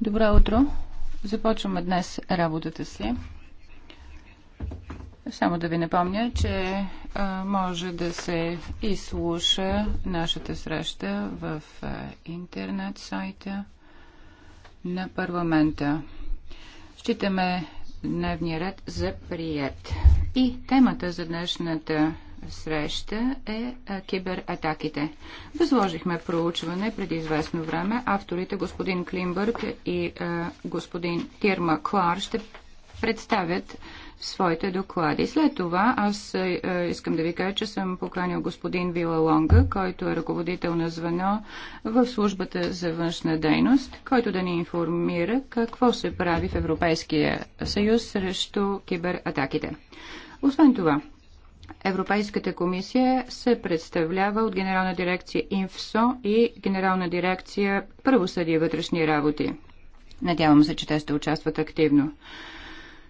Добро утро. Започваме днес работата си. Само да ви напомня, че може да се изслуша нашата среща в интернет сайта на парламента. Считаме дневния ред за прият. И темата за днешната среща е кибератаките. Възложихме проучване преди известно време. Авторите господин Климбърг и господин Тирма Клар ще представят своите доклади. След това аз е, искам да ви кажа, че съм поканил господин Вила Лонга, който е ръководител на звено в службата за външна дейност, който да ни информира какво се прави в Европейския съюз срещу кибератаките. Освен това, Европейската комисия се представлява от Генерална дирекция ИНФСО и Генерална дирекция Правосъдие вътрешни работи. Надявам се, че те ще участват активно.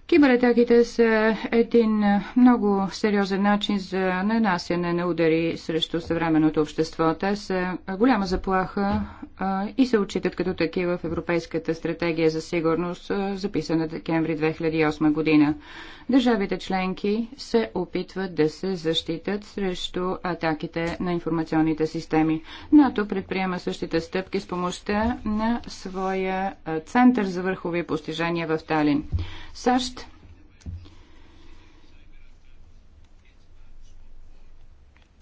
Кибератаките са един много сериозен начин за нанасяне на удари срещу съвременното общество. Те са голяма заплаха а, и се отчитат като такива в Европейската стратегия за сигурност, а, записана декември 2008 година. Държавите членки се опитват да се защитат срещу атаките на информационните системи. НАТО предприема същите стъпки с помощта на своя център за върхови постижения в Талин. САЩ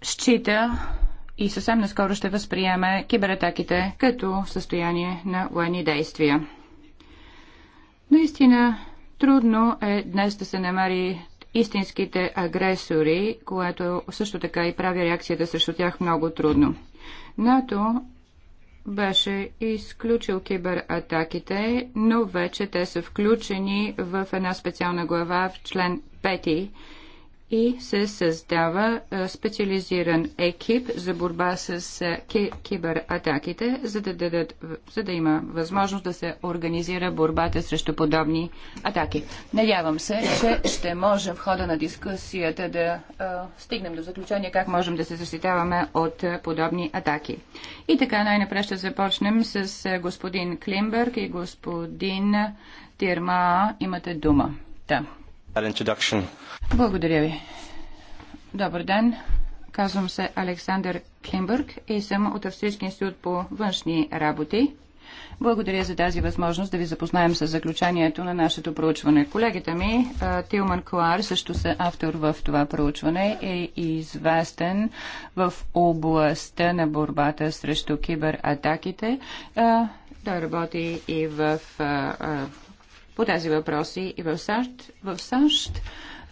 счита и съвсем наскоро ще възприеме кибератаките като състояние на военни действия. Наистина трудно е днес да се намери истинските агресори, което също така и прави реакцията срещу тях много трудно. НАТО беше изключил кибератаките, но вече те са включени в една специална глава в член 5 и се създава е, специализиран екип за борба с е, кибератаките, за да, дадат, за да има възможност да се организира борбата срещу подобни атаки. Надявам се, че ще можем в хода на дискусията да а, е, стигнем до заключение как можем да се защитаваме от подобни атаки. И така най-напред ще започнем с господин Климберг и господин Тирма. Имате дума. Да. Благодаря ви. Добър ден. Казвам се Александър Кимбърг и съм от Австрийския институт по външни работи. Благодаря за тази възможност да ви запознаем с заключението на нашето проучване. Колегите ми, Тилман Коар, също се автор в това проучване, е известен в областта на борбата срещу кибератаките. Той работи и в по тези въпроси и в САЩ. В САЩ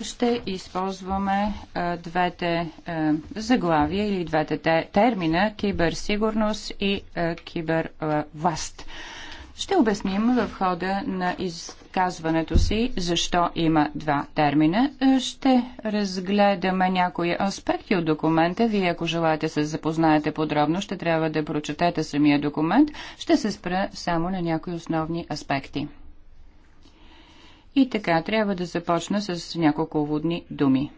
ще използваме а, двете а, заглавия или двете те, термина киберсигурност и кибервласт. Ще обясним в хода на изказването си защо има два термина. Ще разгледаме някои аспекти от документа. Вие, ако желаете се запознаете подробно, ще трябва да прочетете самия документ. Ще се спра само на някои основни аспекти. И така, трябва да започна с няколко водни думи.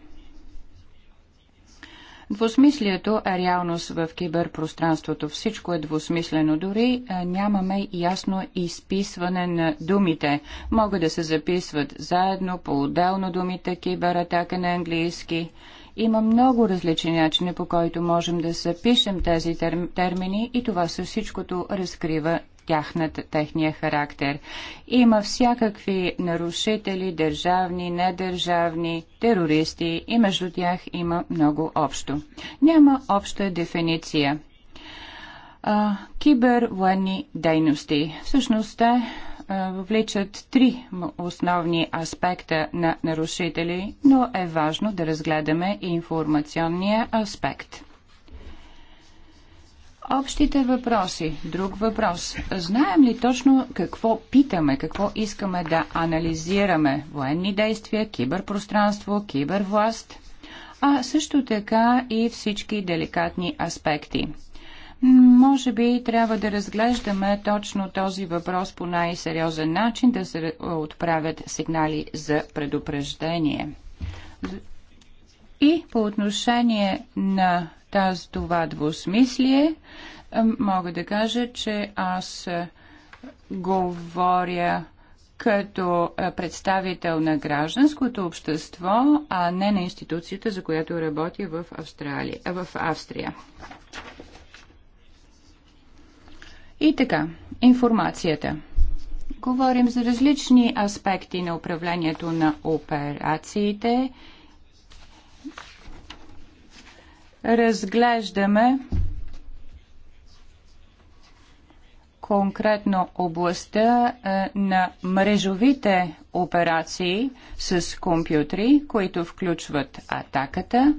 Двусмислието е реалност в киберпространството. Всичко е двусмислено. Дори нямаме ясно изписване на думите. Могат да се записват заедно, по-отделно думите кибератака на английски. Има много различни начини, по който можем да запишем тези термини и това със всичкото разкрива тяхната, техния характер. Има всякакви нарушители, държавни, недържавни, терористи и между тях има много общо. Няма обща дефиниция. А, кибервоенни дейности. Всъщност те вличат три основни аспекта на нарушители, но е важно да разгледаме и информационния аспект. Общите въпроси. Друг въпрос. Знаем ли точно какво питаме, какво искаме да анализираме? Военни действия, киберпространство, кибервласт, а също така и всички деликатни аспекти. Може би трябва да разглеждаме точно този въпрос по най-сериозен начин, да се отправят сигнали за предупреждение. И по отношение на тази това двусмислие, мога да кажа, че аз говоря като представител на гражданското общество, а не на институцията, за която работя в, Австралия, в Австрия. И така, информацията. Говорим за различни аспекти на управлението на операциите, разглеждаме конкретно областта е, на мрежовите операции с компютри, които включват атаката,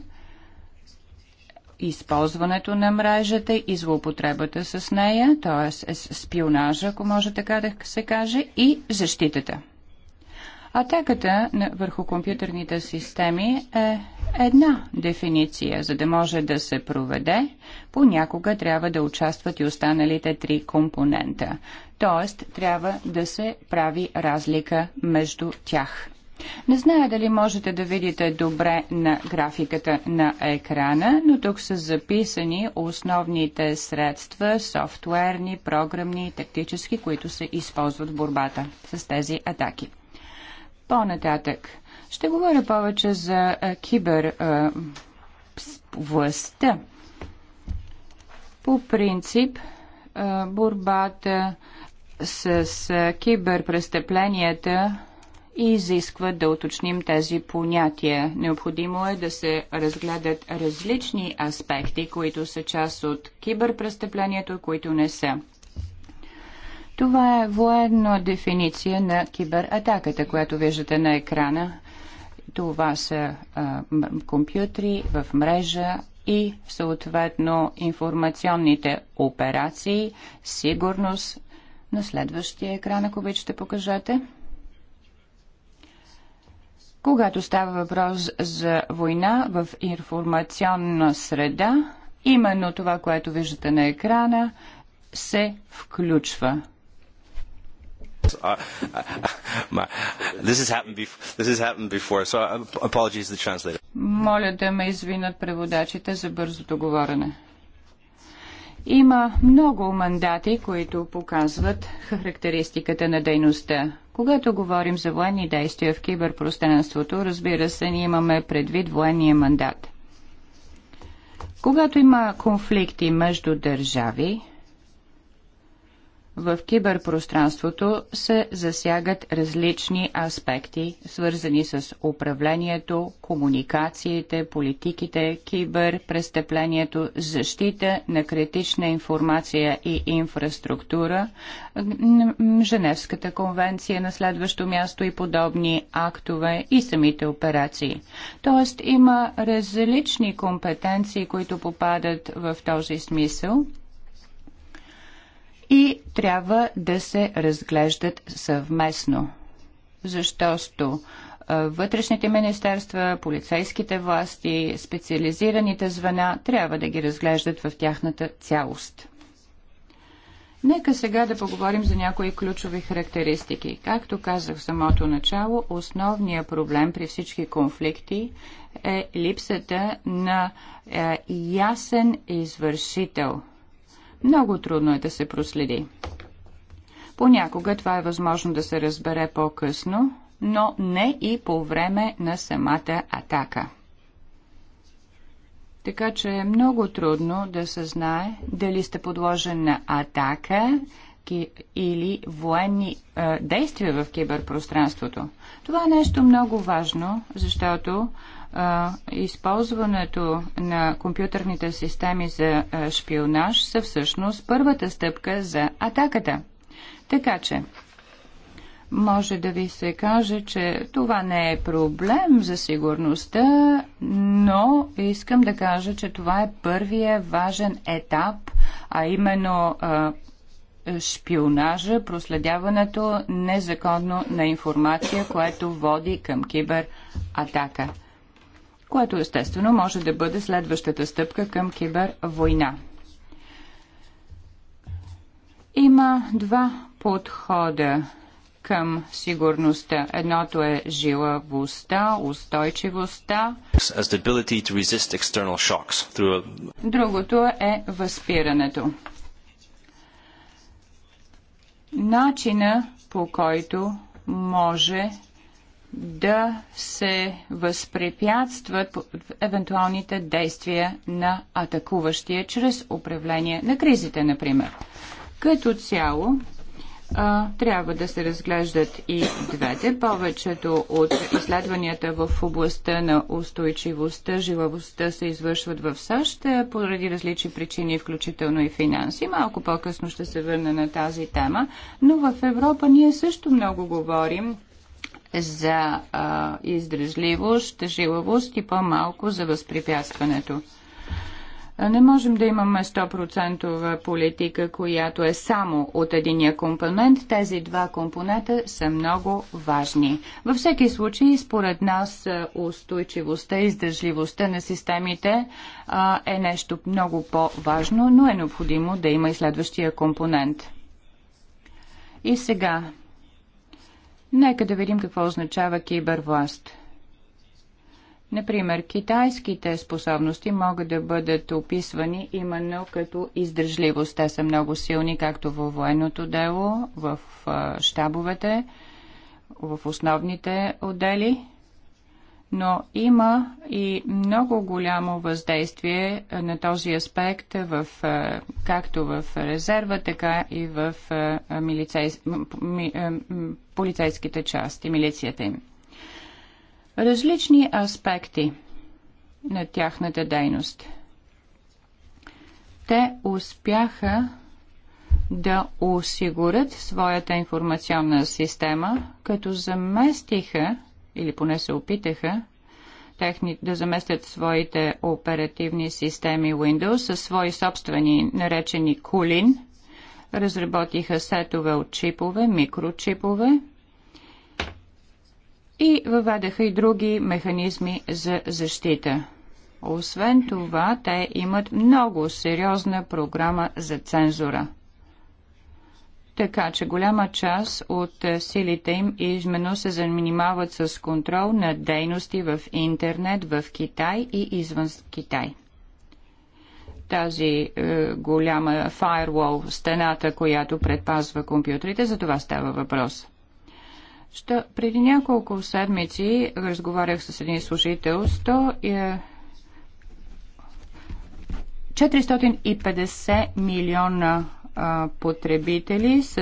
използването на мрежата и злоупотребата с нея, т.е. спионажа, ако може така да се каже, и защитата. Атаката върху компютърните системи е една дефиниция. За да може да се проведе, понякога трябва да участват и останалите три компонента. Тоест, трябва да се прави разлика между тях. Не зная дали можете да видите добре на графиката на екрана, но тук са записани основните средства, софтуерни, програмни и тактически, които се използват в борбата с тези атаки. По-нататък ще говоря повече за кибер властта. По принцип, борбата с киберпрестъпленията и изисква да уточним тези понятия. Необходимо е да се разгледат различни аспекти, които са част от киберпрестъплението, които не са. Това е военна дефиниция на кибератаката, която виждате на екрана. Това са а, компютри в мрежа и съответно информационните операции, сигурност. На следващия екран, ако обичате, покажете. Когато става въпрос за война в информационна среда, именно това, което виждате на екрана, се включва before, so um, Моля да ме извинат преводачите за бързото говорене. Има много мандати, които показват характеристиката на дейността. Когато говорим за военни действия в киберпространството, разбира се, ние имаме предвид военния мандат. Когато има конфликти между държави, в киберпространството се засягат различни аспекти, свързани с управлението, комуникациите, политиките, киберпрестъплението, защита на критична информация и инфраструктура, Женевската конвенция на следващо място и подобни актове и самите операции. Тоест има различни компетенции, които попадат в този смисъл – и трябва да се разглеждат съвместно. Защото вътрешните министерства, полицейските власти, специализираните звена трябва да ги разглеждат в тяхната цялост. Нека сега да поговорим за някои ключови характеристики. Както казах в самото начало, основният проблем при всички конфликти е липсата на е, ясен извършител – много трудно е да се проследи. Понякога това е възможно да се разбере по-късно, но не и по време на самата атака. Така че е много трудно да се знае дали сте подложен на атака или военни е, действия в киберпространството. Това е нещо много важно, защото а, използването на компютърните системи за а, шпионаж са всъщност първата стъпка за атаката. Така че, може да ви се каже, че това не е проблем за сигурността, но искам да кажа, че това е първия важен етап, а именно а, шпионажа, проследяването незаконно на информация, което води към кибератака което естествено може да бъде следващата стъпка към кибервойна. Има два подхода към сигурността. Едното е жилавостта, устойчивостта. Другото е възпирането. Начина по който може да се възпрепятстват евентуалните действия на атакуващия чрез управление на кризите, например. Като цяло, а, трябва да се разглеждат и двете. Повечето от изследванията в областта на устойчивостта, живовостта се извършват в САЩ поради различни причини, включително и финанси. Малко по-късно ще се върна на тази тема, но в Европа ние също много говорим за а, издръжливост, жилавост и по-малко за възпрепятстването. Не можем да имаме 100% политика, която е само от единия компонент. Тези два компонента са много важни. Във всеки случай, според нас, устойчивостта и издържливостта на системите е нещо много по-важно, но е необходимо да има и следващия компонент. И сега Нека да видим какво означава кибервласт. Например, китайските способности могат да бъдат описвани именно като издържливост. Те са много силни както във военното дело, в щабовете, в основните отдели но има и много голямо въздействие е, на този аспект в, е, както в резерва, така и в е, милицейс... полицейските части, милицията им. Различни аспекти на тяхната дейност. Те успяха да осигурят своята информационна система, като заместиха или поне се опитаха техни, да заместят своите оперативни системи Windows със свои собствени наречени кулин. Разработиха сетове от чипове, микрочипове и въведаха и други механизми за защита. Освен това, те имат много сериозна програма за цензура – така че голяма част от е, силите им измено се занимават с контрол на дейности в интернет в Китай и извън Китай. Тази е, голяма фаервол, стената, която предпазва компютрите, за това става въпрос. Що, преди няколко седмици разговарях с един служител, 100 е, 450 милиона потребители с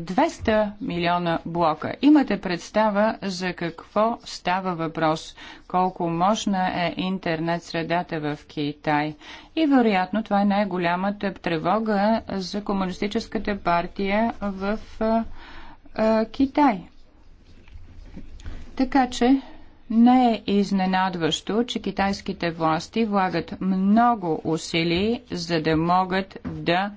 200 милиона блока. Имате представа за какво става въпрос, колко мощна е интернет средата в Китай. И вероятно това е най-голямата тревога за Комунистическата партия в Китай. Така че не е изненадващо, че китайските власти влагат много усилий, за да могат да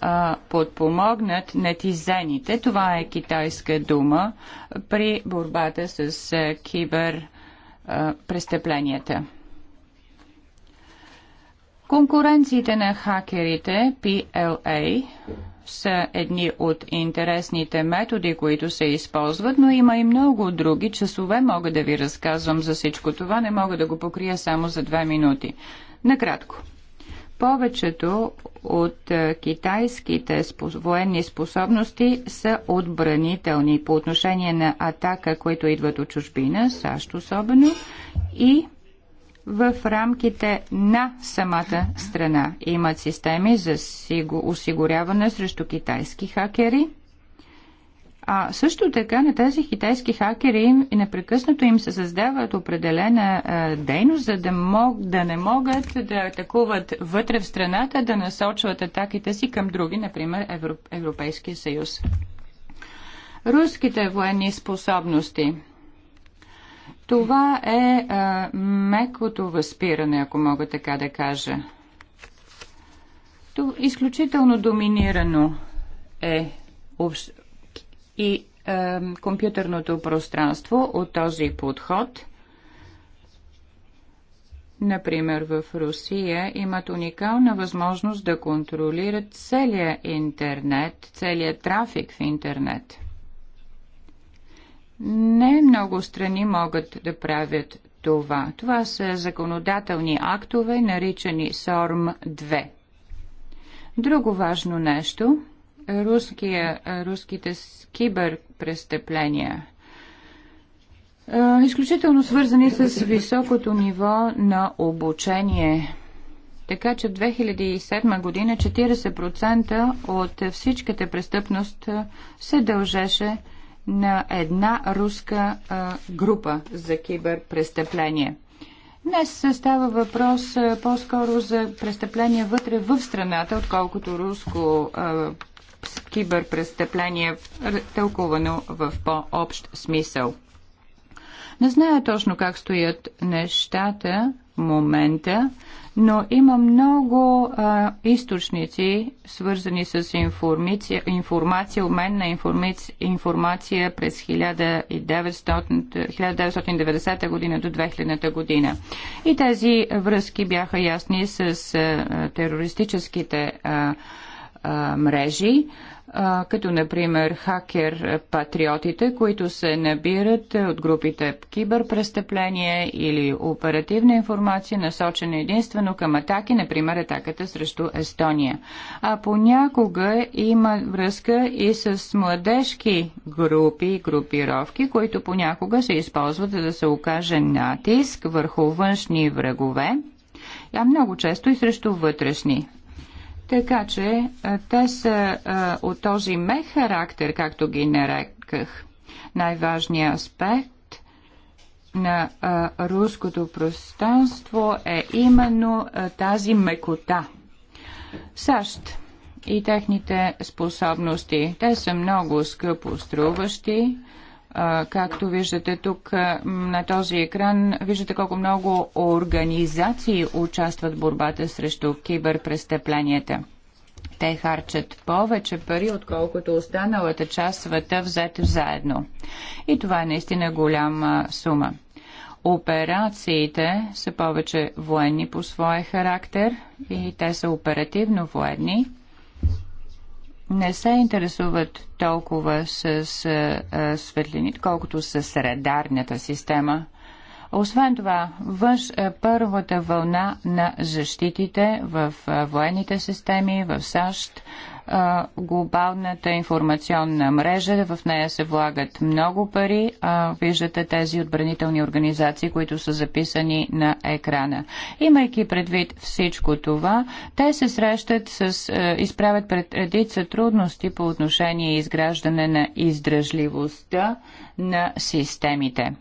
а, подпомогнат нетизените, това е китайска дума, при борбата с а, кибер а, престъпленията. Конкуренциите на хакерите PLA са едни от интересните методи, които се използват, но има и много други. Часове мога да ви разказвам за всичко това, не мога да го покрия само за две минути. Накратко. Повечето от е, китайските военни способности са отбранителни по отношение на атака, които идват от чужбина, САЩ особено, и в рамките на самата страна. Имат системи за осигуряване срещу китайски хакери – а също така на тези китайски хакери им и непрекъснато им се създават определена а, дейност, за да, мог, да не могат да атакуват вътре в страната, да насочват атаките си към други, например Европ, Европейския съюз. Руските военни способности. Това е а, мекото възпиране, ако мога така да кажа. То изключително доминирано е и е, компютърното пространство от този подход. Например, в Русия имат уникална възможност да контролират целия интернет, целият трафик в интернет. Не много страни могат да правят това. Това са законодателни актове, наричани СОРМ-2. Друго важно нещо руския, руските киберпрестъпления изключително свързани с високото ниво на обучение. Така че в 2007 година 40% от всичката престъпност се дължеше на една руска група за киберпрестъпление. Днес става въпрос по-скоро за престъпления вътре в страната, отколкото руско киберпрестъпление тълкувано в по-общ смисъл. Не зная точно как стоят нещата в момента, но има много а, източници, свързани с информация, информация обмен на информация, информация през 1900, 1990 година до 2000 година. И тези връзки бяха ясни с а, терористическите а, мрежи, като например хакер патриотите, които се набират от групите киберпрестъпление или оперативна информация, насочена единствено към атаки, например атаката срещу Естония. А понякога има връзка и с младежки групи и групировки, които понякога се използват за да се окаже натиск върху външни врагове а много често и срещу вътрешни така че е, те са а, е, от този ме характер, както ги нареках. Най-важният аспект на а, е, руското пространство е именно а, тази мекота. САЩ и техните способности. Те са много скъпо струващи Както виждате тук на този екран, виждате колко много организации участват в борбата срещу киберпрестъпленията. Те харчат повече пари, отколкото останалата част света взет заедно. И това е наистина голяма сума. Операциите са повече военни по своя характер и те са оперативно военни не се интересуват толкова с светлини, колкото с радарната система. Освен това, въж първата вълна на защитите в военните системи в САЩ глобалната информационна мрежа. В нея се влагат много пари. виждате тези отбранителни организации, които са записани на екрана. Имайки предвид всичко това, те се срещат с, изправят пред редица трудности по отношение изграждане на издръжливостта на системите.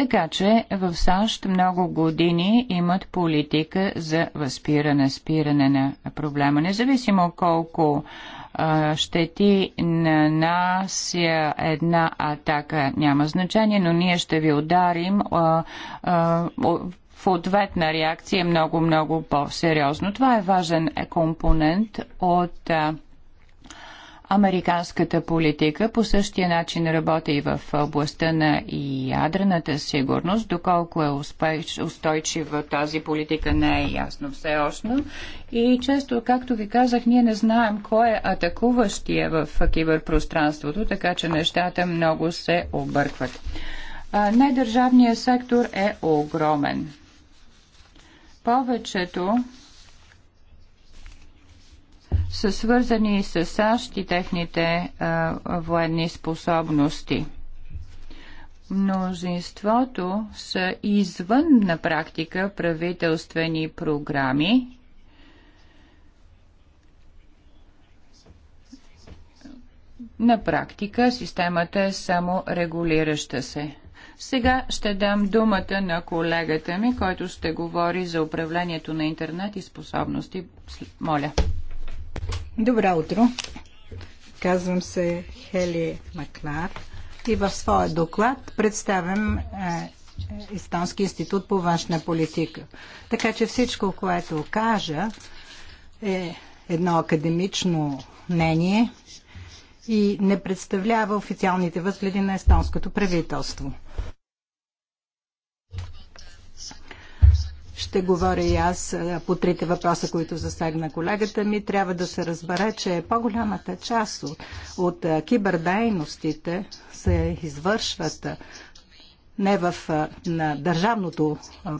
Така че в САЩ много години имат политика за възпиране, спиране на проблема. Независимо колко а, щети нанася една атака, няма значение, но ние ще ви ударим а, а, в ответна реакция много-много по-сериозно. Това е важен компонент от а, Американската политика по същия начин работи и в областта на ядрената сигурност. Доколко е успеш, устойчива тази политика не е ясно все още. И често, както ви казах, ние не знаем кой е атакуващия в киберпространството, така че нещата много се объркват. държавният сектор е огромен. Повечето са свързани с САЩ и техните а, военни способности. Мнозинството са извън на практика правителствени програми, На практика системата е само регулираща се. Сега ще дам думата на колегата ми, който ще говори за управлението на интернет и способности. Моля. Добро утро! Казвам се Хели Маклар и в своя доклад представям е, е, Естонски институт по външна политика. Така че всичко, което кажа е едно академично мнение и не представлява официалните възгледи на естонското правителство. Ще говоря и аз е, по трите въпроса, които засегна колегата ми. Трябва да се разбере, че по-голямата част от, от е, кибердейностите се извършват е, не в, на държавното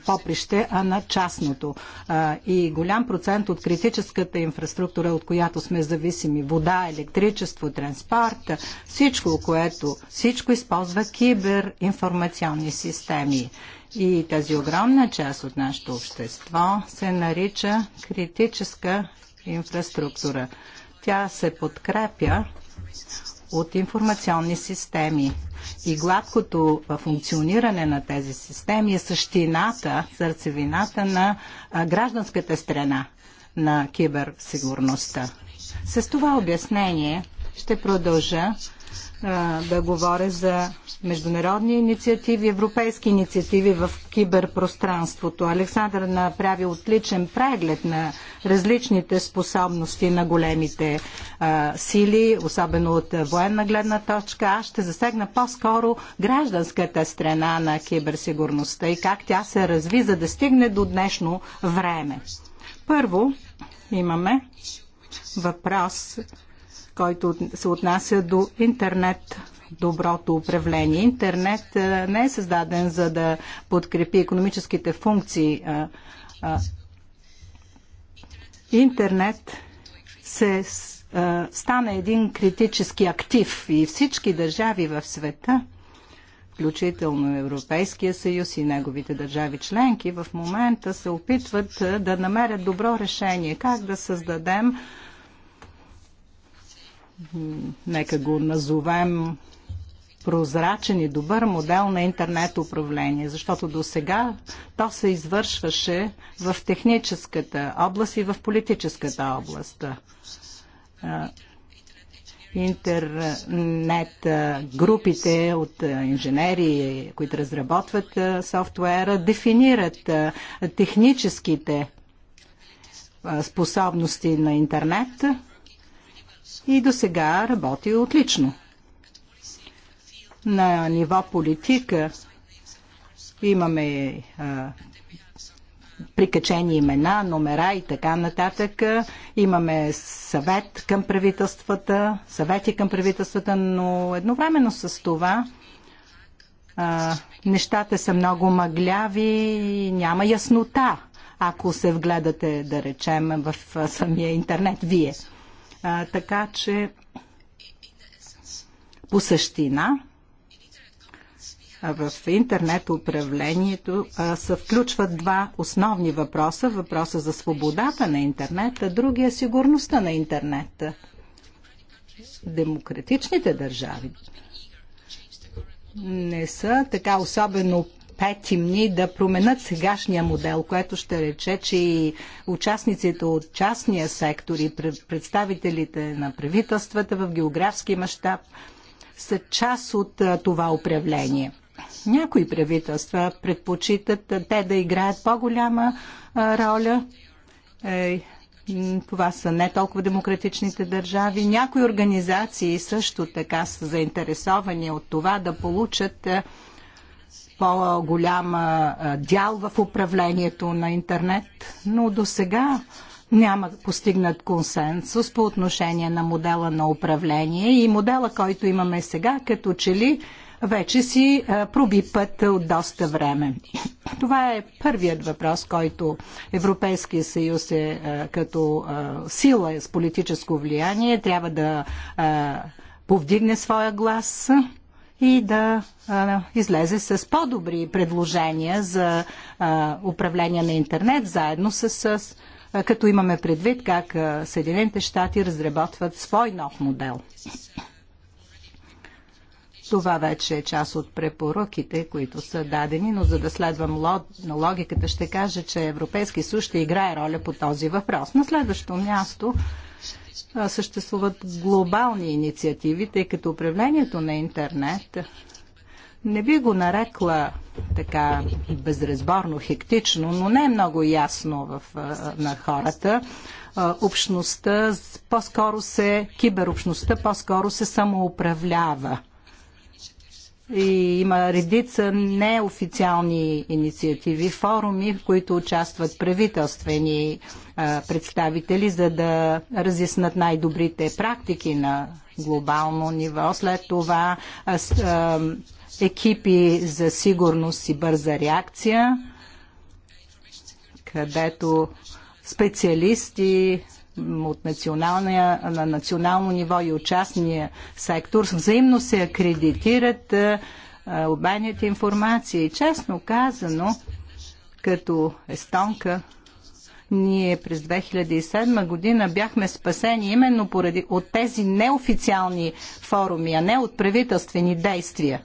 поприще, а на частното. И голям процент от критическата инфраструктура, от която сме зависими, вода, електричество, транспорт, всичко, което, всичко използва киберинформационни системи. И тази огромна част от нашето общество се нарича критическа инфраструктура. Тя се подкрепя от информационни системи. И гладкото функциониране на тези системи е същината, сърцевината на гражданската страна на киберсигурността. С това обяснение ще продължа да говоря за международни инициативи, европейски инициативи в киберпространството. Александър направи отличен преглед на различните способности на големите а, сили, особено от военна гледна точка. Аз ще засегна по-скоро гражданската страна на киберсигурността и как тя се разви, за да стигне до днешно време. Първо имаме въпрос който се отнася до интернет доброто управление. Интернет не е създаден за да подкрепи економическите функции. Интернет се стана един критически актив и всички държави в света, включително Европейския съюз и неговите държави членки, в момента се опитват да намерят добро решение как да създадем нека го назовем прозрачен и добър модел на интернет управление, защото до сега то се извършваше в техническата област и в политическата област. Интернет групите от инженери, които разработват софтуера, дефинират техническите способности на интернет – и до сега работи отлично. На ниво политика имаме а, прикачени имена, номера и така нататък. Имаме съвет към правителствата, съвети към правителствата, но едновременно с това а, нещата са много мъгляви, и няма яснота, ако се вгледате, да речем, в самия интернет вие. А, така че по същина в интернет управлението се включват два основни въпроса. Въпроса за свободата на интернет, а другия е сигурността на интернет. Демократичните държави не са така особено петимни да променят сегашния модел, което ще рече, че и участниците от частния сектор и представителите на правителствата в географски мащаб са част от това управление. Някои правителства предпочитат те да играят по-голяма роля. това са не толкова демократичните държави. Някои организации също така са заинтересовани от това да получат по-голям дял в управлението на интернет, но до сега няма постигнат консенсус по отношение на модела на управление и модела, който имаме сега, като че ли вече си проби път от доста време. Това е първият въпрос, който Европейския съюз е като сила с политическо влияние, трябва да повдигне своя глас и да а, излезе с по-добри предложения за а, управление на интернет, заедно с, с а, като имаме предвид как а, Съединените щати разработват свой нов модел. Това вече е част от препоръките, които са дадени, но за да следвам логиката ще кажа, че Европейски съюз ще играе роля по този въпрос. На следващо място съществуват глобални инициативи, тъй като управлението на интернет не би го нарекла така безразборно, хектично, но не е много ясно в, на хората. Общността по-скоро се, киберобщността по-скоро се самоуправлява и има редица неофициални инициативи, форуми, в които участват правителствени представители, за да разяснат най-добрите практики на глобално ниво. След това екипи за сигурност и бърза реакция, където специалисти от националния, на национално ниво и от частния сектор взаимно се акредитират, обменят информация. И честно казано, като естонка, ние през 2007 година бяхме спасени именно поради от тези неофициални форуми, а не от правителствени действия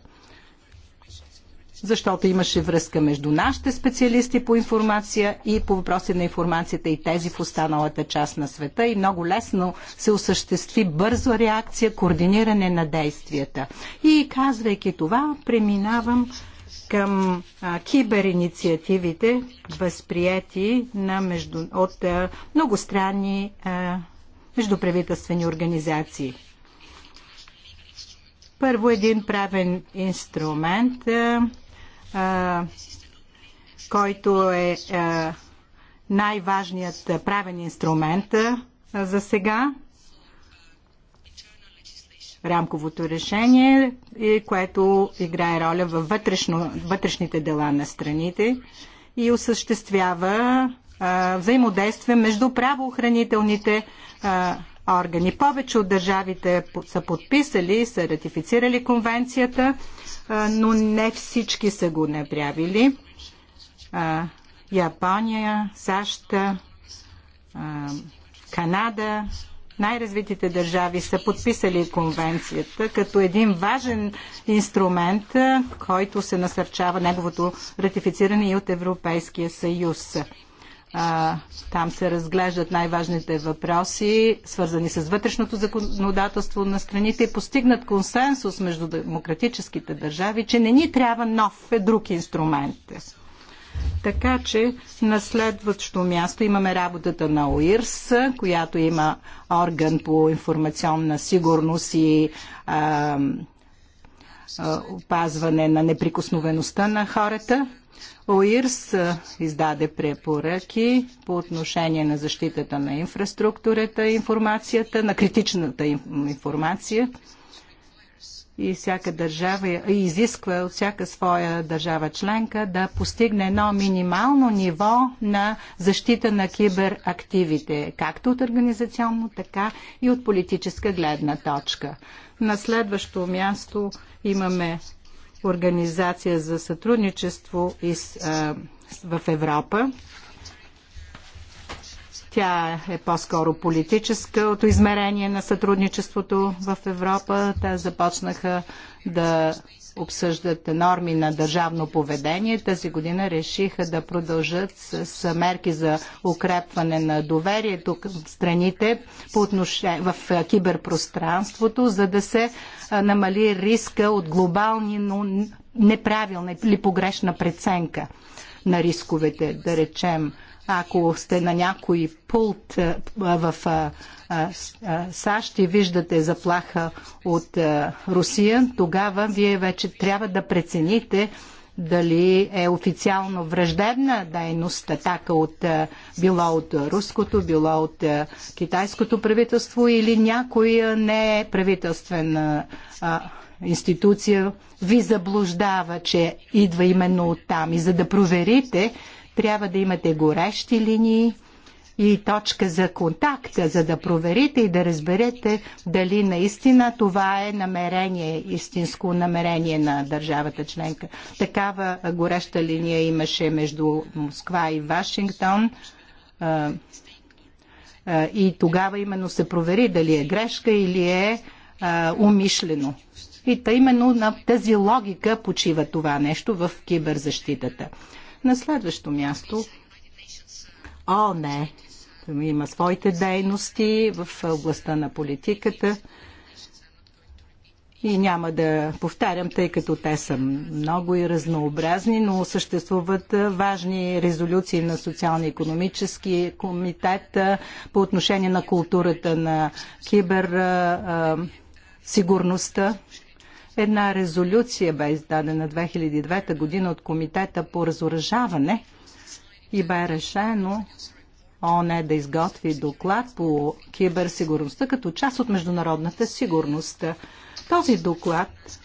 защото имаше връзка между нашите специалисти по информация и по въпроси на информацията и тези в останалата част на света и много лесно се осъществи бързо реакция, координиране на действията. И казвайки това, преминавам към а, киберинициативите, възприяти на между, от а, многостранни а, междуправителствени организации. Първо един правен инструмент а, който е най-важният правен инструмент за сега. Рамковото решение, което играе роля във вътрешно, вътрешните дела на страните и осъществява а, взаимодействие между правоохранителните а, органи. Повече от държавите са подписали и са ратифицирали конвенцията но не всички са го направили. Япония, САЩ, Канада, най-развитите държави са подписали конвенцията като един важен инструмент, който се насърчава неговото ратифициране и от Европейския съюз. Там се разглеждат най-важните въпроси, свързани с вътрешното законодателство на страните и постигнат консенсус между демократическите държави, че не ни трябва нов е друг инструмент. Така че на следващо място имаме работата на ОИРС, която има орган по информационна сигурност и а, а, опазване на неприкосновеността на хората. ОИРС издаде препоръки по отношение на защитата на инфраструктурата и информацията, на критичната информация и всяка държава и изисква от всяка своя държава членка да постигне едно минимално ниво на защита на киберактивите, както от организационно, така и от политическа гледна точка. На следващо място имаме организация за сътрудничество из, а, в Европа тя е по-скоро политическото измерение на сътрудничеството в Европа. Те започнаха да обсъждат норми на държавно поведение. Тази година решиха да продължат с мерки за укрепване на доверието към страните в киберпространството, за да се намали риска от глобални, но неправилна или погрешна преценка на рисковете, да речем ако сте на някой пулт в САЩ и виждате заплаха от Русия, тогава вие вече трябва да прецените дали е официално враждебна дейност, атака от, било от руското, било от китайското правителство или някой не е правителствен институция ви заблуждава, че идва именно от там. И за да проверите трябва да имате горещи линии и точка за контакта, за да проверите и да разберете дали наистина това е намерение, истинско намерение на държавата членка. Такава гореща линия имаше между Москва и Вашингтон. И тогава именно се провери дали е грешка или е умишлено. И именно на тази логика почива това нещо в киберзащитата. На следващо място, О, не, има своите дейности в областта на политиката и няма да повтарям, тъй като те са много и разнообразни, но съществуват важни резолюции на социално-економически комитет по отношение на културата на кибер сигурността Една резолюция бе издадена 2009 година от Комитета по разоръжаване и бе решено ООН е да изготви доклад по киберсигурността като част от международната сигурност. Този доклад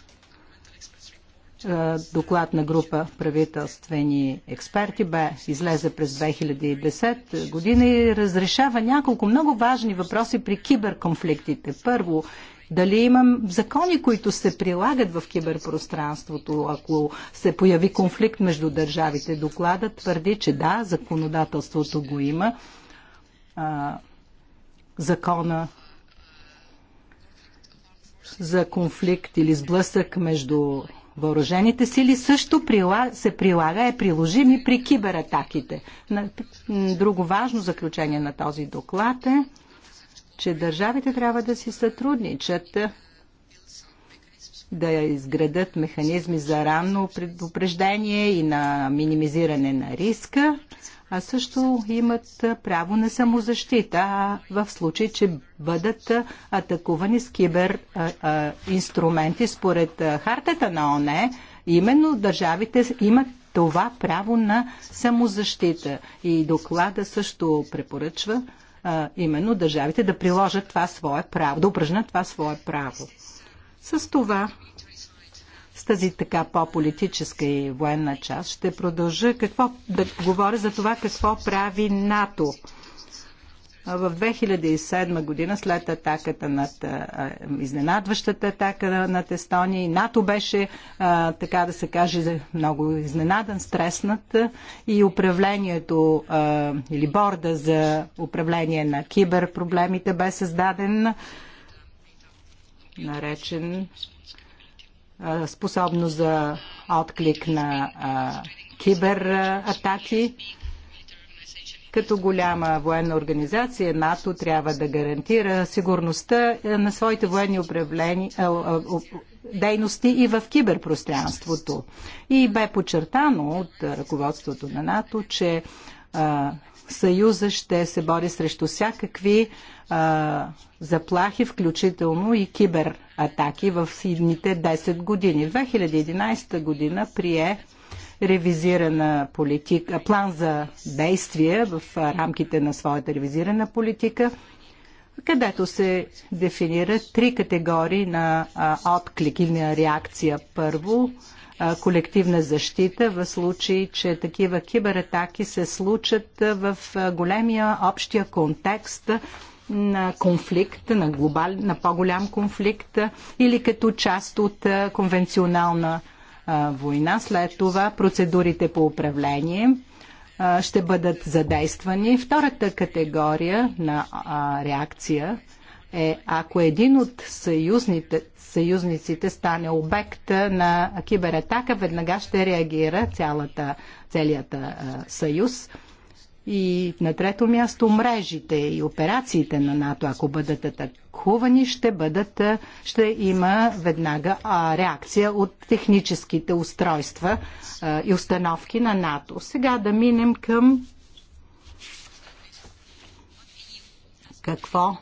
е, доклад на група правителствени експерти бе излезе през 2010 година и разрешава няколко много важни въпроси при киберконфликтите. Първо, дали имам закони, които се прилагат в киберпространството, ако се появи конфликт между държавите? Докладът твърди, че да, законодателството го има. А, закона за конфликт или сблъсък между въоръжените сили също се прилага, е приложим и при кибератаките. Друго важно заключение на този доклад е, че държавите трябва да си сътрудничат, да изградат механизми за ранно предупреждение и на минимизиране на риска, а също имат право на самозащита в случай, че бъдат атакувани с кибер инструменти според хартата на ОНЕ. Именно държавите имат това право на самозащита. И доклада също препоръчва а, именно държавите да приложат това свое право, да упражнят това свое право. С това, с тази така по-политическа и военна част, ще продължа какво, да говоря за това какво прави НАТО в 2007 година, след атаката над, изненадващата атака над Естония, и НАТО беше, така да се каже, много изненадан, стреснат и управлението или борда за управление на киберпроблемите бе създаден наречен способно за отклик на кибератаки като голяма военна организация, НАТО трябва да гарантира сигурността е, на своите военни е, дейности и в киберпространството. И бе подчертано от ръководството на НАТО, че а, Съюза ще се бори срещу всякакви а, заплахи, включително и кибератаки в едните 10 години. 2011 година прие ревизирана политика, план за действие в рамките на своята ревизирана политика, където се дефинират три категории на отклик или на реакция. Първо, колективна защита в случай, че такива кибератаки се случат в големия общия контекст на конфликт, на, глобал, на по-голям конфликт или като част от конвенционална война. След това процедурите по управление ще бъдат задействани. Втората категория на реакция е ако един от съюзните, съюзниците стане обект на кибератака, веднага ще реагира цялата, целият съюз. И на трето място мрежите и операциите на НАТО, ако бъдат атакувани атакувани, ще, бъдат, ще има веднага а, реакция от техническите устройства а, и установки на НАТО. Сега да минем към какво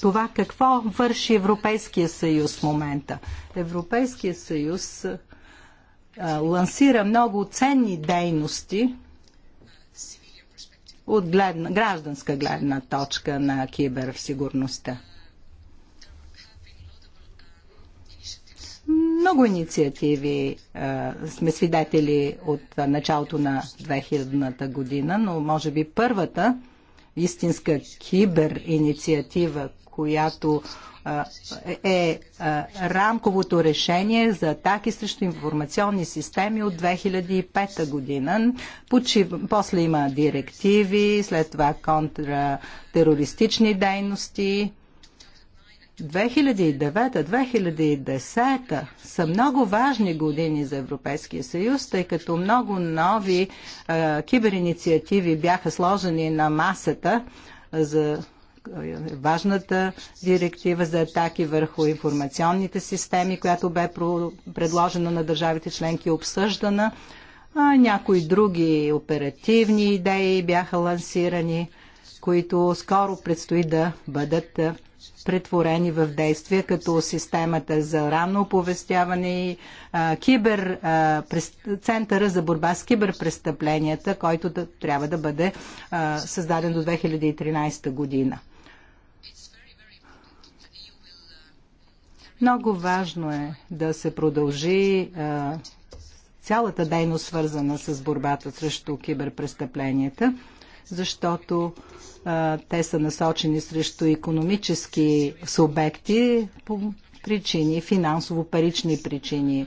това какво върши Европейския съюз в момента. Европейския съюз а, лансира много ценни дейности от гледна, гражданска гледна точка на киберсигурността. Много инициативи а, сме свидетели от началото на 2000-та година, но може би първата истинска киберинициатива, която а, е а, рамковото решение за атаки срещу информационни системи от 2005 година. Почив... После има директиви, след това контратерористични дейности, 2009-2010 са много важни години за Европейския съюз, тъй като много нови е, киберинициативи бяха сложени на масата за е, важната директива за атаки върху информационните системи, която бе предложена на държавите членки, обсъждана. А някои други оперативни идеи бяха лансирани, които скоро предстои да бъдат е, претворени в действия, като системата за ранно оповестяване и кибер, а, през, центъра за борба с киберпрестъпленията, който да, трябва да бъде а, създаден до 2013 година. Много важно е да се продължи а, цялата дейност, свързана с борбата срещу киберпрестъпленията защото а, те са насочени срещу економически субекти по причини, финансово-парични причини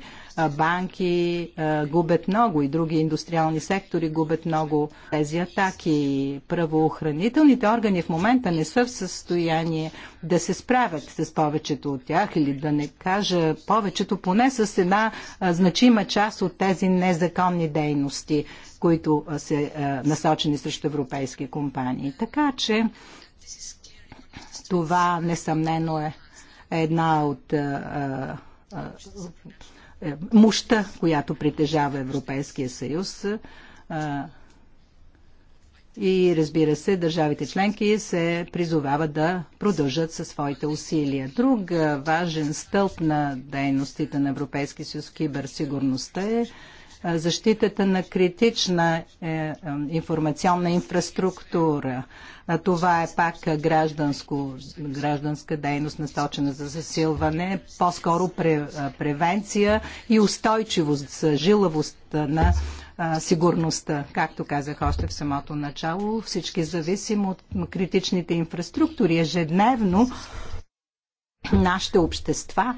банки губят много и други индустриални сектори губят много тези атаки. Правоохранителните органи в момента не са в състояние да се справят с повечето от тях или да не кажа повечето, поне с една значима част от тези незаконни дейности, които са насочени срещу европейски компании. Така че това несъмнено е една от е, мощта, която притежава Европейския съюз. Е, и разбира се, държавите членки се призовават да продължат със своите усилия. Друг е, важен стълб на дейностите на Европейския съюз в киберсигурността е защитата на критична е, е, информационна инфраструктура. Това е пак гражданска дейност, насочена за засилване, по-скоро превенция и устойчивост, жилавост на сигурността. Както казах още в самото начало, всички зависим от критичните инфраструктури. Ежедневно нашите общества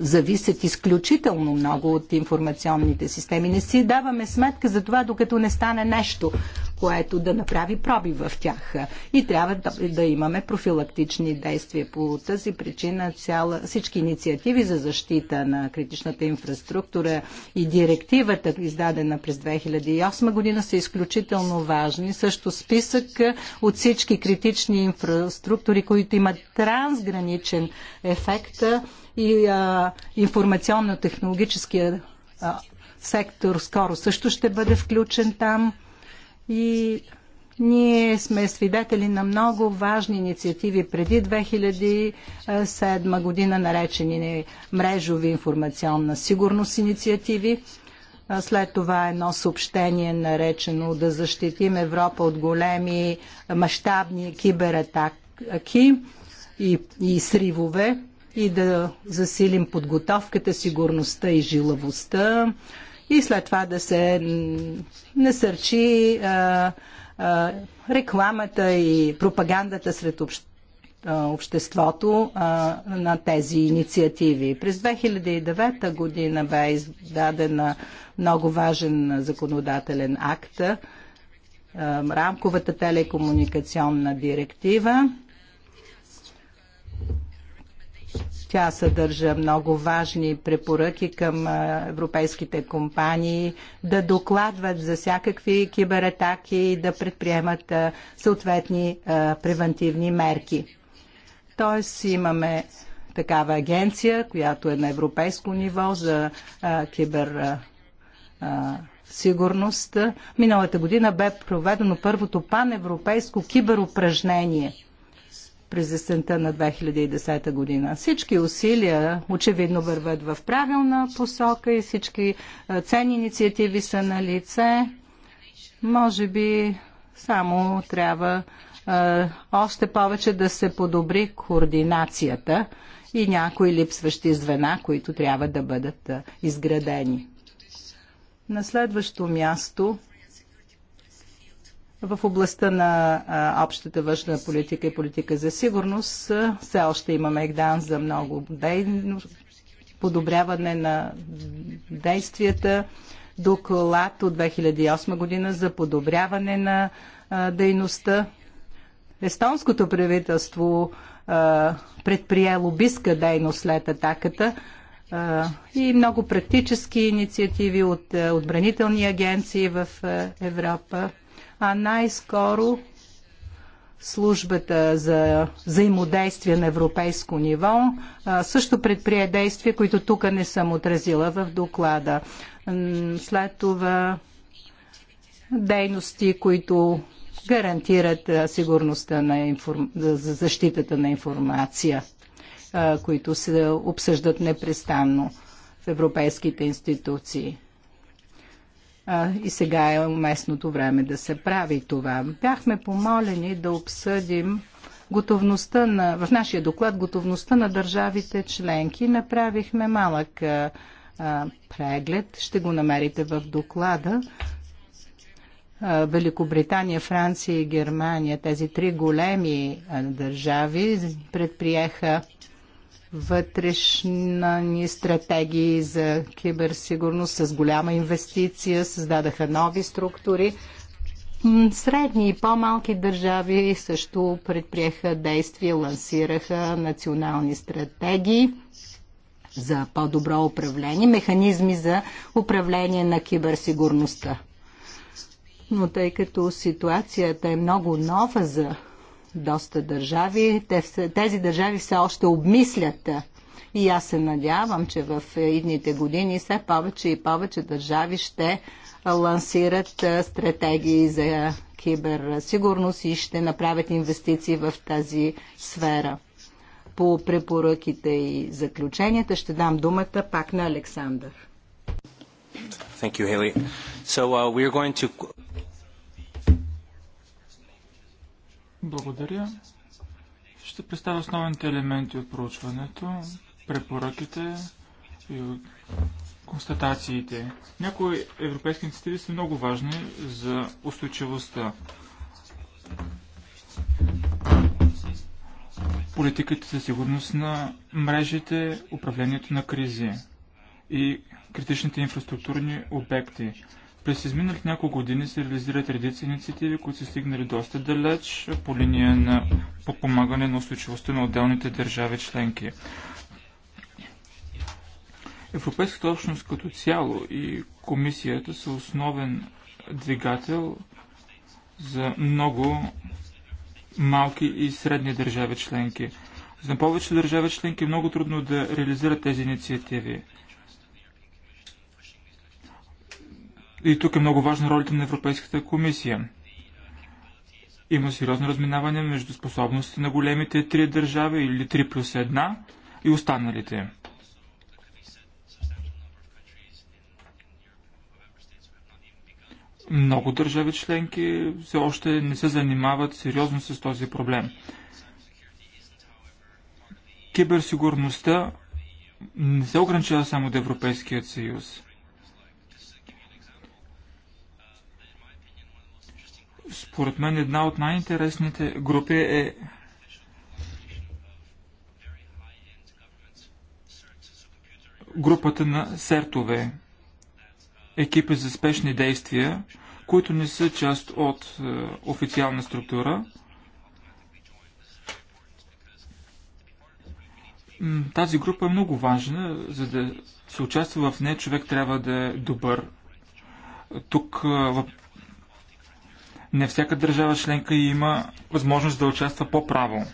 зависят изключително много от информационните системи. Не си даваме сметка за това, докато не стане нещо, което да направи проби в тях. И трябва да, да имаме профилактични действия. По тази причина цяла, всички инициативи за защита на критичната инфраструктура и директивата, издадена през 2008 година, са изключително важни. Също списък от всички критични инфраструктури, които имат трансграничен ефект, и информационно-технологическия сектор скоро също ще бъде включен там. И ние сме свидетели на много важни инициативи преди 2007 година, наречени мрежови информационна сигурност инициативи. След това едно съобщение, наречено да защитим Европа от големи мащабни кибератаки и, и сривове и да засилим подготовката, сигурността и жилавостта и след това да се насърчи а, а, рекламата и пропагандата сред общ, а, обществото а, на тези инициативи. През 2009 година бе издадена много важен законодателен акт, а, рамковата телекомуникационна директива Тя съдържа много важни препоръки към европейските компании да докладват за всякакви кибератаки и да предприемат съответни превентивни мерки. Тоест имаме такава агенция, която е на европейско ниво за кибер сигурност. Миналата година бе проведено първото паневропейско киберупражнение – през есента на 2010 година. Всички усилия очевидно върват в правилна посока и всички е, ценни инициативи са на лице. Може би само трябва а, е, още повече да се подобри координацията и някои липсващи звена, които трябва да бъдат а, е, изградени. На следващо място в областта на общата външна политика и политика за сигурност все още имаме екдан за много дейност, подобряване на действията, доклад от 2008 година за подобряване на дейността. Естонското правителство предприе лобистка дейност след атаката и много практически инициативи от отбранителни агенции в Европа а най-скоро службата за взаимодействие на европейско ниво също предприе действия, които тук не съм отразила в доклада. След това дейности, които гарантират сигурността на информ... за защитата на информация, които се обсъждат непрестанно в европейските институции а, и сега е уместното време да се прави това. Бяхме помолени да обсъдим готовността на, в нашия доклад готовността на държавите членки. Направихме малък а, преглед, ще го намерите в доклада. Великобритания, Франция и Германия, тези три големи държави предприеха вътрешна ни стратегии за киберсигурност с голяма инвестиция, създадаха нови структури. Средни и по-малки държави също предприеха действия, лансираха национални стратегии за по-добро управление, механизми за управление на киберсигурността. Но тъй като ситуацията е много нова за доста държави. Тези държави все още обмислят и аз се надявам, че в е, идните години все повече и повече държави ще лансират стратегии за киберсигурност и ще направят инвестиции в тази сфера. По препоръките и заключенията ще дам думата пак на Александър. Thank you, Haley. So, uh, we are going to... Благодаря. Ще представя основните елементи от проучването, препоръките и констатациите. Някои европейски инициативи са много важни за устойчивостта. Политиката за сигурност на мрежите, управлението на кризи и критичните инфраструктурни обекти. През изминалите няколко години се реализират редица инициативи, които са стигнали доста далеч по линия на подпомагане на устойчивостта на отделните държави членки. Европейската общност като цяло и комисията са основен двигател за много малки и средни държави членки. За повече държави членки е много трудно да реализират тези инициативи. И тук е много важна ролята на Европейската комисия. Има сериозно разминаване между способностите на големите три държави или 3 плюс 1 и останалите. Много държави членки все още не се занимават сериозно с този проблем. Киберсигурността не се ограничава само до Европейският съюз. Според мен една от най-интересните групи е групата на сертове, екипи за спешни действия, които не са част от е, официална структура. Тази група е много важна, за да се участва в нея човек трябва да е добър. Тук е, не всяка държава членка има възможност да участва по право.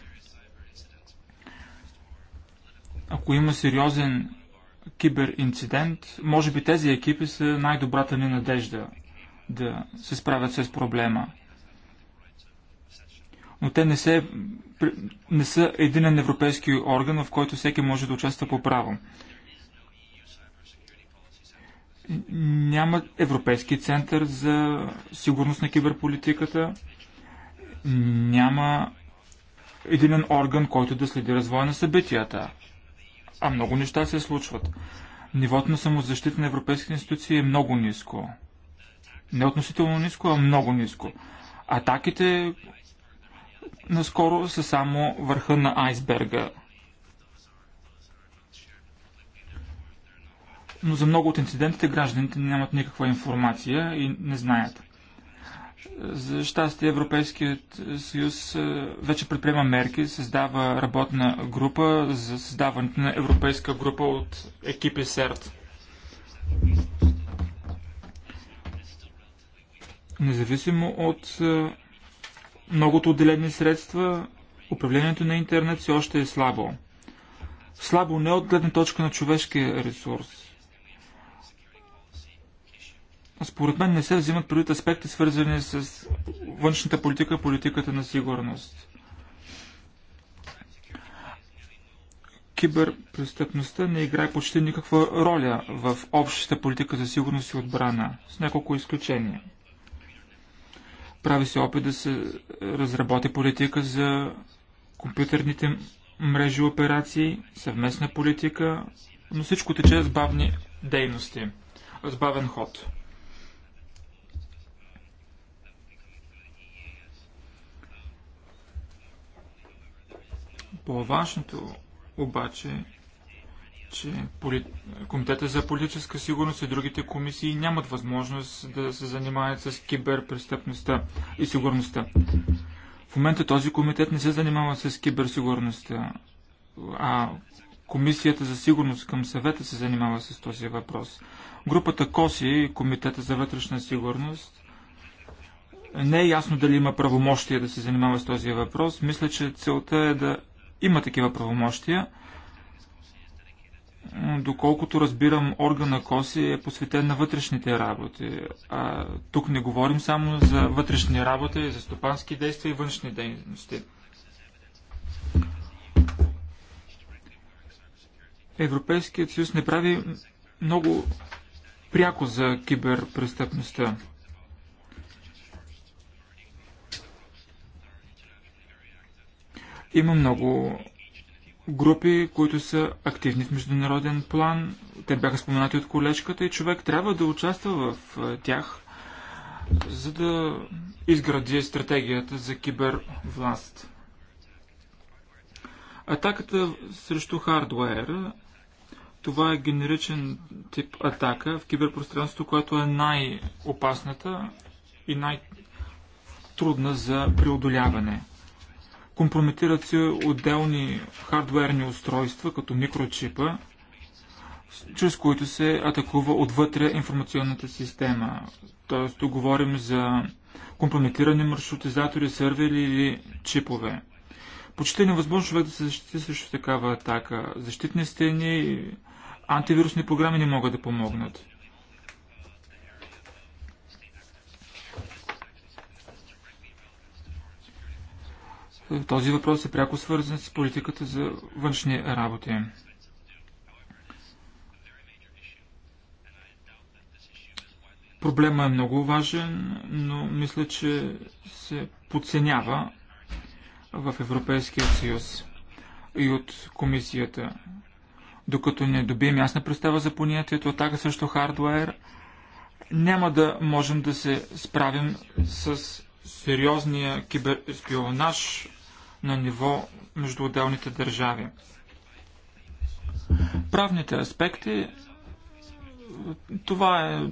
Ако има сериозен киберинцидент, може би тези екипи са най-добрата ни надежда да се справят с проблема. Но те не, се, не са единен европейски орган, в който всеки може да участва по право. Няма Европейски център за сигурност на киберполитиката. Няма един орган, който да следи развоя на събитията. А много неща се случват. Нивото на самозащита на европейските институции е много ниско. Не относително ниско, а много ниско. Атаките наскоро са само върха на айсберга но за много от инцидентите гражданите нямат никаква информация и не знаят. За щастие Европейският съюз е, вече предприема мерки, създава работна група за създаването на европейска група от екипи СЕРТ. Независимо от е, многото отделени средства, управлението на интернет все още е слабо. Слабо не от гледна точка на човешкия ресурс – според мен не се взимат предвид аспекти, свързани с външната политика и политиката на сигурност. Киберпрестъпността не играе почти никаква роля в общата политика за сигурност и отбрана, с няколко изключения. Прави се опит да се разработи политика за компютърните мрежи операции, съвместна политика, но всичко тече с бавни дейности, с бавен ход. По-важното обаче, че Комитета за политическа сигурност и другите комисии нямат възможност да се занимават с киберпрестъпността и сигурността. В момента този комитет не се занимава с киберсигурността, а Комисията за сигурност към съвета се занимава с този въпрос. Групата КОСИ, Комитета за вътрешна сигурност, не е ясно дали има правомощие да се занимава с този въпрос. Мисля, че целта е да има такива правомощия. Доколкото разбирам, органа КОСИ е посветен на вътрешните работи. А, тук не говорим само за вътрешни работи, за стопански действия и външни дейности. Европейският съюз не прави много пряко за киберпрестъпността. Има много групи, които са активни в международен план. Те бяха споменати от колечката и човек трябва да участва в тях, за да изгради стратегията за кибервласт. Атаката срещу хардуер, това е генеричен тип атака в киберпространството, която е най-опасната и най-трудна за преодоляване. Компрометират се отделни хардуерни устройства, като микрочипа, чрез които се атакува отвътре информационната система. Тоест, тук говорим за компрометирани маршрутизатори, сервери или чипове. Почти е невъзможно човек да се защити срещу такава атака. Защитни стени, антивирусни програми не могат да помогнат. Този въпрос е пряко свързан с политиката за външни работи. Проблема е много важен, но мисля, че се подценява в Европейския съюз и от комисията. Докато не добием ясна представа за понятието атака срещу хардуер, няма да можем да се справим с сериозния киберспионаж, на ниво между отделните държави. Правните аспекти, това е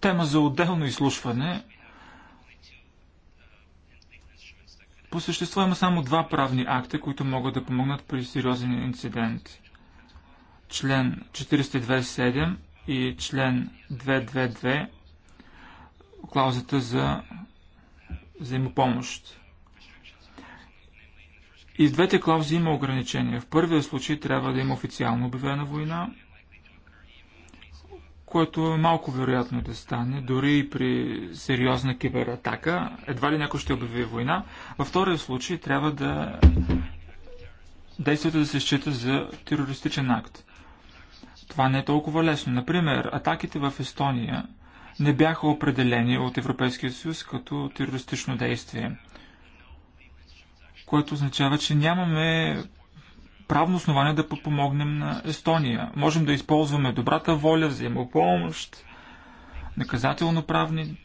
тема за отделно изслушване. По същество има само два правни акта, които могат да помогнат при сериозен инцидент. Член 427 и член 222, клаузата за взаимопомощ. И в двете клаузи има ограничения. В първия случай трябва да има официално обявена война, което е малко вероятно да стане, дори и при сериозна кибератака. Едва ли някой ще обяви война. Във втория случай трябва да действието да се счита за терористичен акт. Това не е толкова лесно. Например, атаките в Естония не бяха определени от Европейския съюз като терористично действие което означава, че нямаме правно основание да подпомогнем на Естония. Можем да използваме добрата воля, взаимопомощ, наказателно-правни е,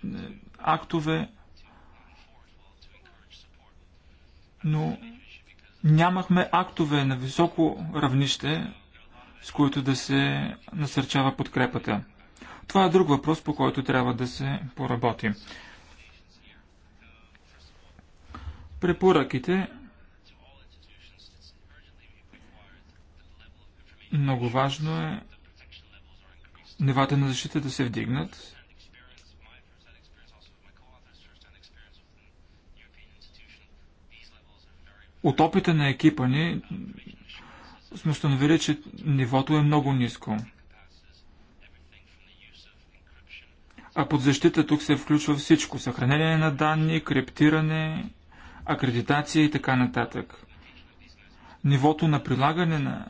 актове, но нямахме актове на високо равнище, с които да се насърчава подкрепата. Това е друг въпрос, по който трябва да се поработи. Препоръките много важно е нивата на защита да се вдигнат. От опита на екипа ни сме установили, че нивото е много ниско. А под защита тук се включва всичко. Съхранение на данни, криптиране, акредитация и така нататък. Нивото на прилагане на...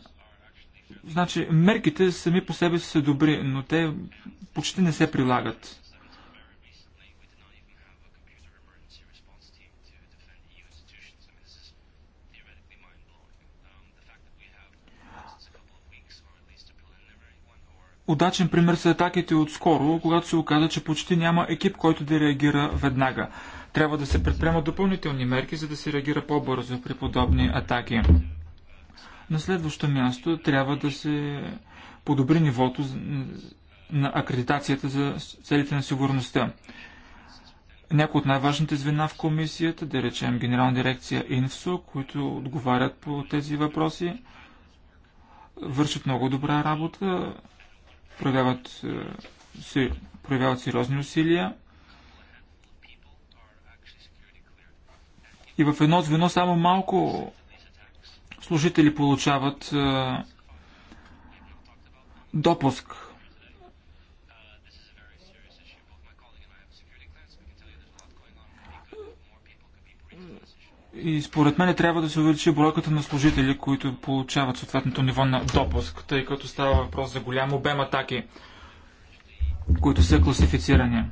Значи, мерките сами по себе са добри, но те почти не се прилагат. Удачен пример са атаките от скоро, когато се оказа, че почти няма екип, който да реагира веднага. Трябва да се предприемат допълнителни мерки, за да се реагира по-бързо при подобни атаки. На следващо място трябва да се подобри нивото на акредитацията за целите на сигурността. Някои от най-важните звена в комисията, да речем Генерална дирекция Инфсо, които отговарят по тези въпроси, вършат много добра работа, проявяват, е, проявяват сериозни усилия. И в едно звено само малко служители получават е, допуск. И според мен трябва да се увеличи бройката на служители, които получават съответното ниво на допуск, тъй като става въпрос за голям обем атаки, които са класифицирани.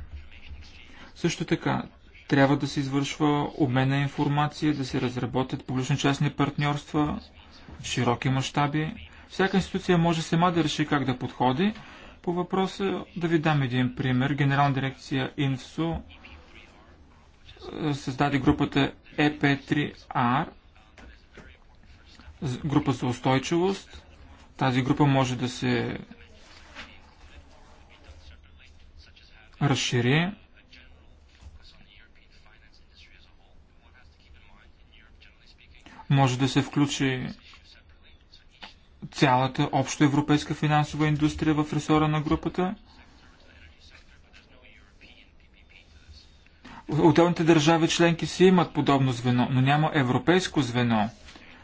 Също така, трябва да се извършва обмен на информация, да се разработят публично-частни партньорства, широки мащаби. Всяка институция може сама да реши как да подходи. По въпроса да ви дам един пример. Генерална дирекция INFSO е, създаде групата EP3R, група за устойчивост. Тази група може да се разшири. Може да се включи цялата общо европейска финансова индустрия в ресора на групата. Отделните държави членки си имат подобно звено, но няма европейско звено.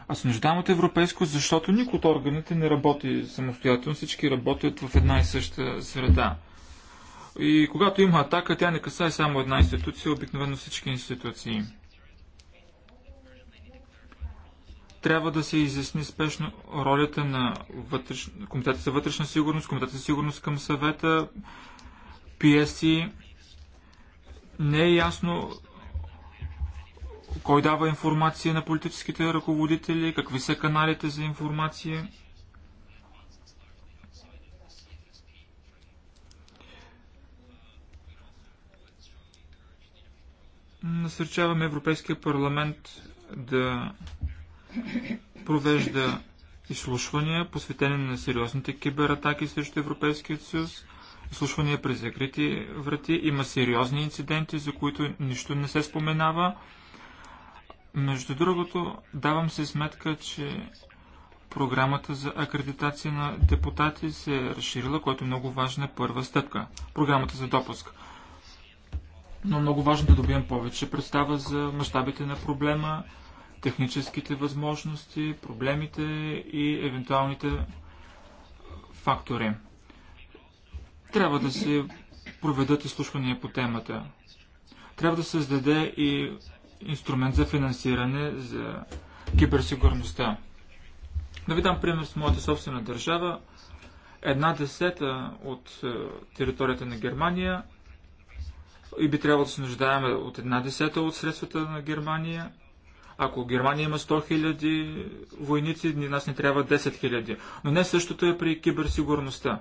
Аз се нуждам от европейско, защото никой от органите не работи самостоятелно, всички работят в една и съща среда. И когато има атака, тя не касае само една институция, обикновено всички институции. трябва да се изясни спешно ролята на вътреш... Комитета за вътрешна сигурност, Комитета за сигурност към съвета, PSC. Не е ясно кой дава информация на политическите ръководители, какви са каналите за информация. Насърчаваме Европейския парламент да провежда изслушвания, посветени на сериозните кибератаки срещу Европейския съюз, изслушвания през закрити врати. Има сериозни инциденти, за които нищо не се споменава. Между другото, давам се сметка, че програмата за акредитация на депутати се е разширила, което е много важна първа стъпка. Програмата за допуск. Но много важно е да добием повече представа за мащабите на проблема, техническите възможности, проблемите и евентуалните фактори. Трябва да се проведат изслушвания по темата. Трябва да се създаде и инструмент за финансиране за киберсигурността. Да ви дам пример с моята собствена държава. Една десета от е, територията на Германия и би трябвало да се нуждаем от една десета от средствата на Германия – ако Германия има 100 000 войници, нас не трябва 10 000. Но не същото е при киберсигурността.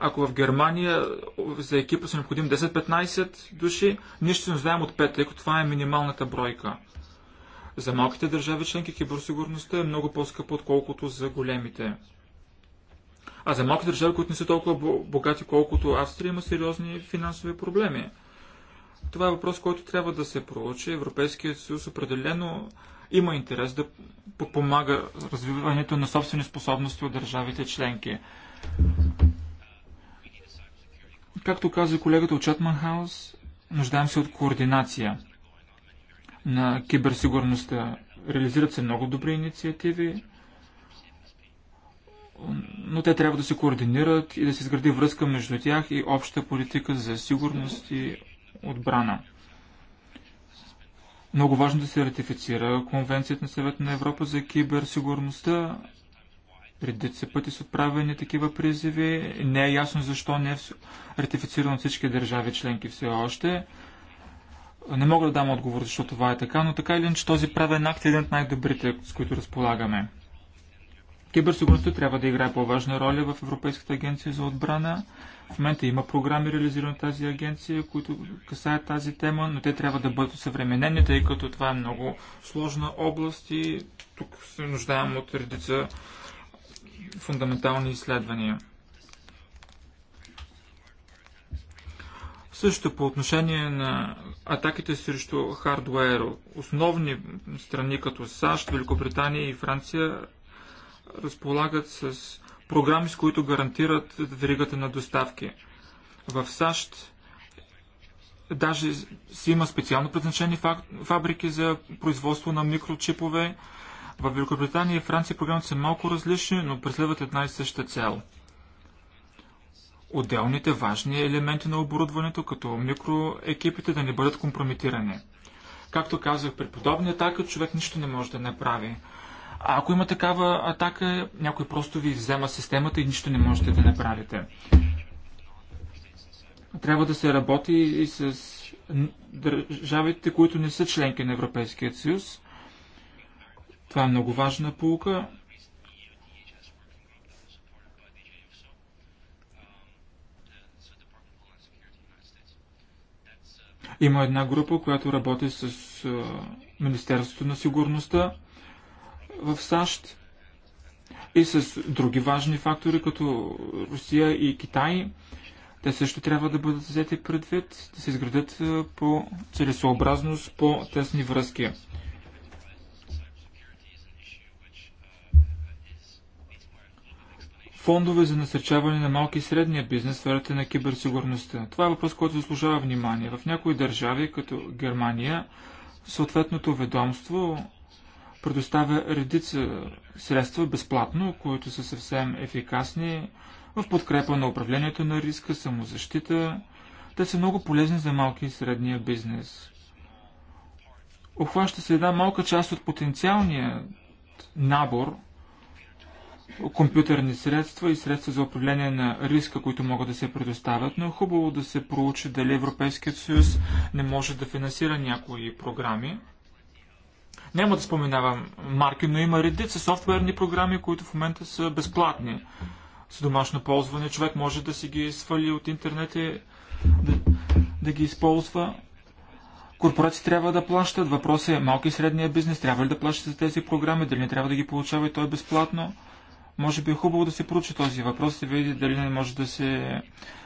Ако в Германия за екипа са необходим 10-15 души, ние ще се нуждаем от 5, тъй като това е минималната бройка. За малките държави членки киберсигурността е много по-скъпа, отколкото за големите. А за малки държави, които не са толкова богати, колкото Австрия, има сериозни финансови проблеми. Това е въпрос, който трябва да се проучи. Европейският съюз определено има интерес да подпомага развиването на собствени способности от държавите членки. Както каза колегата от Чатманхаус, нуждаем се от координация на киберсигурността. Реализират се много добри инициативи, но те трябва да се координират и да се изгради връзка между тях и обща политика за сигурност и отбрана. Много важно да се ратифицира Конвенцията на Съвета на Европа за киберсигурността. Редица пъти са отправени такива призиви. Не е ясно защо не е ратифицирано от всички държави членки все още. Не мога да дам отговор, защо това е така, но така или иначе този правен акт е един от най-добрите, с които разполагаме. Киберсигурността трябва да играе по-важна роля в Европейската агенция за отбрана. В момента има програми реализирани от тази агенция, които касаят тази тема, но те трябва да бъдат съвременени, тъй като това е много сложна област и тук се нуждаем от редица фундаментални изследвания. Също по отношение на атаките срещу хардуер, основни страни като САЩ, Великобритания и Франция разполагат с програми, с които гарантират веригата на доставки. В САЩ даже си има специално предназначени фабрики за производство на микрочипове. В Великобритания и Франция програмите са малко различни, но преследват една и съща цел. Отделните важни елементи на оборудването, като микроекипите, да не бъдат компрометирани. Както казах, при подобни атаки човек нищо не може да направи. А ако има такава атака, някой просто ви взема системата и нищо не можете да направите. Трябва да се работи и с държавите, които не са членки на Европейския съюз. Това е много важна полука. Има една група, която работи с Министерството на сигурността в САЩ и с други важни фактори, като Русия и Китай. Те също трябва да бъдат взети предвид, да се изградят е, по целесообразност, по тесни връзки. Фондове за насърчаване на малки и средния бизнес в сферата на киберсигурността. Това е въпрос, който заслужава внимание. В някои държави, като Германия, съответното ведомство предоставя редица средства безплатно, които са съвсем ефикасни в подкрепа на управлението на риска, самозащита. Те са много полезни за малки и средния бизнес. Охваща се една малка част от потенциалния набор компютърни средства и средства за управление на риска, които могат да се предоставят, но е хубаво да се проучи дали Европейският съюз не може да финансира някои програми. Няма да споменавам марки, но има редица софтуерни програми, които в момента са безплатни. С домашно ползване човек може да си ги свали от интернет и да, да ги използва. Корпорации трябва да плащат. Въпрос е малки и средния бизнес трябва ли да плащат за тези програми, дали не трябва да ги получава и той е безплатно. Може би е хубаво да се проучи този въпрос и да види дали не може да се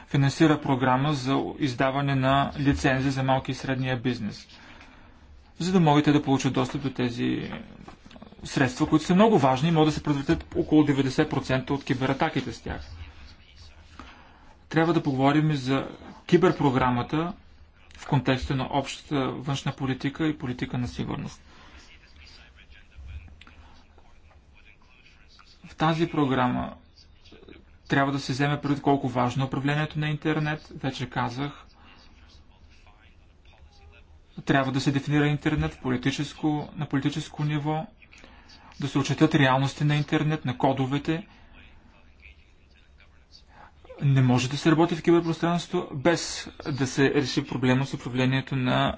финансира програма за издаване на лицензи за малки и средния бизнес за да могат да получат достъп до тези средства, които са много важни и могат да се предотвратят около 90% от кибератаките с тях. Трябва да поговорим за киберпрограмата в контекста на общата външна политика и политика на сигурност. В тази програма трябва да се вземе пред колко важно е управлението на интернет. Вече казах, трябва да се дефинира интернет политическо, на политическо ниво, да се отчитат реалности на интернет, на кодовете. Не може да се работи в киберпространството без да се реши проблема с управлението на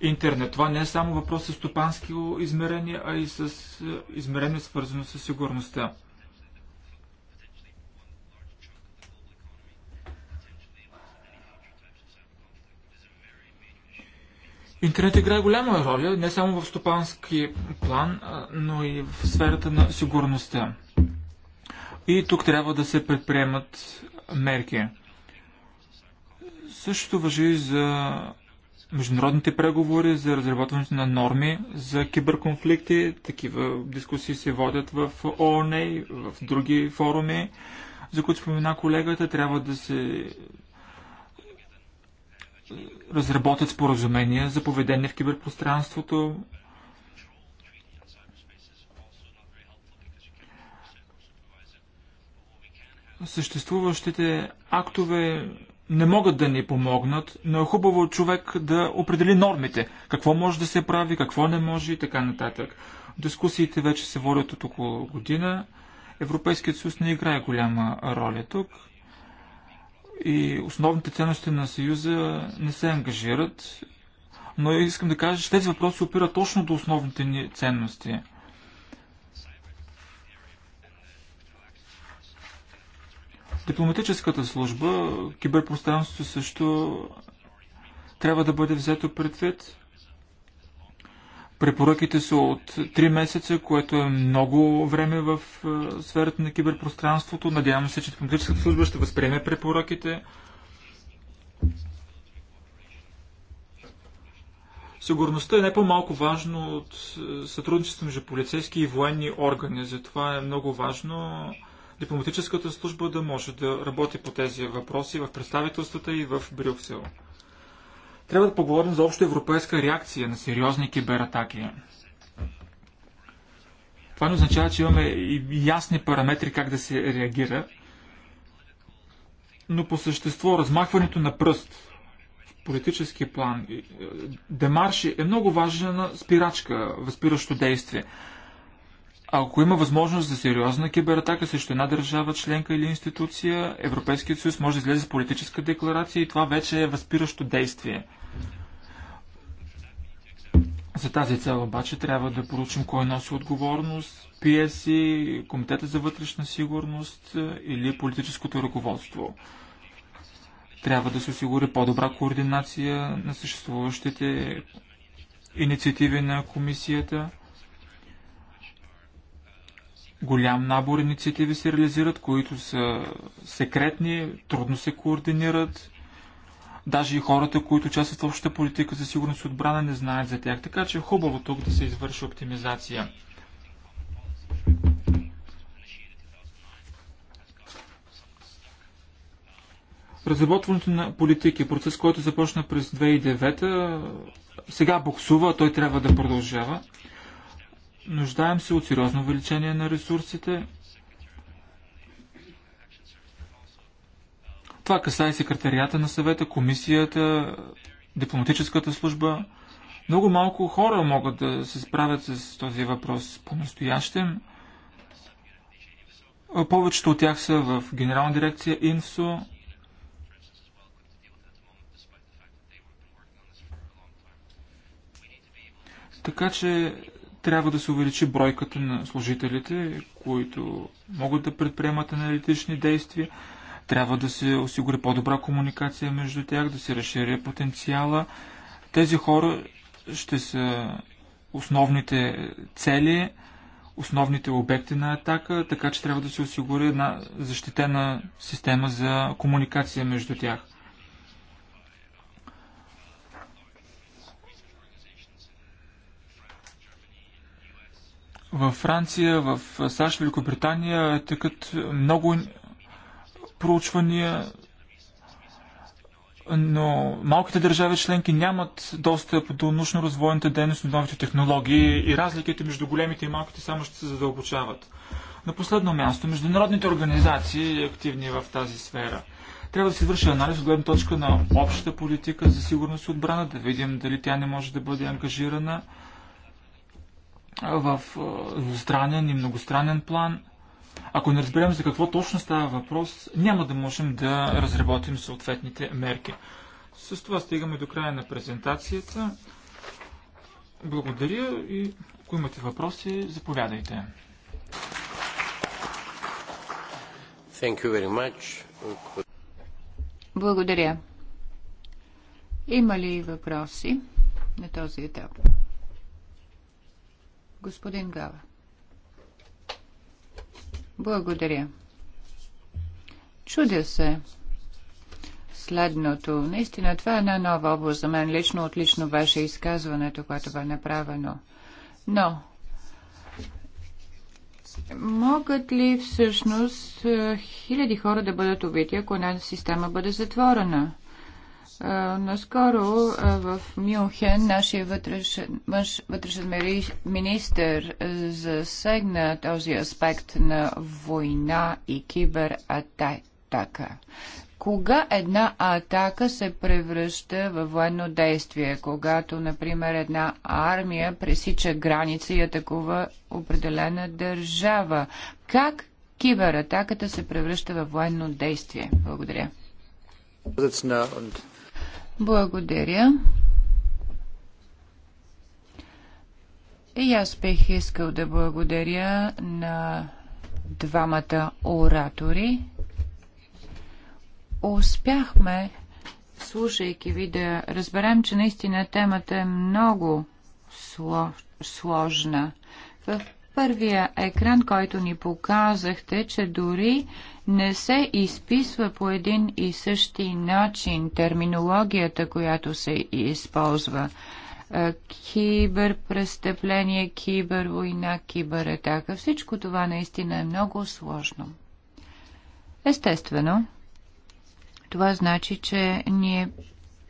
интернет. Това не е само въпрос с стопански измерения, а и с е, измерения, свързано с сигурността. Интернет играе голяма роля, не само в стопански план, но и в сферата на сигурността. И тук трябва да се предприемат мерки. Същото въжи за международните преговори, за разработването на норми за киберконфликти. Такива дискусии се водят в ООН, в други форуми, за които спомена колегата. Трябва да се разработят споразумения за поведение в киберпространството. Съществуващите актове не могат да ни помогнат, но е хубаво човек да определи нормите. Какво може да се прави, какво не може и така нататък. Дискусиите вече се водят от около година. Европейският съюз не играе голяма роля тук и основните ценности на Съюза не се ангажират. Но искам да кажа, че тези въпроси опират точно до основните ни ценности. Дипломатическата служба, киберпространството също трябва да бъде взето предвид. Препоръките са от 3 месеца, което е много време в е, сферата на киберпространството. Надявам се, че дипломатическата служба ще възприеме препоръките. Сигурността е не по-малко важно от е, сътрудничество между полицейски и военни органи. Затова е много важно дипломатическата служба да може да работи по тези въпроси в представителствата и в Брюксел. Трябва да поговорим за общо европейска реакция на сериозни кибератаки. Това не означава, че имаме и ясни параметри как да се реагира, но по същество размахването на пръст в политически план, е, демарши е много важна спирачка, възпиращо действие. Ако има възможност за сериозна кибератака срещу една държава, членка или институция, Европейският съюз може да излезе с политическа декларация и това вече е възпиращо действие. За тази цел обаче трябва да поручим кой носи отговорност, PSI, Комитета за вътрешна сигурност е, или политическото ръководство. Трябва да се осигури по-добра координация на съществуващите инициативи на комисията. Голям набор инициативи се реализират, които са секретни, трудно се координират Даже и хората, които участват в общата политика за сигурност и отбрана, не знаят за тях. Така че е хубаво тук да се извърши оптимизация. Разработването на политики е процес, който започна през 2009. Сега буксува, той трябва да продължава. Нуждаем се от сериозно увеличение на ресурсите. Това касае секретарията на съвета, комисията, дипломатическата служба. Много малко хора могат да се справят с този въпрос по-настоящем. Повечето от тях са в Генерална дирекция ИНСО. Така че трябва да се увеличи бройката на служителите, които могат да предприемат аналитични действия. Трябва да се осигури по-добра комуникация между тях, да се разшири потенциала. Тези хора ще са основните цели, основните обекти на атака, така че трябва да се осигури една защитена система за комуникация между тях. Във Франция, в САЩ, Великобритания тъкат много проучвания, но малките държави членки нямат достъп до научно-развойната дейност на новите технологии и разликите между големите и малките само ще се задълбочават. На последно място, международните организации активни в тази сфера. Трябва да се върши анализ от гледна точка на общата политика за сигурност и отбрана, да видим дали тя не може да бъде ангажирана в двустранен и многостранен план – ако не разберем за какво точно става въпрос, няма да можем да разработим съответните мерки. С това стигаме до края на презентацията. Благодаря и ако имате въпроси, заповядайте. Благодаря. Има ли въпроси на този етап? Господин Гава. Благодаря. Чудя се следното. Наистина, това е една нова област за мен. Лично отлично беше изказването, което бе направено. Но, могат ли всъщност е, хиляди хора да бъдат убити, ако една система бъде затворена? Наскоро в Мюнхен нашия вътрешен, вътрешен министр засегна този аспект на война и кибератака. Кога една атака се превръща в военно действие? Когато, например, една армия пресича граница и атакува определена държава. Как кибератаката се превръща в военно действие? Благодаря. Благодаря. И аз бих искал да благодаря на двамата оратори. Успяхме, слушайки ви, да разберем, че наистина темата е много сложна. В първия екран, който ни показахте, че дори не се изписва по един и същи начин терминологията, която се използва. Киберпрестъпление, кибервойна, кибератака. Всичко това наистина е много сложно. Естествено, това значи, че ние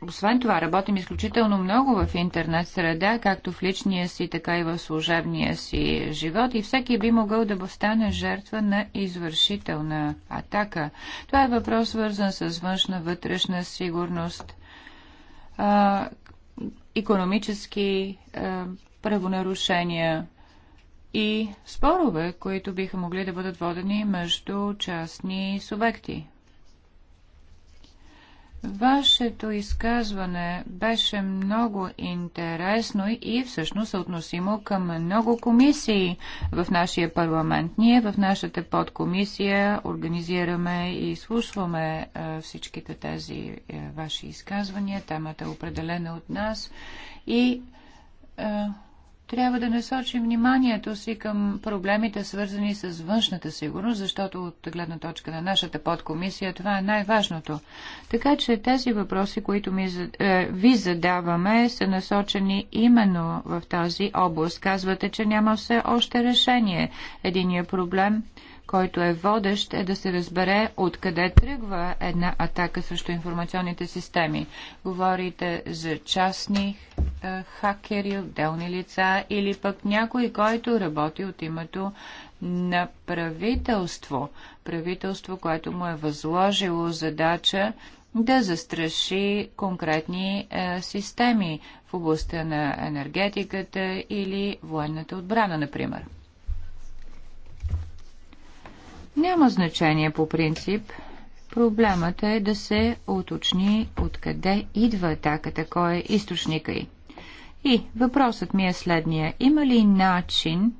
освен това, работим изключително много в интернет среда, както в личния си, така и в служебния си живот и всеки би могъл да стане жертва на извършителна атака. Това е въпрос свързан с външна вътрешна сигурност, економически правонарушения и спорове, които биха могли да бъдат водени между частни субекти. Вашето изказване беше много интересно и всъщност относимо към много комисии в нашия парламент. Ние в нашата подкомисия организираме и слушваме е, всичките тези е, ваши изказвания. Темата е определена от нас и е, трябва да насочим вниманието си към проблемите, свързани с външната сигурност, защото от гледна точка на нашата подкомисия това е най-важното. Така че тези въпроси, които ми, е, ви задаваме, са насочени именно в тази област. Казвате, че няма все още решение. Единият проблем който е водещ, е да се разбере откъде тръгва една атака срещу информационните системи. Говорите за частни е, хакери, отделни лица или пък някой, който работи от името на правителство. Правителство, което му е възложило задача да застраши конкретни е, системи в областта на енергетиката или военната отбрана, например. Няма значение по принцип. Проблемът е да се уточни откъде идва атаката, кой е източника й. И въпросът ми е следния. Има ли начин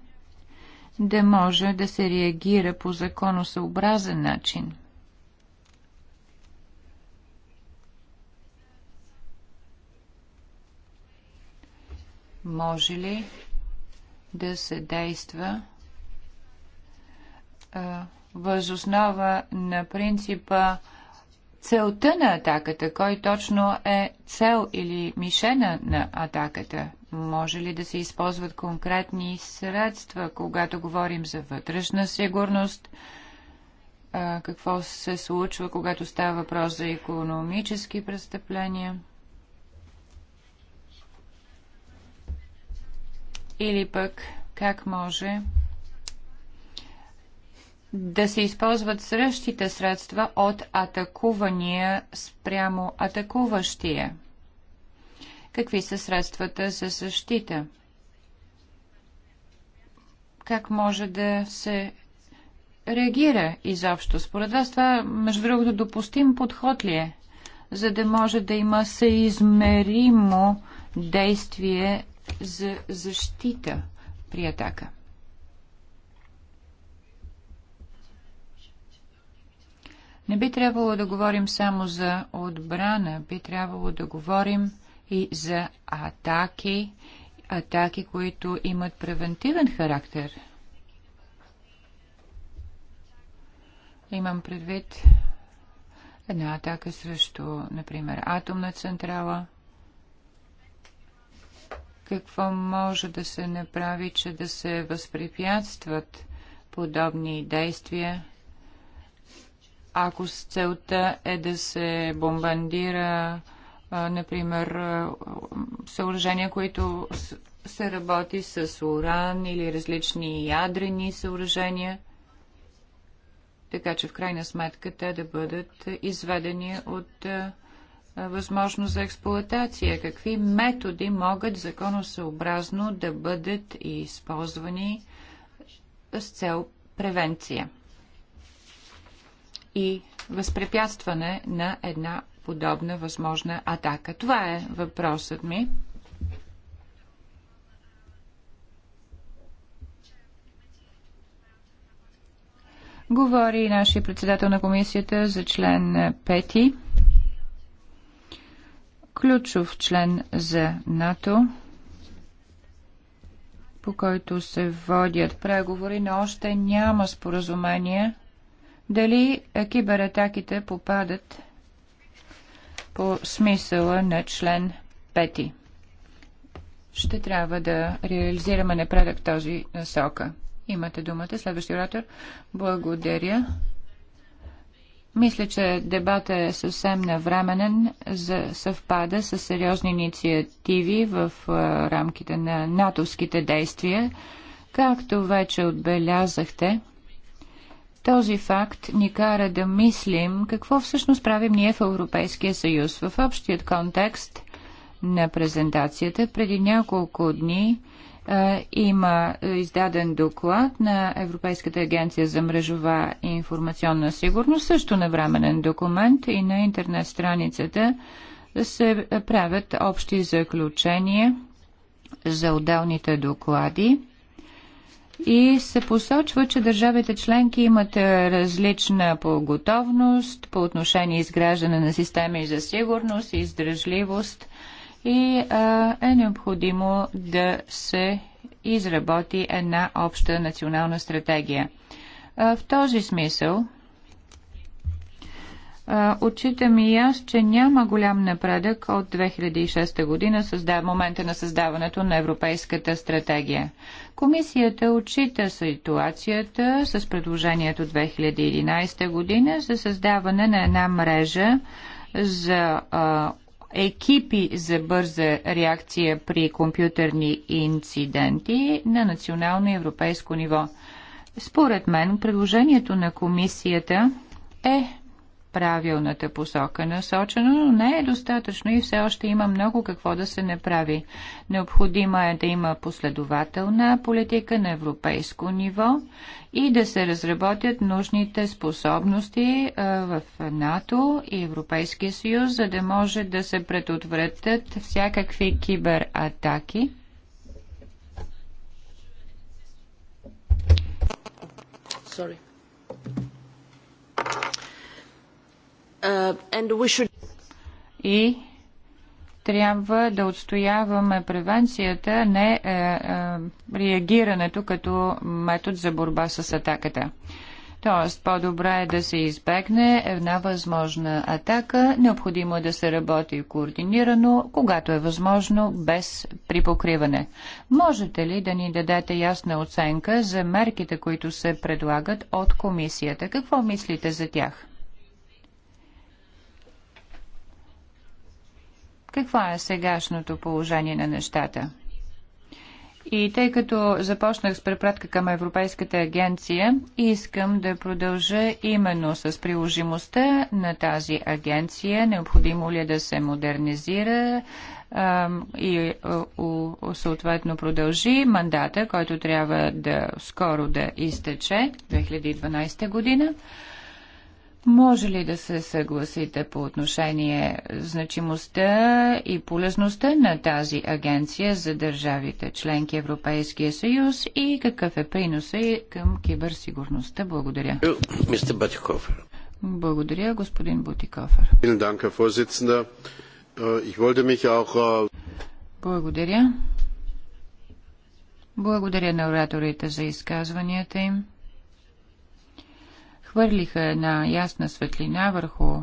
да може да се реагира по законосъобразен начин? Може ли да се действа а, възоснова на принципа целта на атаката, кой точно е цел или мишена на атаката. Може ли да се използват конкретни средства, когато говорим за вътрешна сигурност? Какво се случва, когато става въпрос за економически престъпления? Или пък как може да се използват срещите средства от атакувания спрямо атакуващия. Какви са средствата за защита? Как може да се реагира изобщо? Според вас това, между другото, допустим подход ли е, за да може да има съизмеримо действие за защита при атака? Не би трябвало да говорим само за отбрана, би трябвало да говорим и за атаки, атаки, които имат превентивен характер. Имам предвид една атака срещу, например, атомна централа. Какво може да се направи, че да се възпрепятстват подобни действия? ако целта е да се бомбандира, например, съоръжения, които се работи с уран или различни ядрени съоръжения, така че в крайна сметка те да бъдат изведени от възможност за експлоатация. Какви методи могат законосъобразно да бъдат използвани с цел превенция? и възпрепятстване на една подобна възможна атака. Това е въпросът ми. Говори нашия председател на комисията за член Пети, ключов член за НАТО, по който се водят преговори, но още няма споразумение – дали кибератаките попадат по смисъла на член 5. Ще трябва да реализираме напредък този насока. Имате думата. Следващия оратор. Благодаря. Мисля, че дебата е съвсем навременен, за съвпада с сериозни инициативи в рамките на натовските действия. Както вече отбелязахте, този факт ни кара да мислим какво всъщност правим ние в Европейския съюз. В общият контекст на презентацията преди няколко дни е, има е, издаден доклад на Европейската агенция за мрежова и информационна сигурност, също на временен документ и на интернет страницата се правят общи заключения за отделните доклади и се посочва, че държавите членки имат е, различна готовност по отношение изграждане на системи за сигурност и издръжливост и а, е, е необходимо да се изработи една обща национална стратегия. А, е, в този смисъл Отчитам и аз, че няма голям напредък от 2006 година, създа... момента на създаването на Европейската стратегия. Комисията отчита ситуацията с предложението 2011 година за създаване на една мрежа за а, екипи за бърза реакция при компютърни инциденти на национално и европейско ниво. Според мен, предложението на комисията е правилната посока насочено, но не е достатъчно и все още има много какво да се направи. Необходимо е да има последователна политика на европейско ниво и да се разработят нужните способности в НАТО и Европейския съюз, за да може да се предотвратят всякакви кибератаки. Sorry. Uh, И трябва да отстояваме превенцията, не е, е, реагирането като метод за борба с атаката. Тоест, по-добре е да се избегне една възможна атака. Необходимо е да се работи координирано, когато е възможно, без припокриване. Можете ли да ни дадете ясна оценка за мерките, които се предлагат от комисията? Какво мислите за тях? Каква е сегашното положение на нещата? И тъй като започнах с препратка към Европейската агенция, искам да продължа именно с приложимостта на тази агенция. Необходимо ли е да се модернизира а, и а, у, съответно продължи мандата, който трябва да скоро да изтече 2012 година. Може ли да се съгласите по отношение значимостта и полезността на тази агенция за държавите членки Европейския съюз и какъв е приноса към киберсигурността? Благодаря. Благодаря, господин Бутикофер. Äh, äh, Благодаря. Благодаря на ораторите за изказванията им хвърлиха една ясна светлина върху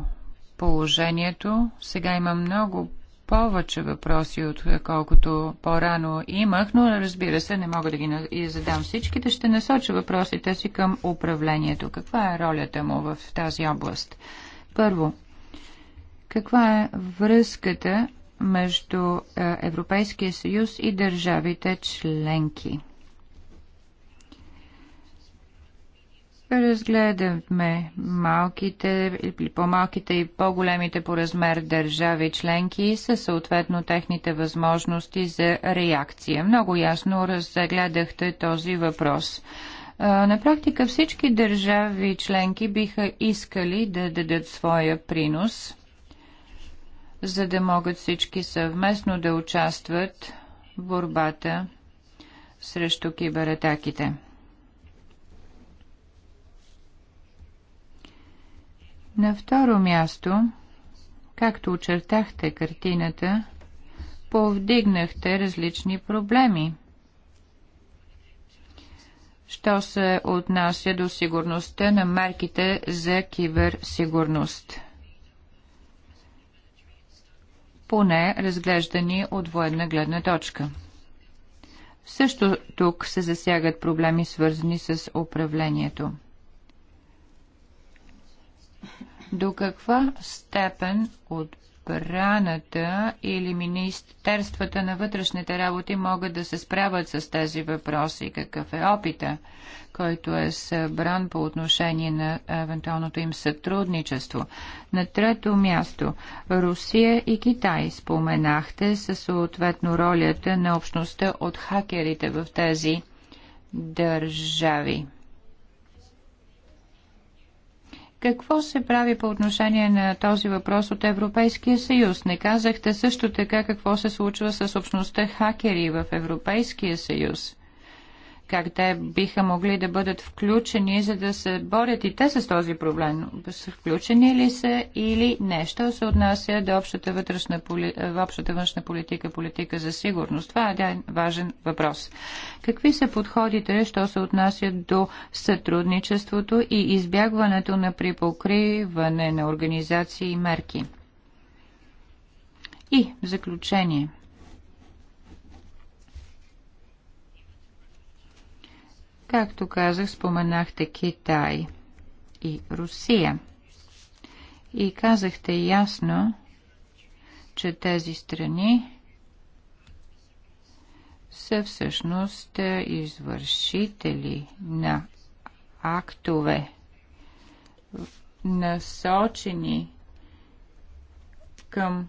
положението. Сега има много повече въпроси, отколкото по-рано имах, но разбира се, не мога да ги задам всичките. Ще насоча въпросите си към управлението. Каква е ролята му в тази област? Първо, каква е връзката между е, Европейския съюз и държавите членки? Разгледахме малките или по-малките и по-големите по размер държави членки със съответно техните възможности за реакция. Много ясно разгледахте този въпрос. На практика всички държави членки биха искали да дадат своя принос, за да могат всички съвместно да участват в борбата срещу кибератаките. На второ място, както очертахте картината, повдигнахте различни проблеми. Що се отнася до сигурността на марките за киберсигурност? Поне разглеждани от военна гледна точка. Също тук се засягат проблеми, свързани с управлението до каква степен от Праната или министерствата на вътрешните работи могат да се справят с тези въпроси? Какъв е опита, който е събран по отношение на евентуалното им сътрудничество? На трето място, Русия и Китай споменахте със съответно ролята на общността от хакерите в тези държави. Какво се прави по отношение на този въпрос от Европейския съюз? Не казахте също така какво се случва с общността хакери в Европейския съюз как те биха могли да бъдат включени, за да се борят и те с този проблем. Включени ли са или нещо, се отнася до общата, вътрешна, общата външна политика, политика за сигурност? Това е един важен въпрос. Какви са подходите, що се отнася до сътрудничеството и избягването на припокриване на организации и мерки? И в заключение – Както казах, споменахте Китай и Русия. И казахте ясно, че тези страни са всъщност извършители на актове, насочени към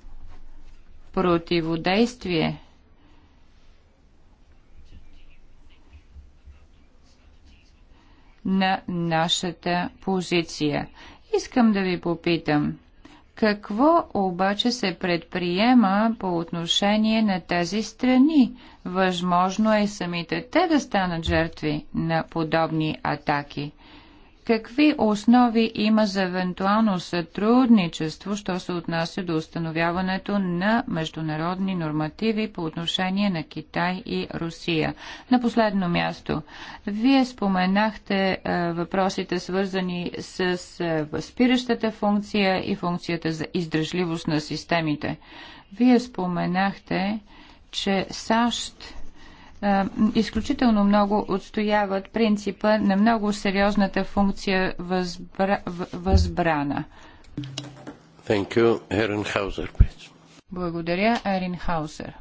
противодействие на нашата позиция. Искам да ви попитам, какво обаче се предприема по отношение на тези страни? Възможно е самите те да станат жертви на подобни атаки. Какви основи има за евентуално сътрудничество, що се отнася до установяването на международни нормативи по отношение на Китай и Русия? На последно място, вие споменахте е, въпросите свързани с е, възпиращата функция и функцията за издръжливост на системите. Вие споменахте, че САЩ е, изключително много отстояват принципа на много сериозната функция възбра... възбрана. Thank you, Благодаря, Ерин Хаузер.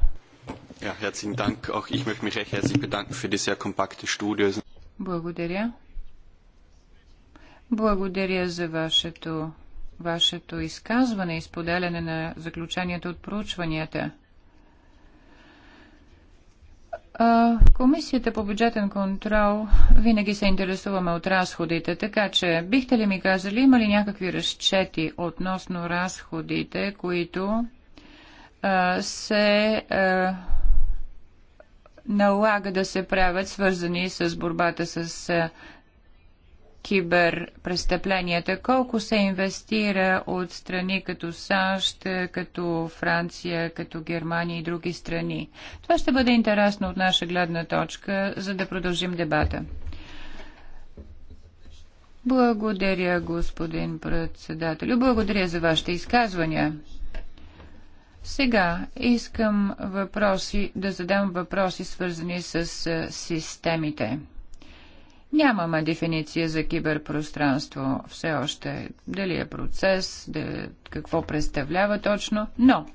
Ja, herzlichen Dank. Auch ich möchte mich recht herzlich bedanken für die sehr kompakte Studie. Благодаря. Благодаря за вашето, вашето изказване и споделяне на заключението от проучванията. Комисията по бюджетен контрол винаги се интересуваме от разходите, така че бихте ли ми казали, има ли някакви разчети относно разходите, които а, се а, налага да се правят, свързани с борбата с киберпрестъпленията, колко се инвестира от страни като САЩ, като Франция, като Германия и други страни. Това ще бъде интересно от наша гледна точка, за да продължим дебата. Благодаря, господин председател. Благодаря за вашите изказвания. Сега искам въпроси, да задам въпроси, свързани с системите. Нямаме дефиниция за киберпространство все още. Дали е процес, дали, какво представлява точно, но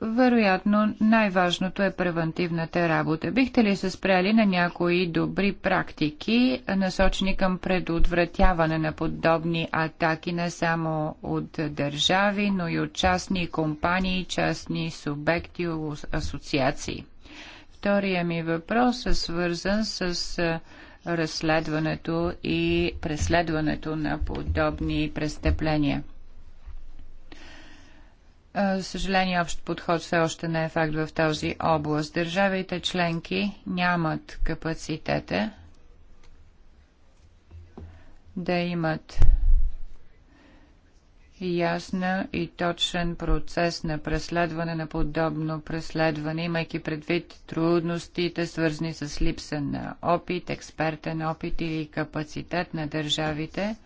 вероятно най-важното е превентивната работа. Бихте ли се спряли на някои добри практики, насочени към предотвратяване на подобни атаки не само от държави, но и от частни компании, частни субекти, асоциации? Втория ми въпрос е свързан с разследването и преследването на подобни престъпления. Съжаление, общ подход все още не е факт в този област. Държавите членки нямат капацитета да имат ясна и точен процес на преследване на подобно преследване, имайки предвид трудностите, свързани с липса на опит, експертен опит или капацитет на държавите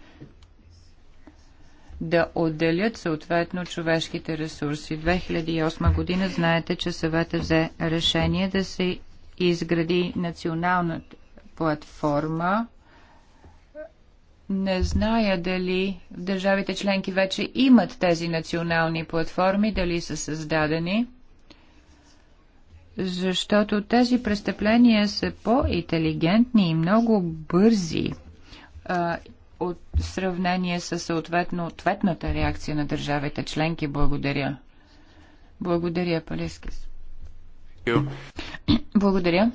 да отделят съответно човешките ресурси. 2008 година знаете, че съвета взе решение да се изгради национална платформа не зная дали държавите членки вече имат тези национални платформи, дали са създадени, защото тези престъпления са по-интелигентни и много бързи а, от сравнение с съответно ответната реакция на държавите членки. Благодаря. Благодаря, Палескис. Благодаря.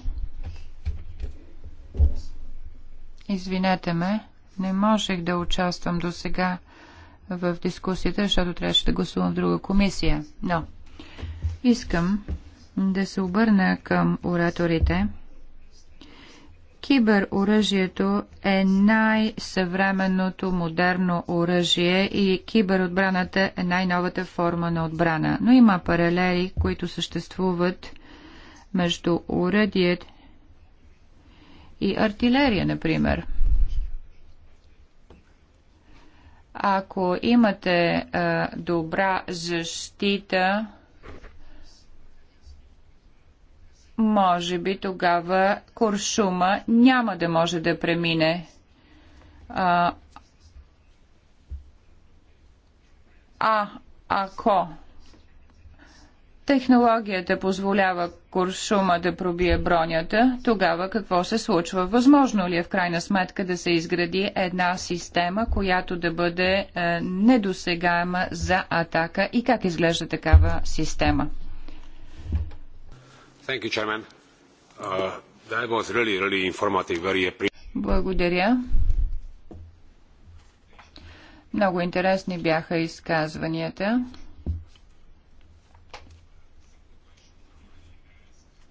Извинете ме не можех да участвам до сега в дискусията, защото трябваше да гласувам в друга комисия. Но искам да се обърна към ораторите. Кибероръжието е най-съвременното модерно оръжие и киберотбраната е най-новата форма на отбрана. Но има паралели, които съществуват между оръдият и артилерия, например – Ако имате а, добра защита, може би тогава куршума няма да може да премине. А, а ако технологията позволява куршума да пробие бронята, тогава какво се случва? Възможно ли е в крайна сметка да се изгради една система, която да бъде е, недосегаема за атака и как изглежда такава система? Thank you, Chairman. Uh, that was really, really informative, very Благодаря. Много интересни бяха изказванията.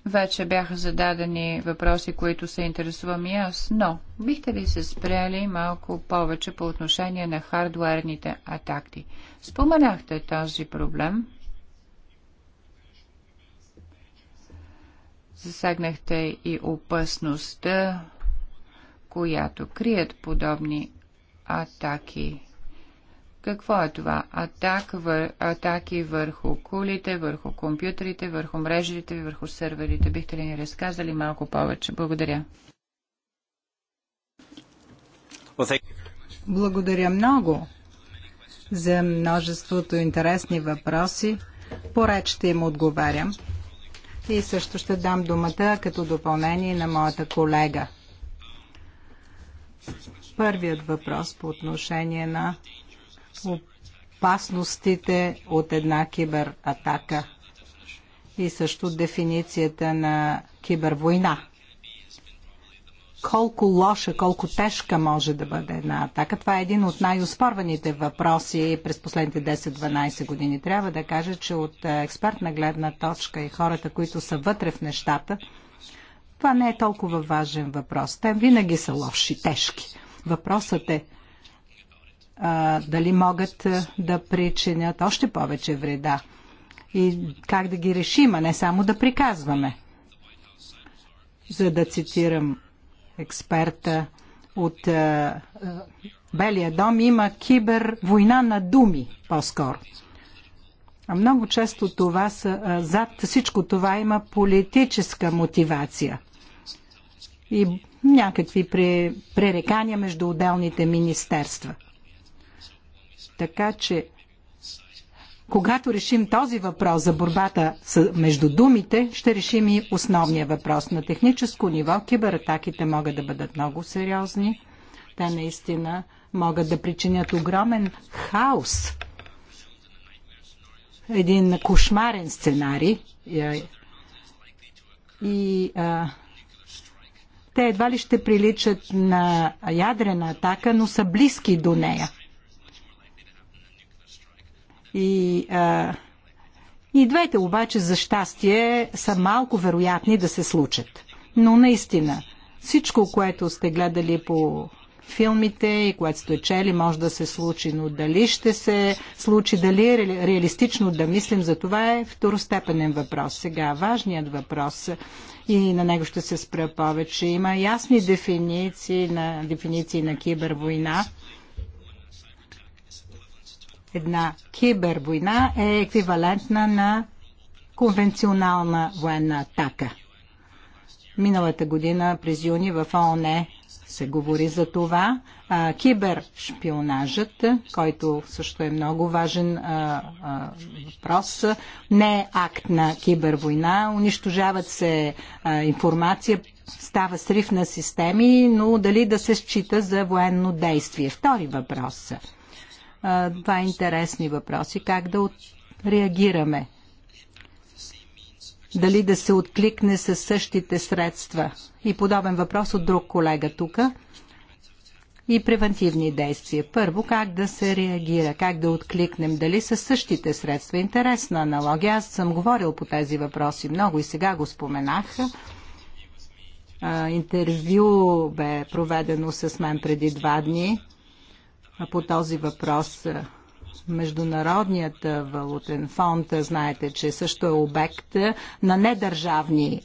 Вече бяха зададени въпроси, които се интересувам и аз, но бихте ли се спряли малко повече по отношение на хардуерните атаки? Споменахте този проблем. Засегнахте и опасността, която крият подобни атаки. Какво е това? Атак, вър... Атаки върху кулите, върху компютрите, върху мрежите, върху серверите. Бихте ли ни разказали малко повече? Благодаря. Благодаря много за множеството интересни въпроси. Поред ще им отговарям. И също ще дам думата като допълнение на моята колега. Първият въпрос по отношение на опасностите от една кибератака и също дефиницията на кибервойна. Колко лоша, колко тежка може да бъде една атака? Това е един от най-оспорваните въпроси през последните 10-12 години. Трябва да кажа, че от е, експертна гледна точка и хората, които са вътре в нещата, това не е толкова важен въпрос. Те винаги са лоши, тежки. Въпросът е а, дали могат да причинят още повече вреда и как да ги решим, а не само да приказваме. За да цитирам експерта от а, а, Белия дом, има кибервойна на думи по-скоро. А много често това са, а, зад всичко това има политическа мотивация и някакви пререкания между отделните министерства – така че, когато решим този въпрос за борбата между думите, ще решим и основния въпрос. На техническо ниво кибератаките могат да бъдат много сериозни. Те наистина могат да причинят огромен хаос. Един кошмарен сценарий. Е, и а, те едва ли ще приличат на ядрена атака, но са близки до нея. И, а, и двете обаче, за щастие, са малко вероятни да се случат. Но наистина, всичко, което сте гледали по филмите и което сте чели, може да се случи, но дали ще се случи, дали е реалистично да мислим за това е второстепенен въпрос. Сега важният въпрос и на него ще се спра повече. Има ясни дефиниции на, дефиниции на кибервойна една кибервойна е еквивалентна на конвенционална военна атака. Миналата година през юни в ООН се говори за това. кибершпионажът, който също е много важен а, а, въпрос, не е акт на кибервойна. Унищожават се а, информация, става срив на системи, но дали да се счита за военно действие? Втори въпрос – а, два интересни въпроси. Как да от... реагираме? Дали да се откликне със същите средства? И подобен въпрос от друг колега тук. И превентивни действия. Първо, как да се реагира, как да откликнем, дали със същите средства. Интересна аналогия. Аз съм говорил по тези въпроси много и сега го споменах интервю бе проведено с мен преди два дни по този въпрос. Е, Международният е, валутен фонд, е, знаете, че също е обект на недържавни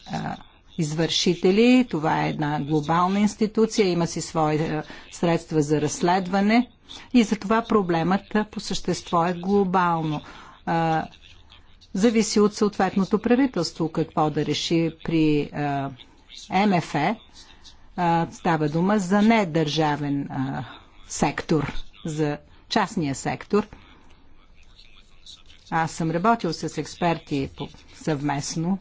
извършители. Това е една глобална институция, има си свои средства за разследване и затова проблемът по същество е глобално. Зависи от съответното правителство какво да реши при МФЕ. Става дума за недържавен сектор, за частния сектор. Аз съм работил с експерти съвместно.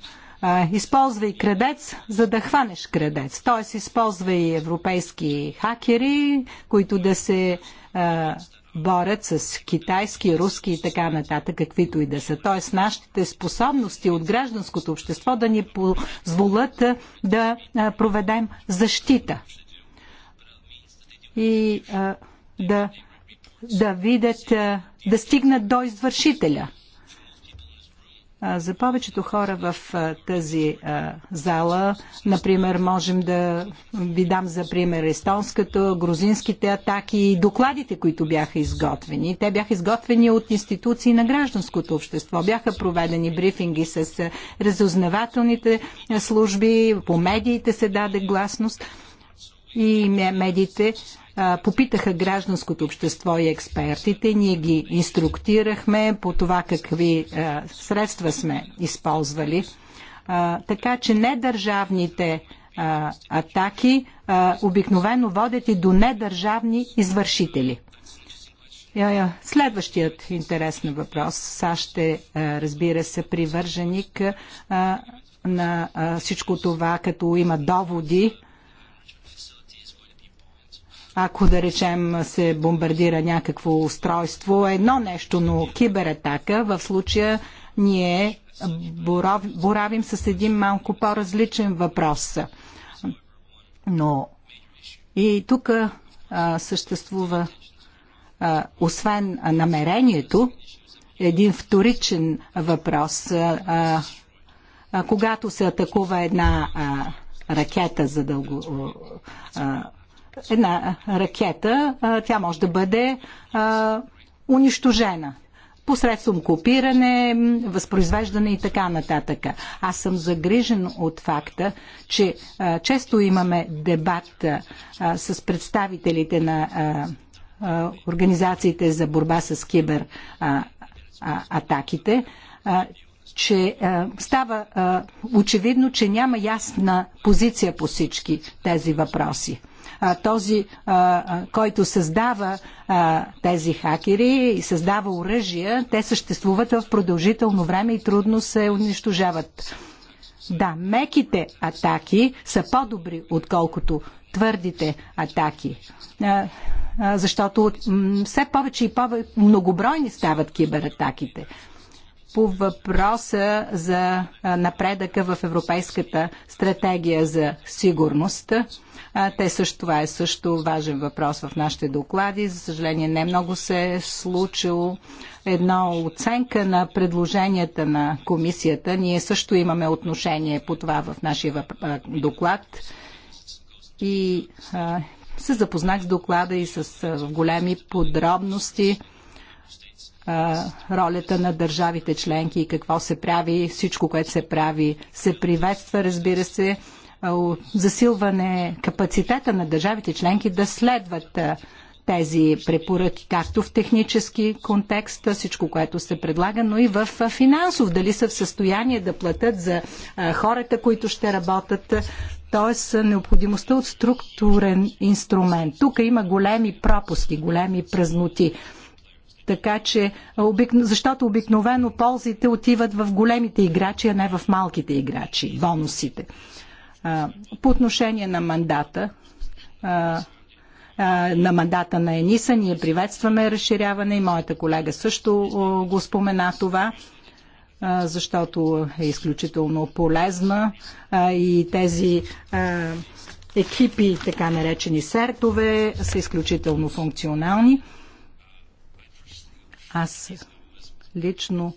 Използвай крадец, за да хванеш крадец. Т.е. използвай европейски хакери, които да се борят с китайски, руски и така нататък, каквито и да са. Т.е. нашите способности от гражданското общество да ни позволят да проведем защита и а, да, да видят, а, да стигнат до извършителя. А, за повечето хора в а, тази а, зала, например, можем да ви дам за пример естонската, грузинските атаки и докладите, които бяха изготвени. Те бяха изготвени от институции на гражданското общество. Бяха проведени брифинги с разузнавателните служби, по медиите се даде гласност и медиите попитаха гражданското общество и експертите. Ние ги инструктирахме по това какви средства сме използвали. така че недържавните атаки обикновено водят и до недържавни извършители. Следващият интересен въпрос. САЩ е, разбира се, привърженик на всичко това, като има доводи ако да речем се бомбардира някакво устройство, е едно нещо, но кибератака в случая ние борав, боравим с един малко по-различен въпрос. Но и тук съществува, а, освен намерението, един вторичен въпрос. А, а, когато се атакува една а, ракета за дълго. А, една ракета, тя може да бъде унищожена посредством копиране, възпроизвеждане и така нататък. Аз съм загрижен от факта, че а, често имаме дебат а, с представителите на а, а, организациите за борба с кибер а, а, атаките, а, че а, става а, очевидно, че няма ясна позиция по всички тези въпроси този, който създава тези хакери и създава оръжия, те съществуват в продължително време и трудно се унищожават. Да, меките атаки са по-добри, отколкото твърдите атаки. Защото все повече и повече многобройни стават кибератаките по въпроса за напредъка в Европейската стратегия за сигурност. Те също, това е също важен въпрос в нашите доклади. За съжаление, не много се е случило една оценка на предложенията на комисията. Ние също имаме отношение по това в нашия доклад. И се запознах с доклада и с големи подробности ролята на държавите членки и какво се прави. Всичко, което се прави, се приветства, разбира се. засилване капацитета на държавите членки да следват тези препоръки, както в технически контекст, всичко, което се предлага, но и в финансов. Дали са в състояние да платят за хората, които ще работят, т.е. необходимостта от структурен инструмент. Тук има големи пропуски, големи празноти. Така че, защото обикновено ползите отиват в големите играчи, а не в малките играчи, бонусите. По отношение на мандата, на мандата на ЕНИСА, ние приветстваме разширяване и моята колега също го спомена това защото е изключително полезна и тези екипи, така наречени сертове, са изключително функционални. Аз лично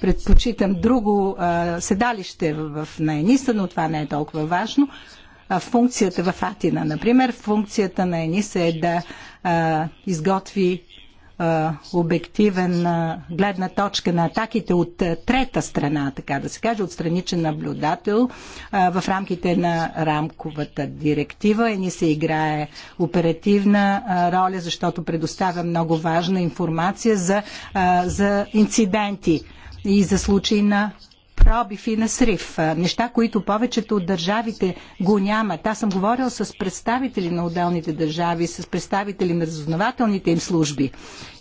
предпочитам друго а, седалище в, в Ениса, но това не е толкова важно. А, функцията в Атина, например, функцията на Ениса е да а, изготви обективен гледна точка на атаките от трета страна, така да се каже, от страничен наблюдател в рамките на рамковата директива. ни се играе оперативна роля, защото предоставя много важна информация за, за инциденти и за случаи на пробив и на срив. Неща, които повечето от държавите го нямат. Аз съм говорил с представители на отделните държави, с представители на разузнавателните им служби.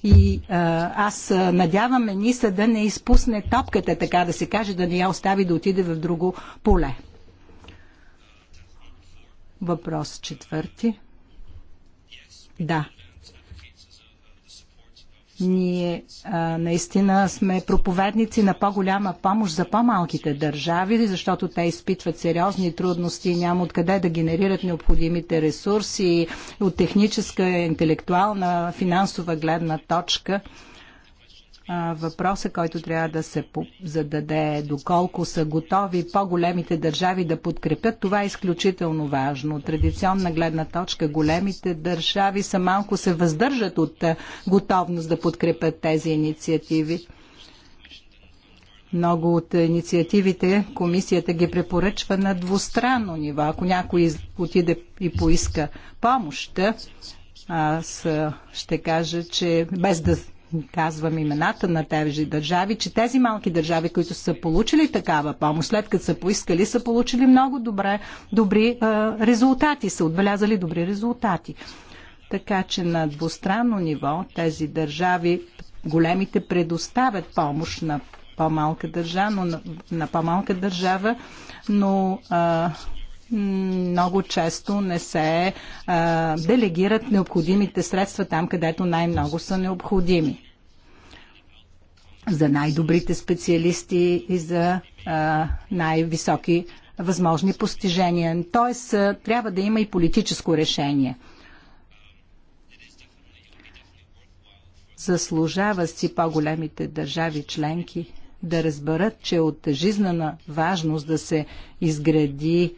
И а, аз надявам Ениса да не изпусне топката, така да се каже, да не я остави да отиде в друго поле. Въпрос четвърти. Да, ние а, наистина сме проповедници на по-голяма помощ за по-малките държави, защото те изпитват сериозни трудности и няма откъде да генерират необходимите ресурси от техническа, интелектуална, финансова гледна точка въпроса, който трябва да се зададе е доколко са готови по-големите държави да подкрепят. Това е изключително важно. От традиционна гледна точка големите държави са малко се въздържат от готовност да подкрепят тези инициативи. Много от инициативите комисията ги препоръчва на двустранно ниво. Ако някой отиде и поиска помощ, аз ще кажа, че без да казвам имената на тези държави, че тези малки държави, които са получили такава помощ, след като са поискали, са получили много добре, добри е, резултати, са отбелязали добри резултати. Така че на двустранно ниво тези държави, големите предоставят помощ на по-малка държава, но на, на по-малка държава, но е, много често не се а, делегират необходимите средства там, където най-много са необходими. За най-добрите специалисти и за най-високи възможни постижения. Тоест, а, трябва да има и политическо решение. Заслужава си по-големите държави членки да разберат, че от жизнена важност да се изгради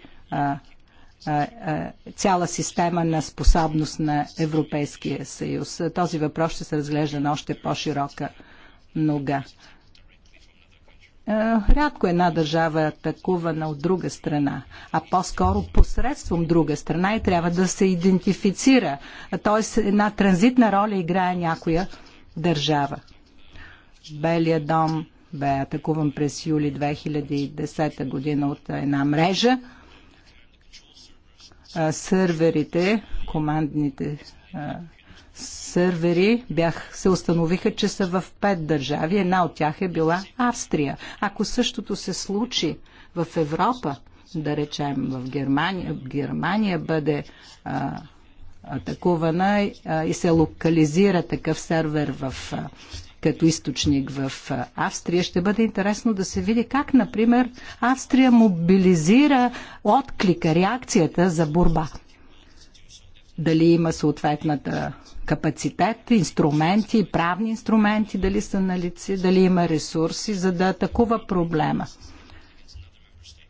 цяла система на способност на Европейския съюз. Този въпрос ще се разглежда на още по-широка нога. Рядко една държава е атакувана от друга страна, а по-скоро посредством друга страна и трябва да се идентифицира. Тоест една транзитна роля играе някоя държава. Белия дом бе атакуван през юли 2010 година от една мрежа, серверите, сърверите, командните сървери бях, се установиха, че са в пет държави. Една от тях е била Австрия. Ако същото се случи в Европа, да речем в Германия, Германия бъде а, атакувана а, и се локализира такъв сервер в а, като източник в Австрия. Ще бъде интересно да се види как, например, Австрия мобилизира отклика, реакцията за борба. Дали има съответната капацитет, инструменти, правни инструменти, дали са на лице, дали има ресурси, за да атакува проблема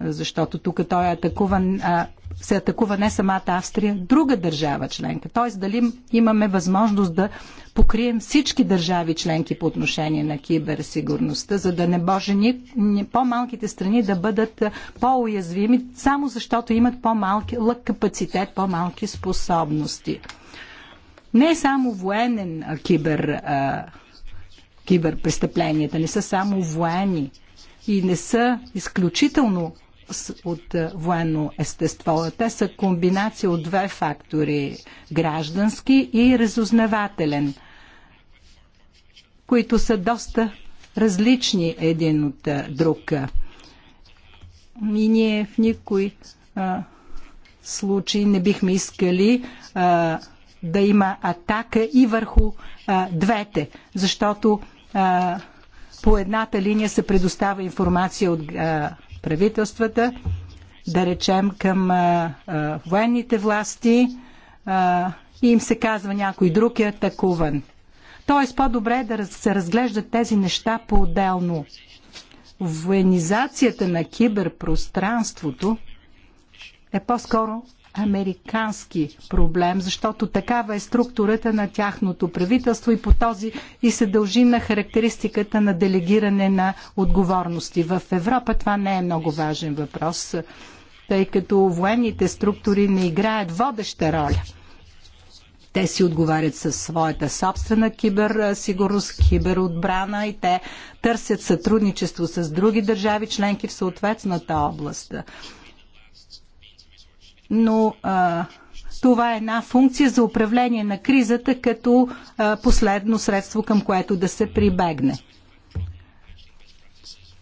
защото тук той е атакуван, а, се атакува не самата Австрия, друга държава членка. Тоест дали имаме възможност да покрием всички държави членки по отношение на киберсигурността, за да не може ни, ни по-малките страни да бъдат по-уязвими, само защото имат по-малки лък капацитет, по-малки способности. Не е само военен а, кибер, а, киберпрестъпленията, не са само военни и не са изключително от е, военно естество. Те са комбинация от две фактори – граждански и разузнавателен, които са доста различни един от е, друг. И ние в никой а, е, случай не бихме искали а, да има атака и върху а, двете, защото а, по едната линия се предоставя информация от а, правителствата, да речем към а, а, военните власти а, и им се казва някой друг е атакуван. Тоест по-добре е да се разглеждат тези неща по-отделно. Военизацията на киберпространството е по-скоро американски проблем, защото такава е структурата на тяхното правителство и по този и се дължи на характеристиката на делегиране на отговорности. В Европа това не е много важен въпрос, тъй като военните структури не играят водеща роля. Те си отговарят със своята собствена киберсигурност, киберотбрана и те търсят сътрудничество с други държави членки в съответната област но а, това е една функция за управление на кризата като а, последно средство, към което да се прибегне.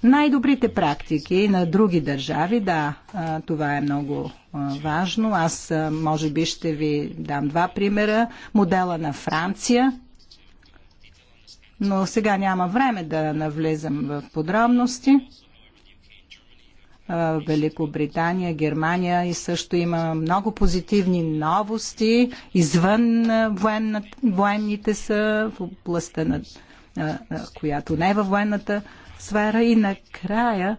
Най-добрите практики на други държави, да, това е много важно. Аз може би ще ви дам два примера. Модела на Франция, но сега няма време да навлезам в подробности. Великобритания, Германия и също има много позитивни новости извън военна, военните са в областта на която не е във военната сфера и накрая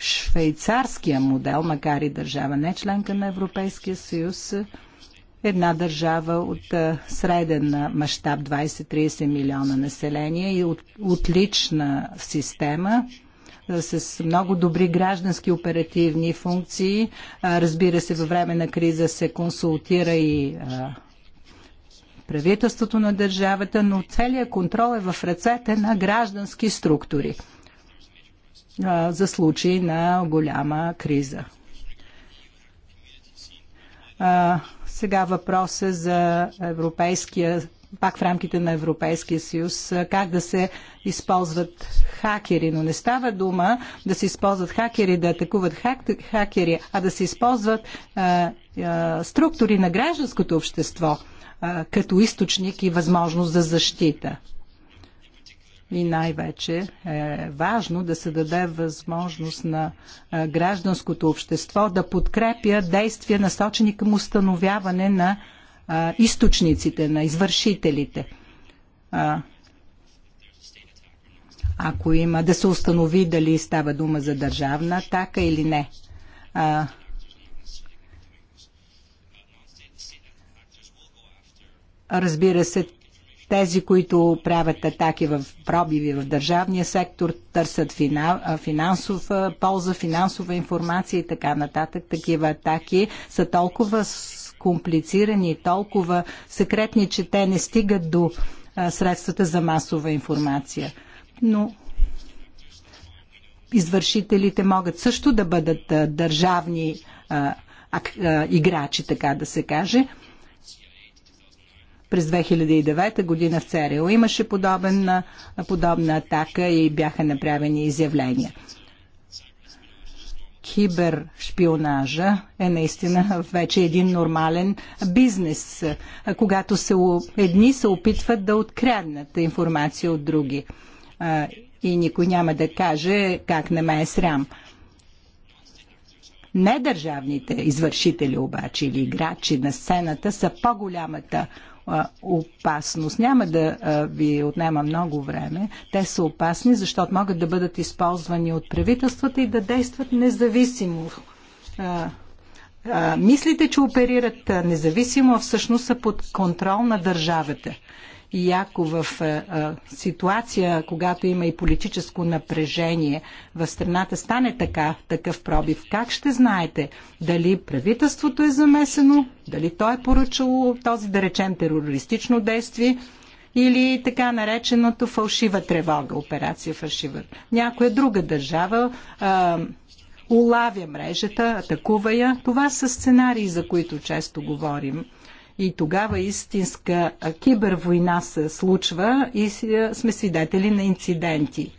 швейцарския модел, макар и държава не е членка на Европейския съюз, една държава от среден мащаб 20-30 милиона население и от, отлична система – с много добри граждански оперативни функции. Разбира се, във време на криза се консултира и правителството на държавата, но целият контрол е в ръцете на граждански структури за случаи на голяма криза. сега въпросът за Европейския пак в рамките на Европейския съюз, как да се използват хакери. Но не става дума да се използват хакери, да атакуват хак, хакери, а да се използват а, а, структури на гражданското общество а, като източник и възможност за защита. И най-вече е важно да се даде възможност на гражданското общество да подкрепя действия насочени към установяване на а, източниците, на извършителите. А, ако има да се установи дали става дума за държавна атака или не. А, разбира се, тези, които правят атаки в пробиви в държавния сектор, търсят финансова полза, финансова информация и така нататък. Такива атаки са толкова комплицирани и толкова секретни, че те не стигат до средствата за масова информация. Но извършителите могат също да бъдат държавни играчи, така да се каже. През 2009 година в ЦРУ имаше подобна, подобна атака и бяха направени изявления кибершпионажа е наистина вече един нормален бизнес, когато се, едни се опитват да откраднат информация от други. И никой няма да каже как не ме е срам. Недържавните извършители обаче или играчи на сцената са по-голямата опасност. Няма да ви отнема много време. Те са опасни, защото могат да бъдат използвани от правителствата и да действат независимо. Мислите, че оперират независимо, а всъщност са под контрол на държавата. И ако в ситуация, когато има и политическо напрежение в страната, стане така, такъв пробив. Как ще знаете дали правителството е замесено, дали то е поръчало този, да речем, терористично действие или така нареченото фалшива тревога, операция фалшива. Някоя друга държава а, улавя мрежата, атакува я. Това са сценарии, за които често говорим и тогава истинска кибервойна се случва и е, сме свидетели на инциденти.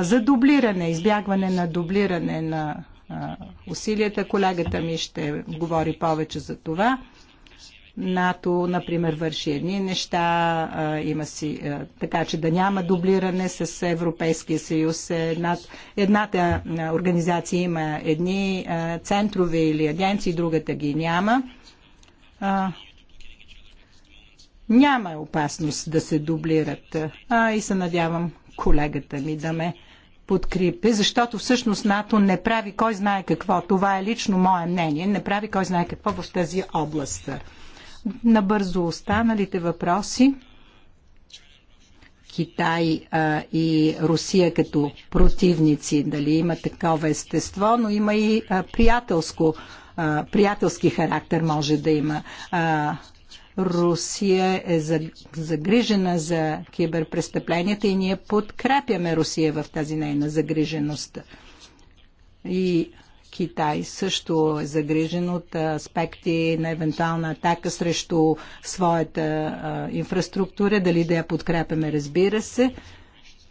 За дублиране, избягване на дублиране на усилията, колегата ми ще говори повече за това. НАТО, например, върши едни неща, има си, така че да няма дублиране с Европейския съюз. едната организация има едни центрове или агенции, другата ги няма а, няма опасност да се дублират. А, и се надявам колегата ми да ме подкрепи, защото всъщност НАТО не прави кой знае какво. Това е лично мое мнение. Не прави кой знае какво в тази област. Набързо останалите въпроси. Китай а, и Русия като противници, дали има такова естество, но има и а, приятелско а, приятелски характер може да има. А, Русия е загрижена за киберпрестъпленията и ние подкрепяме Русия в тази нейна загриженост. И Китай също е загрижен от аспекти на евентуална атака срещу своята а, инфраструктура, дали да я подкрепяме, разбира се.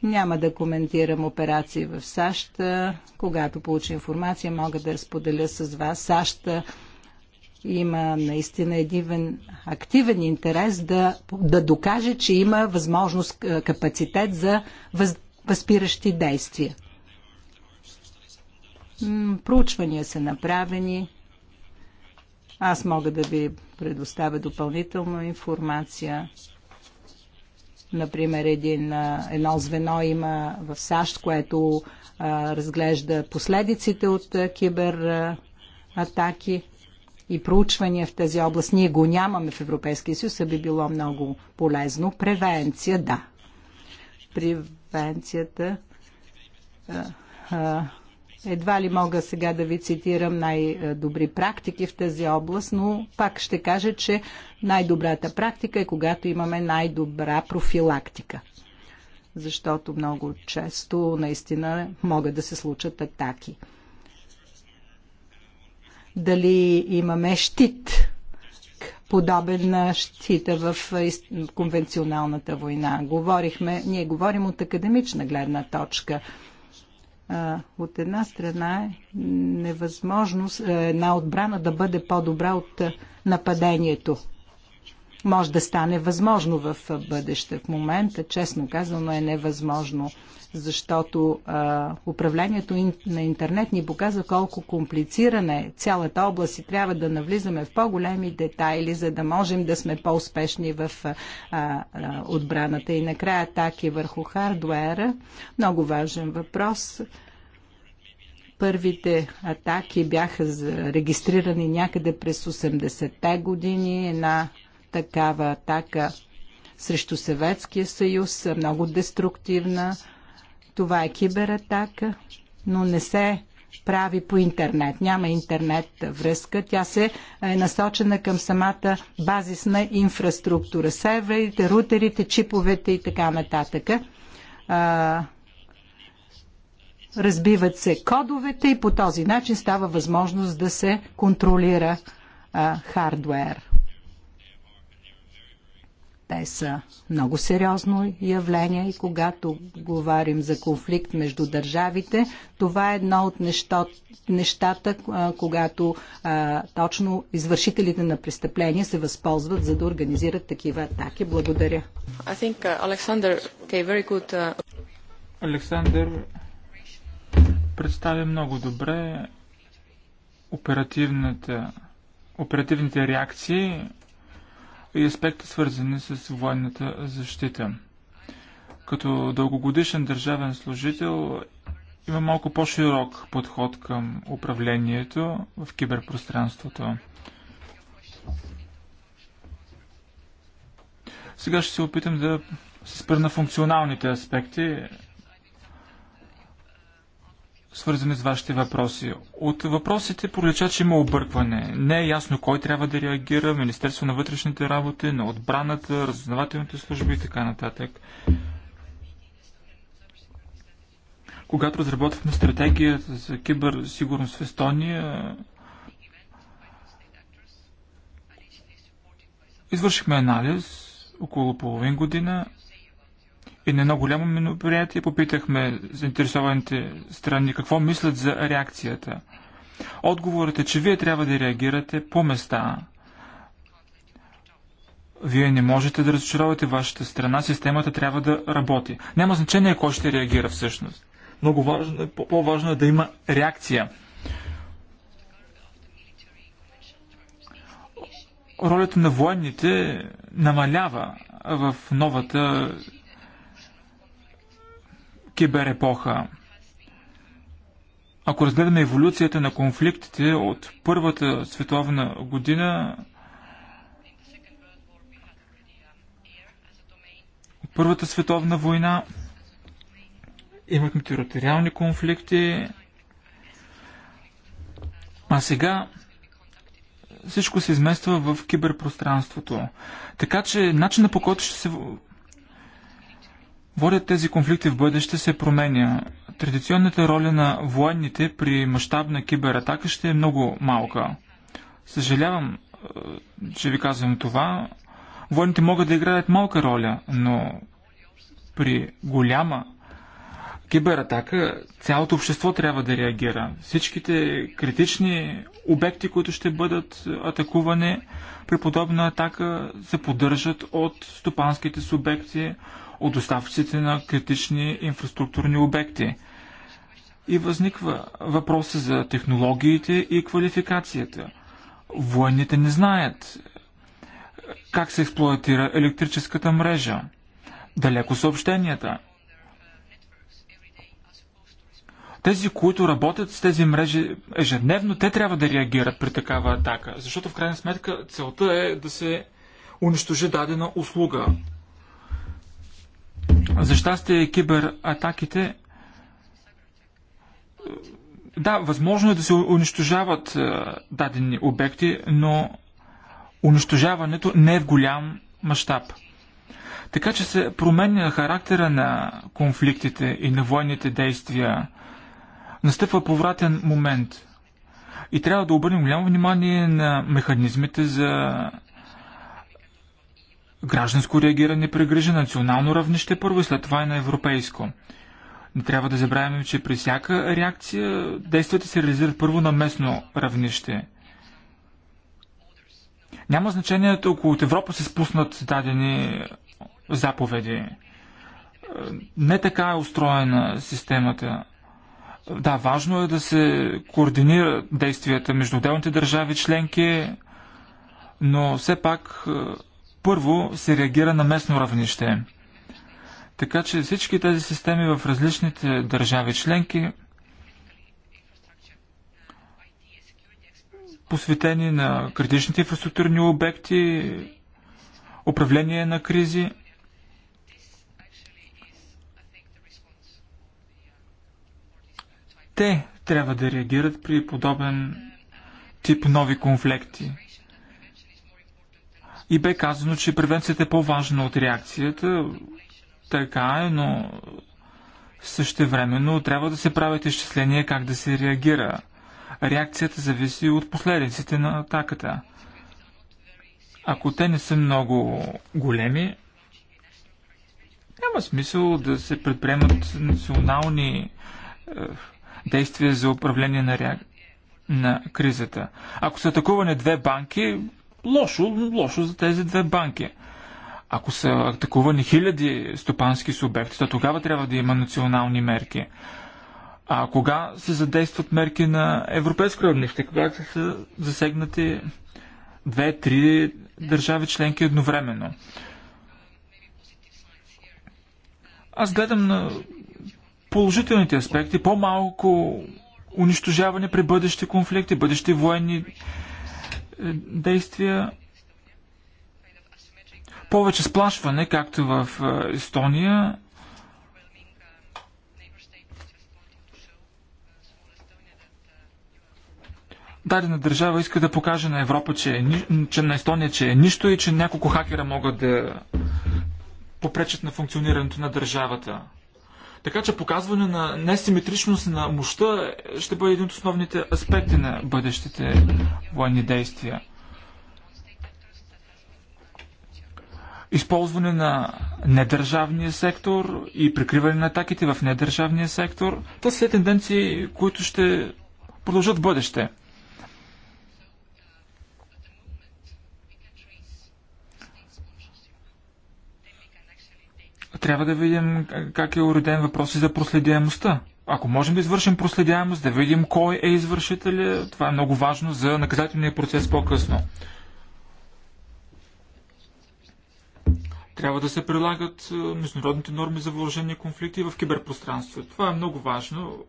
Няма да коментирам операции в САЩ. Когато получа информация, мога да разподеля с вас. САЩ има наистина един активен интерес да, да докаже, че има възможност, капацитет за въз, възпиращи действия. Проучвания са направени. Аз мога да ви предоставя допълнителна информация. Например, един, едно звено има в САЩ, което а, разглежда последиците от кибератаки и проучвания в тази област. Ние го нямаме в Европейския съюз, а би било много полезно. Превенция, да. Превенцията а, а, едва ли мога сега да ви цитирам най-добри практики в тази област, но пак ще кажа, че най-добрата практика е когато имаме най-добра профилактика. Защото много често наистина могат да се случат атаки. Дали имаме щит, подобен на щита в конвенционалната война. Говорихме, ние говорим от академична гледна точка – от една страна е невъзможност е, една отбрана да бъде по-добра от е, нападението. Може да стане възможно в е, бъдеще. В момента, честно казано, е невъзможно защото а, управлението на интернет ни показва колко комплициран е цялата област и трябва да навлизаме в по-големи детайли, за да можем да сме по-успешни в а, а, отбраната. И накрая атаки върху хардуера. Много важен въпрос първите атаки бяха регистрирани някъде през 80-те години. Една такава атака срещу Съветския съюз, много деструктивна, това е кибератака, но не се прави по интернет. Няма интернет връзка. Тя се е насочена към самата базисна инфраструктура. Серверите, рутерите, чиповете и така нататък. А, разбиват се кодовете и по този начин става възможност да се контролира а, хардвер. Те са много сериозно явление и когато говорим за конфликт между държавите, това е едно от нещата, когато а, точно извършителите на престъпления се възползват за да организират такива атаки. Благодаря. Uh, good... Uh, Александър представя много добре оперативната, оперативните реакции и аспекти свързани с военната защита. Като дългогодишен държавен служител има малко по-широк подход към управлението в киберпространството. Сега ще се опитам да се спра на функционалните аспекти свързани с вашите въпроси. От въпросите пролича, че има объркване. Не е ясно кой трябва да реагира, Министерство на вътрешните работи, на отбраната, разузнавателните служби и така нататък. Когато разработвахме стратегията за киберсигурност в Естония, извършихме анализ около половин година и на едно голямо мероприятие попитахме заинтересованите страни какво мислят за реакцията. Отговорът е, че вие трябва да реагирате по места. Вие не можете да разочаровате вашата страна, системата трябва да работи. Няма значение кой ще реагира всъщност. Много важно, е, по-важно е да има реакция. Ролята на военните намалява в новата киберепоха. Ако разгледаме еволюцията на конфликтите от Първата световна година, Първата световна война, имахме териториални конфликти, а сега всичко се измества в киберпространството. Така че начина по който ще се водят тези конфликти в бъдеще се променя. Традиционната роля на военните при мащабна кибератака ще е много малка. Съжалявам, е, че ви казвам това. Военните могат да играят малка роля, но при голяма кибератака цялото общество трябва да реагира. Всичките критични обекти, които ще бъдат атакувани при подобна атака, се поддържат от стопанските субекти, от доставчиците на критични инфраструктурни обекти. И възниква въпроса за технологиите и квалификацията. Военните не знаят как се експлуатира електрическата мрежа, далеко съобщенията. Тези, които работят с тези мрежи ежедневно, те трябва да реагират при такава атака, защото в крайна сметка целта е да се унищожи дадена услуга. За щастие, кибератаките да, възможно е да се унищожават е, дадени обекти, но унищожаването не е в голям мащаб. Така че се променя характера на конфликтите и на военните действия. Настъпва повратен момент. И трябва да обърнем голямо внимание на механизмите за гражданско реагиране при национално равнище първо и след това и на европейско. Не трябва да забравяме, че при всяка реакция действията се реализират първо на местно равнище. Няма значение, ако от Европа се спуснат дадени заповеди. Не така е устроена системата. Да, важно е да се координират действията между отделните държави членки, но все пак първо се реагира на местно равнище. Така че всички тези системи в различните държави членки, посветени на критичните инфраструктурни обекти, управление на кризи, те трябва да реагират при подобен тип нови конфликти. И бе казано, че превенцията е по-важна от реакцията. Така е, но същевременно трябва да се правят изчисления как да се реагира. Реакцията зависи от последиците на атаката. Ако те не са много големи, няма смисъл да се предприемат национални е, действия за управление на, реак... на кризата. Ако са атакувани две банки, лошо, лошо за тези две банки. Ако са атакувани хиляди стопански субекти, то тогава трябва да има национални мерки. А кога се задействат мерки на европейско равнище? Когато са засегнати две-три държави членки едновременно. Аз гледам на положителните аспекти, по-малко унищожаване при бъдещи конфликти, бъдещи военни действия, повече сплашване, както в е, Естония. Дадена държава иска да покаже на Европа, че, е, че на Естония, че е нищо и че няколко хакера могат да попречат на функционирането на държавата. Така че показване на несиметричност на мощта ще бъде един от основните аспекти на бъдещите военни действия. Използване на недържавния сектор и прикриване на атаките в недържавния сектор. Това са тенденции, които ще продължат в бъдеще. Трябва да видим как е уреден въпроси за проследяемостта. Ако можем да извършим проследяемост, да видим кой е извършителя, това е много важно за наказателния процес по-късно. Трябва да се прилагат международните норми за въоръжени конфликти в киберпространството. Това е много важно.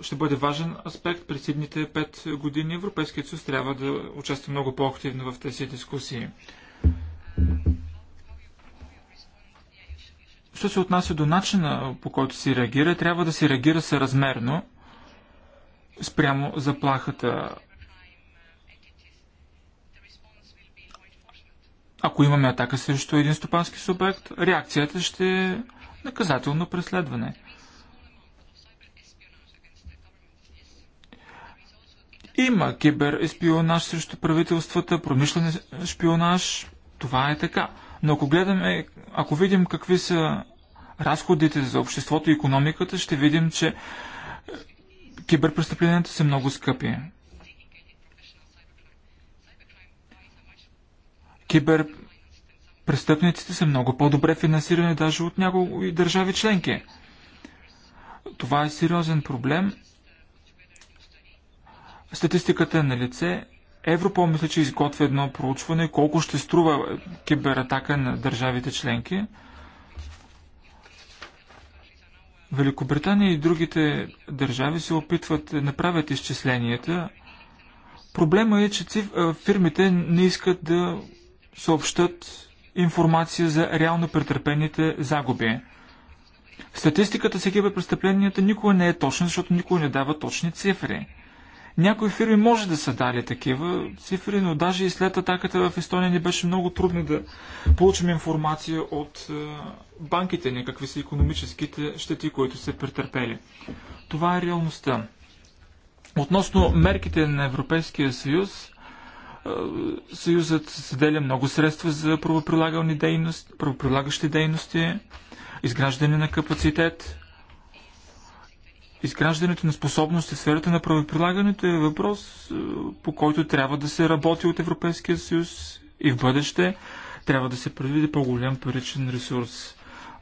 Ще бъде важен аспект. През следните 5 години Европейският съюз трябва да участва много по-активно в тези дискусии. Що се отнася до начина по който си реагира, трябва да си реагира съразмерно спрямо заплахата. Ако имаме атака срещу един стопански субект, реакцията ще е наказателно преследване. Има киберспионаж срещу правителствата, промишлен шпионаж. Това е така. Но ако гледаме, ако видим какви са разходите за обществото и економиката, ще видим, че е, киберпрестъпленията са много скъпи. Киберпрестъпниците са много по-добре финансирани даже от някои държави членки. Това е сериозен проблем. Статистиката е на лице. Европол мисля, че изготвя едно проучване колко ще струва кибератака на държавите членки. Великобритания и другите държави се опитват да направят изчисленията. Проблема е, че фирмите не искат да съобщат информация за реално претърпените загуби. Статистиката за киберпрестъпленията никога не е точна, защото никога не дава точни цифри. Някои фирми може да са дали такива цифри, но даже и след атаката в Естония ни беше много трудно да получим информация от е, банките ни, какви са економическите щети, които са претърпели. Това е реалността. Относно мерките на Европейския съюз, е, Съюзът заделя много средства за правоприлагащи дейности, изграждане на капацитет, изграждането на способности в сферата на правоприлагането е въпрос, е, по който трябва да се работи от Европейския съюз и в бъдеще трябва да се предвиди по-голям паричен ресурс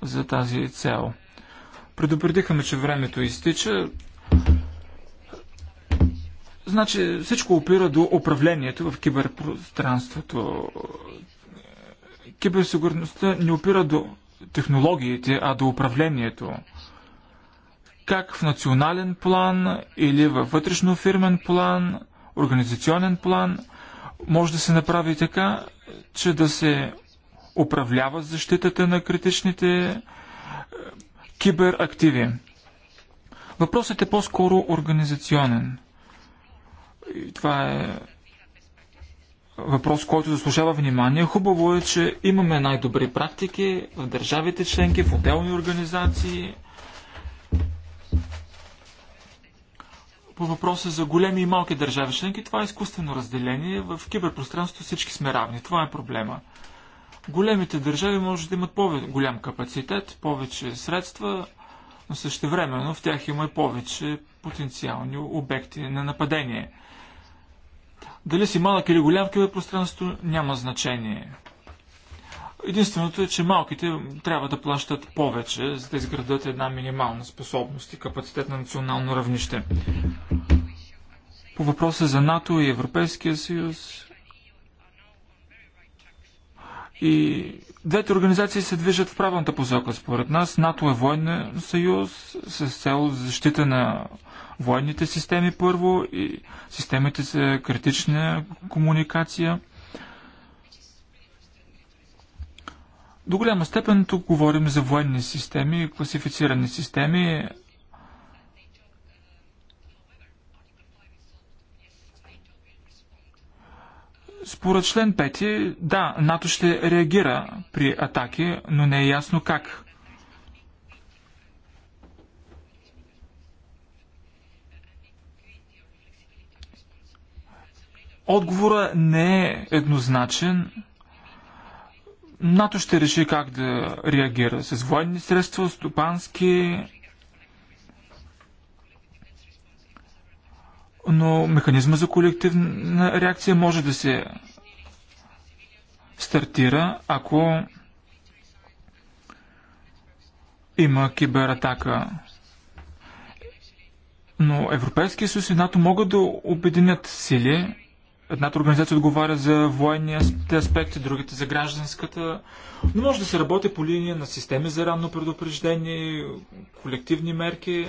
за тази цел. Предупредихаме, че времето изтича. Значи всичко опира до управлението в киберпространството. Киберсигурността не опира до технологиите, а до управлението как в национален план или във вътрешно фирмен план, организационен план може да се направи така, че да се управлява защитата на критичните е, киберактиви. Въпросът е по-скоро организационен. И това е въпрос, който заслужава внимание. Хубаво е, че имаме най-добри практики в държавите членки, в отделни организации, По въпроса за големи и малки държави членки, това е изкуствено разделение. В киберпространството всички сме равни. Това е проблема. Големите държави може да имат по-голям капацитет, повече средства, но същевременно в тях има и повече потенциални обекти на нападение. Дали си малък или голям киберпространството няма значение. Единственото е, че малките трябва да плащат повече, за да изградат една минимална способност и капацитет на национално равнище. По въпроса за НАТО и Европейския съюз и двете организации се движат в правилната посока, според нас. НАТО е военен съюз с цел защита на военните системи първо и системите за критична комуникация – До голяма степен тук говорим за военни системи, класифицирани системи. Според член 5, да, НАТО ще реагира при атаки, но не е ясно как. Отговора не е еднозначен. НАТО ще реши как да реагира с военни средства, стопански, но механизма за колективна реакция може да се стартира, ако има кибератака. Но Европейския съюз и НАТО могат да обединят сили Едната организация отговаря за военния аспекти, другите за гражданската. Но може да се работи по линия на системи за ранно предупреждение, колективни мерки.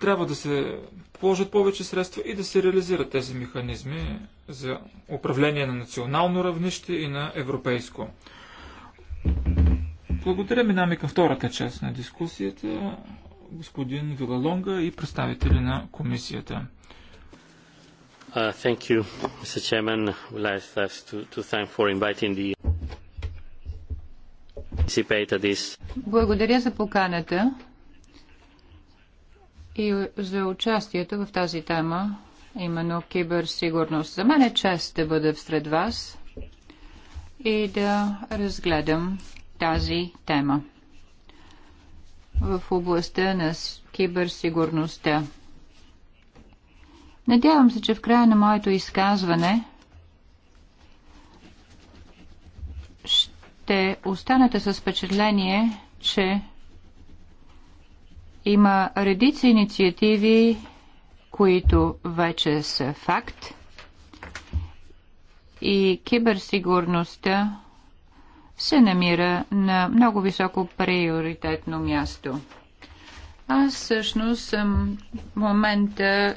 Трябва да се положат повече средства и да се реализират тези механизми за управление на национално равнище и на европейско. Благодаря, нами към втората част на дискусията. Господин Вилалонга и представители на комисията. Uh, thank you, Mr. Chairman. Would like first to, to thank for inviting the participate at this. Благодаря за поканата и за участието в тази тема, именно киберсигурност. За мен е чест да бъда сред вас и да разгледам тази тема в областта на киберсигурността. Надявам се, че в края на моето изказване ще останете с впечатление, че има редица инициативи, които вече са факт и киберсигурността се намира на много високо приоритетно място. Аз всъщност съм в момента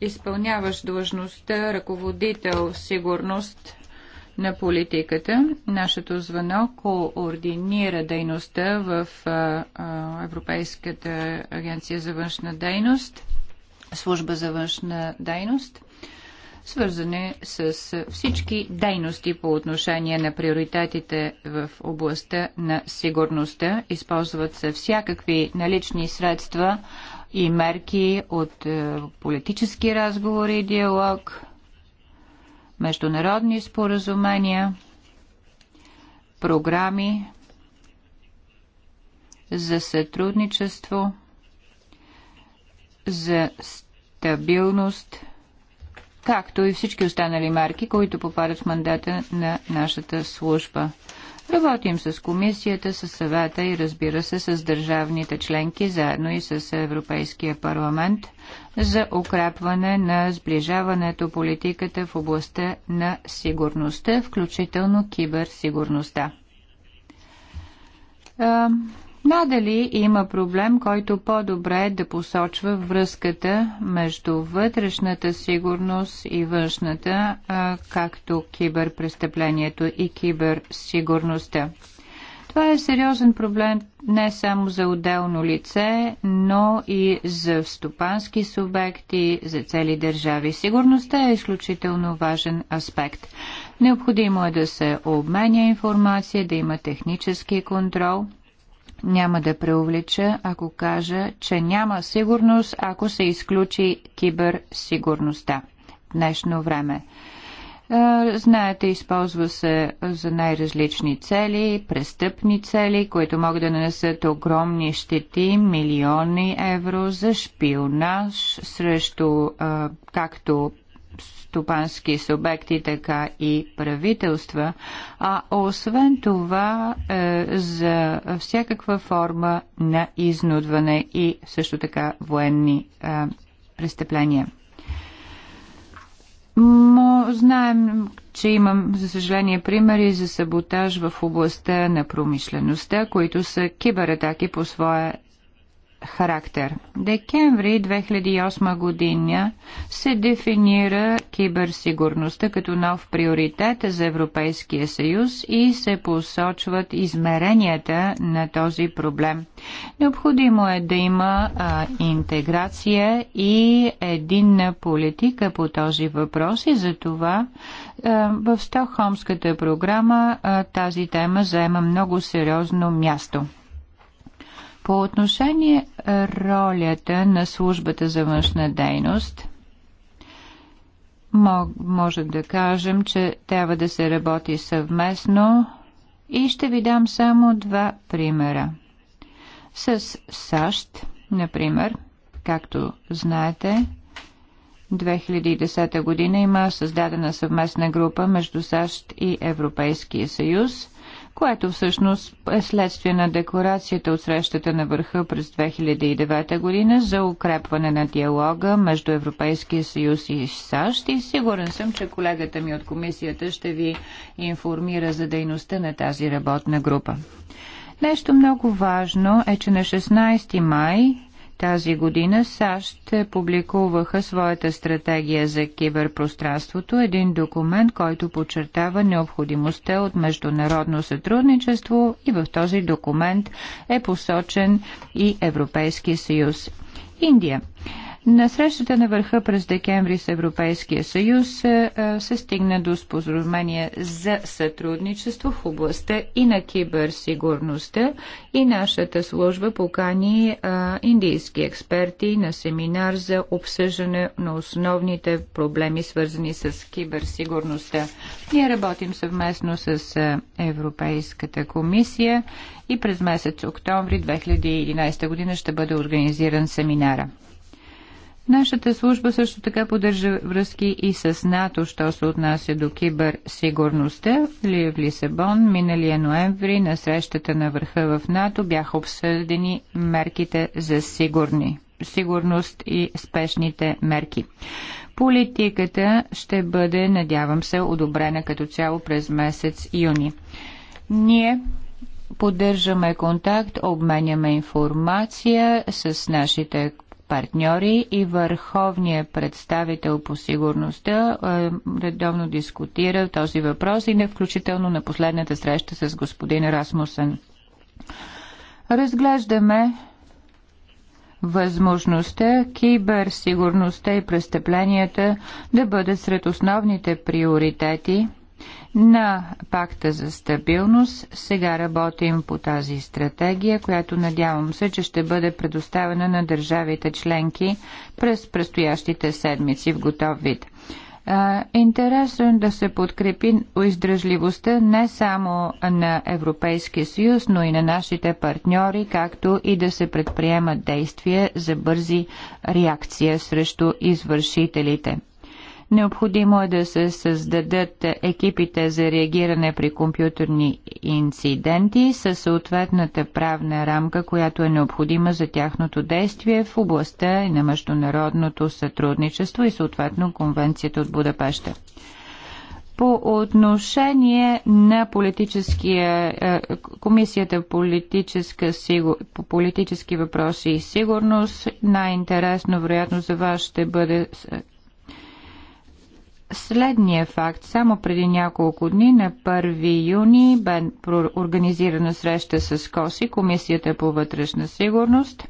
изпълняваш длъжността ръководител сигурност на политиката. Нашето звено координира дейността в Европейската агенция за външна дейност, служба за външна дейност, свързане с всички дейности по отношение на приоритетите в областта на сигурността. Използват се всякакви налични средства и мерки от е, политически разговори и диалог, международни споразумения, програми за сътрудничество, за стабилност, както и всички останали марки, които попадат в мандата на нашата служба. Работим с комисията, с съвета и разбира се с държавните членки, заедно и с Европейския парламент за укрепване на сближаването политиката в областта на сигурността, включително киберсигурността. Надали има проблем, който по-добре е да посочва връзката между вътрешната сигурност и външната, както киберпрестъплението и киберсигурността. Това е сериозен проблем не само за отделно лице, но и за стопански субекти, за цели държави. Сигурността е изключително важен аспект. Необходимо е да се обменя информация, да има технически контрол – няма да преувлича, ако кажа, че няма сигурност, ако се изключи киберсигурността в днешно време. Е, знаете, използва се за най-различни цели, престъпни цели, които могат да нанесат огромни щети, милиони евро за шпионаж срещу е, както стопански субекти, така и правителства, а освен това е, за всякаква форма на изнудване и също така военни е, престъпления. Но знаем, че имам, за съжаление, примери за саботаж в областта на промишлеността, които са кибератаки по своя характер. Декември 2008 година се дефинира киберсигурността като нов приоритет за Европейския съюз и се посочват измеренията на този проблем. Необходимо е да има а, интеграция и единна политика по този въпрос и за това а, в Стокхолмската програма а, тази тема заема много сериозно място. По отношение е, ролята на службата за външна дейност, може да кажем, че трябва да се работи съвместно и ще ви дам само два примера. С САЩ, например, както знаете, 2010 година има създадена съвместна група между САЩ и Европейския съюз – което всъщност е следствие на декларацията от срещата на върха през 2009 година за укрепване на диалога между Европейския съюз и САЩ и сигурен съм, че колегата ми от комисията ще ви информира за дейността на тази работна група. Нещо много важно е, че на 16 май тази година САЩ публикуваха своята стратегия за киберпространството, един документ, който подчертава необходимостта от международно сътрудничество и в този документ е посочен и Европейския съюз. Индия. На срещата на върха през декември с Европейския съюз е, е, се стигна до споразумение за сътрудничество в областта и на киберсигурността и нашата служба покани е, индийски експерти на семинар за обсъждане на основните проблеми, свързани с киберсигурността. Ние работим съвместно с Европейската комисия и през месец октомври 2011 година ще бъде организиран семинара. Нашата служба също така поддържа връзки и с НАТО, що се отнася до киберсигурността. В Лисабон миналия ноември на срещата на върха в НАТО бяха обсъдени мерките за сигурни, сигурност и спешните мерки. Политиката ще бъде, надявам се, одобрена като цяло през месец юни. Ние поддържаме контакт, обменяме информация с нашите партньори и върховният представител по сигурността е, редовно дискутира този въпрос и не включително на последната среща с господин Расмусен. Разглеждаме възможността киберсигурността и престъпленията да бъдат сред основните приоритети на пакта за стабилност. Сега работим по тази стратегия, която надявам се, че ще бъде предоставена на държавите членки през предстоящите седмици в готов вид. Интересно е да се подкрепи издръжливостта не само на Европейския съюз, но и на нашите партньори, както и да се предприемат действия за бързи реакция срещу извършителите. Необходимо е да се създадат екипите за реагиране при компютърни инциденти със съответната правна рамка, която е необходима за тяхното действие в областта и на международното сътрудничество и съответно Конвенцията от Будапеща по отношение на политическия, е, комисията политическа, по политически въпроси и сигурност. Най-интересно, вероятно, за вас ще бъде е, следния факт. Само преди няколко дни, на 1 юни, бе организирана среща с КОСИ, Комисията по вътрешна сигурност,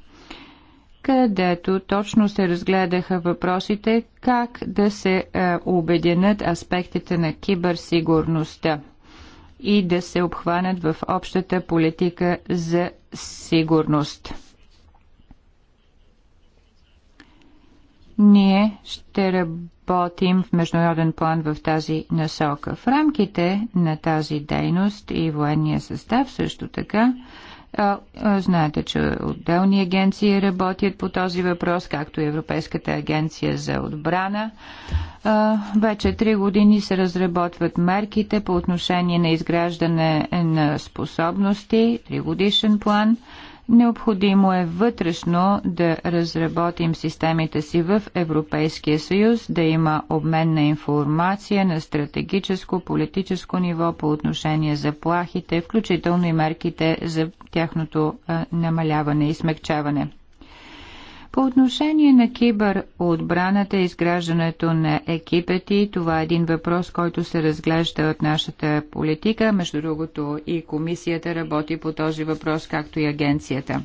където точно се разгледаха въпросите как да се е, обединят аспектите на киберсигурността и да се обхванат в общата политика за сигурност. Ние ще работим в международен план в тази насока. В рамките на тази дейност и военния състав също така Знаете, че отделни агенции работят по този въпрос, както и Европейската агенция за отбрана. Вече три години се разработват мерките по отношение на изграждане на способности, тригодишен план – Необходимо е вътрешно да разработим системите си в Европейския съюз, да има обмен на информация на стратегическо, политическо ниво по отношение за плахите, включително и мерките за тяхното намаляване и смягчаване. По отношение на киберотбраната и изграждането на екипети, това е един въпрос, който се разглежда от нашата политика. Между другото и комисията работи по този въпрос, както и агенцията.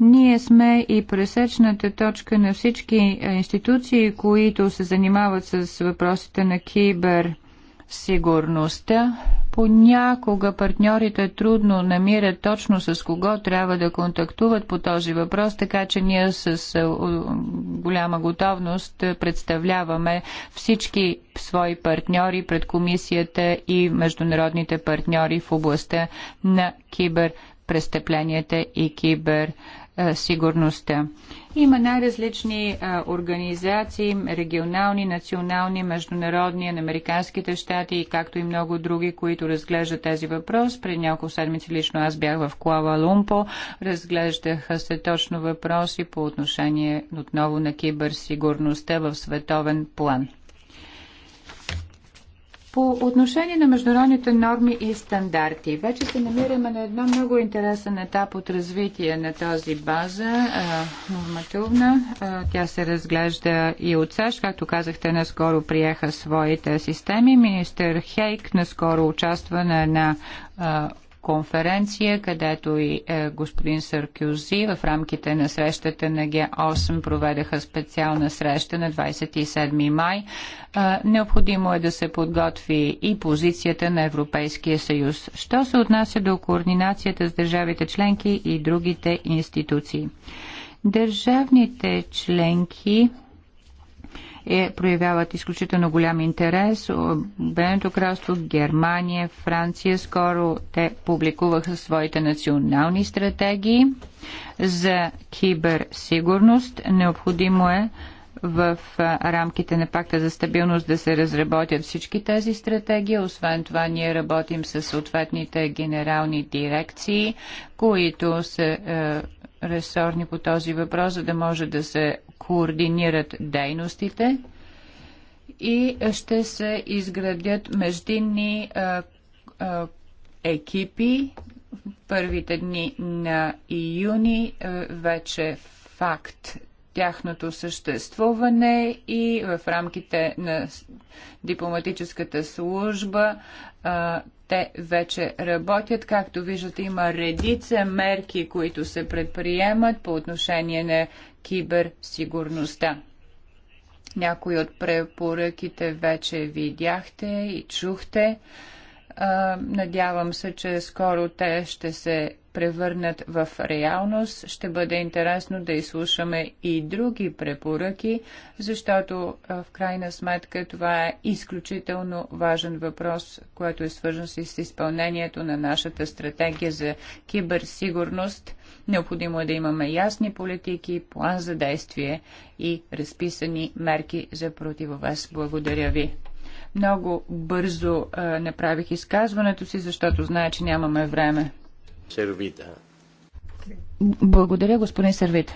Ние сме и пресечната точка на всички институции, които се занимават с въпросите на киберсигурността Понякога партньорите трудно намират точно с кого трябва да контактуват по този въпрос, така че ние с е, голяма готовност представляваме всички свои партньори пред комисията и международните партньори в областта на киберпрестъпленията и киберсигурността. Има най-различни организации, регионални, национални, международни, на Американските щати, както и много други, които разглеждат тези въпрос. Преди няколко седмици лично аз бях в Куала Лумпо. Разглеждаха се точно въпроси по отношение отново на киберсигурността в световен план. По отношение на международните норми и стандарти, вече се намираме на едно много интересен етап от развитие на този база нормативна. Тя се разглежда и от САЩ. Както казахте, наскоро приеха своите системи. Министър Хейк наскоро участва на една конференция, където и е, господин Саркюзи в рамките на срещата на Г8 проведаха специална среща на 27 май. Е, необходимо е да се подготви и позицията на Европейския съюз. Що се отнася до координацията с държавите членки и другите институции? Държавните членки е, проявяват изключително голям интерес. Обединеното кралство, Германия, Франция скоро те публикуваха своите национални стратегии за киберсигурност. Необходимо е в рамките на пакта за стабилност да се разработят всички тези стратегии. Освен това, ние работим с съответните генерални дирекции, които се ресорни по този въпрос, за да може да се координират дейностите и ще се изградят междинни а, а, екипи. Първите дни на июни а, вече факт тяхното съществуване и в рамките на дипломатическата служба а, те вече работят. Както виждате, има редица мерки, които се предприемат по отношение на киберсигурността. Някои от препоръките вече видяхте и чухте. Надявам се, че скоро те ще се превърнат в реалност. Ще бъде интересно да изслушаме и други препоръки, защото в крайна сметка това е изключително важен въпрос, който е свързан с изпълнението на нашата стратегия за киберсигурност. Необходимо е да имаме ясни политики, план за действие и разписани мерки за противовес. Благодаря ви много бързо направих изказването си, защото знае, че нямаме време. Сервита. Благодаря, господин Сервита.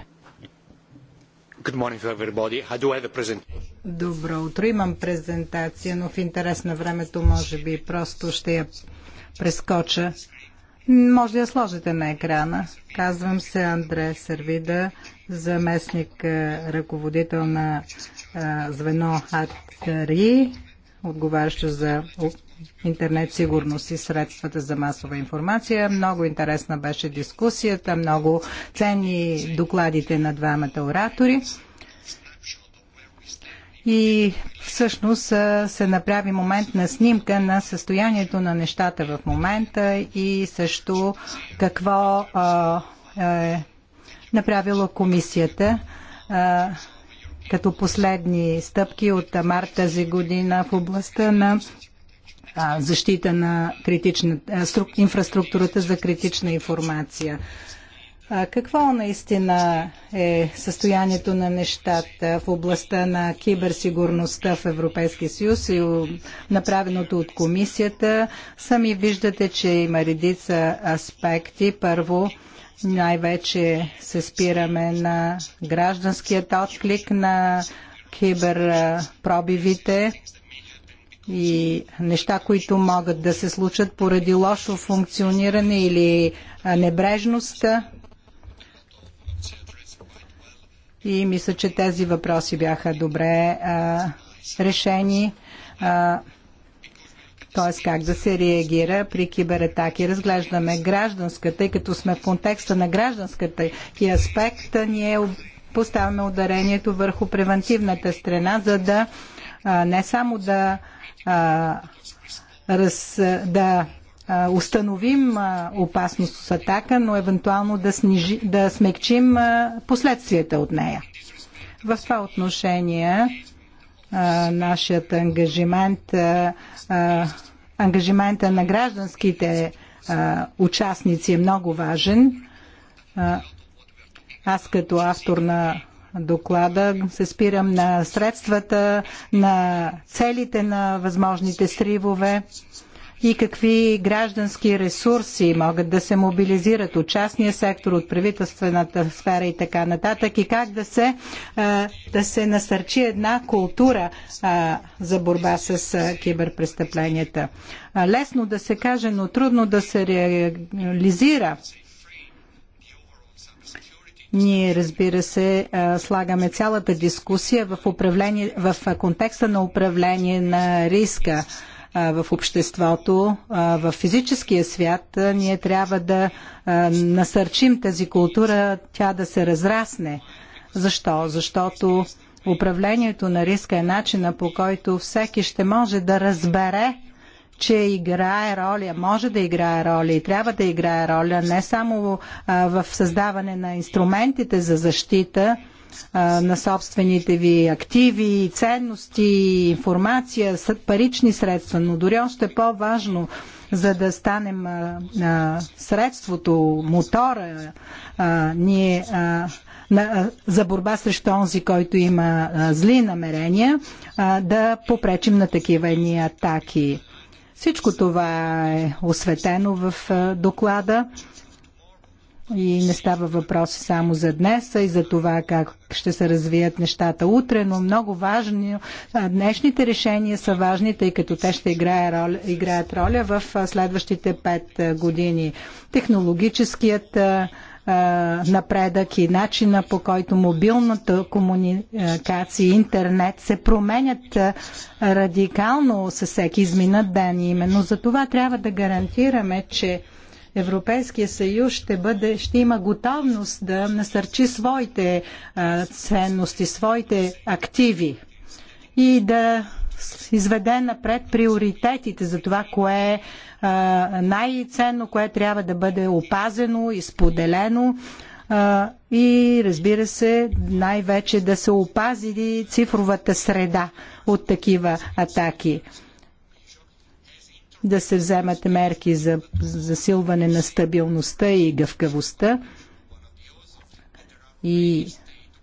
Добро утро. Имам презентация, но в интерес на времето може би просто ще я прескоча. Може да я сложите на екрана. Казвам се Андре Сервида, заместник ръководител на звено АТРИ, отговарящо за интернет сигурност и средствата за масова информация. Много интересна беше дискусията, много ценни докладите на двамата оратори. И всъщност се направи момент на снимка на състоянието на нещата в момента и също какво е направила комисията като последни стъпки от март тази година в областта на защита на критична, инфраструктурата за критична информация. Какво наистина е състоянието на нещата в областта на киберсигурността в Европейския съюз и направеното от комисията? Сами виждате, че има редица аспекти. Първо, най-вече се спираме на гражданският отклик на киберпробивите и неща, които могат да се случат поради лошо функциониране или небрежност. И мисля, че тези въпроси бяха добре а, решени. А, т.е. как да се реагира при кибератаки. Разглеждаме гражданската, тъй като сме в контекста на гражданската и аспект, ние поставяме ударението върху превентивната страна, за да а, не само да раз, да установим опасност от атака, но евентуално да, снижи, да смекчим последствията от нея. В това отношение нашият ангажимент, ангажимента на гражданските участници е много важен. Аз като автор на доклада се спирам на средствата, на целите на възможните стривове и какви граждански ресурси могат да се мобилизират от частния сектор, от правителствената сфера и така нататък и как да се, да се насърчи една култура за борба с киберпрестъпленията. Лесно да се каже, но трудно да се реализира ние, разбира се, слагаме цялата дискусия в, управление, в контекста на управление на риска в обществото, в физическия свят, ние трябва да насърчим тази култура, тя да се разрасне. Защо? Защото управлението на риска е начина по който всеки ще може да разбере че играе роля, може да играе роля и трябва да играе роля не само в създаване на инструментите за защита, на собствените ви активи, ценности, информация, парични средства, но дори още по-важно, за да станем средството, мотора ние, за борба срещу онзи, който има зли намерения, да попречим на такива ни атаки. Всичко това е осветено в доклада и не става въпрос само за днес, а и за това как ще се развият нещата утре, но много важни. Днешните решения са важни, тъй като те ще играят роля в следващите пет години. Технологическият е, напредък и начина по който мобилната комуникация и интернет се променят е, радикално с всеки изминат ден. И именно за това трябва да гарантираме, че Европейския съюз ще, бъде, ще има готовност да насърчи своите а, е, ценности, своите активи и да изведе напред приоритетите за това, кое е най-ценно, кое трябва да бъде опазено и споделено и разбира се, най-вече да се опази цифровата среда от такива атаки. Да се вземат мерки за засилване на стабилността и гъвкавостта и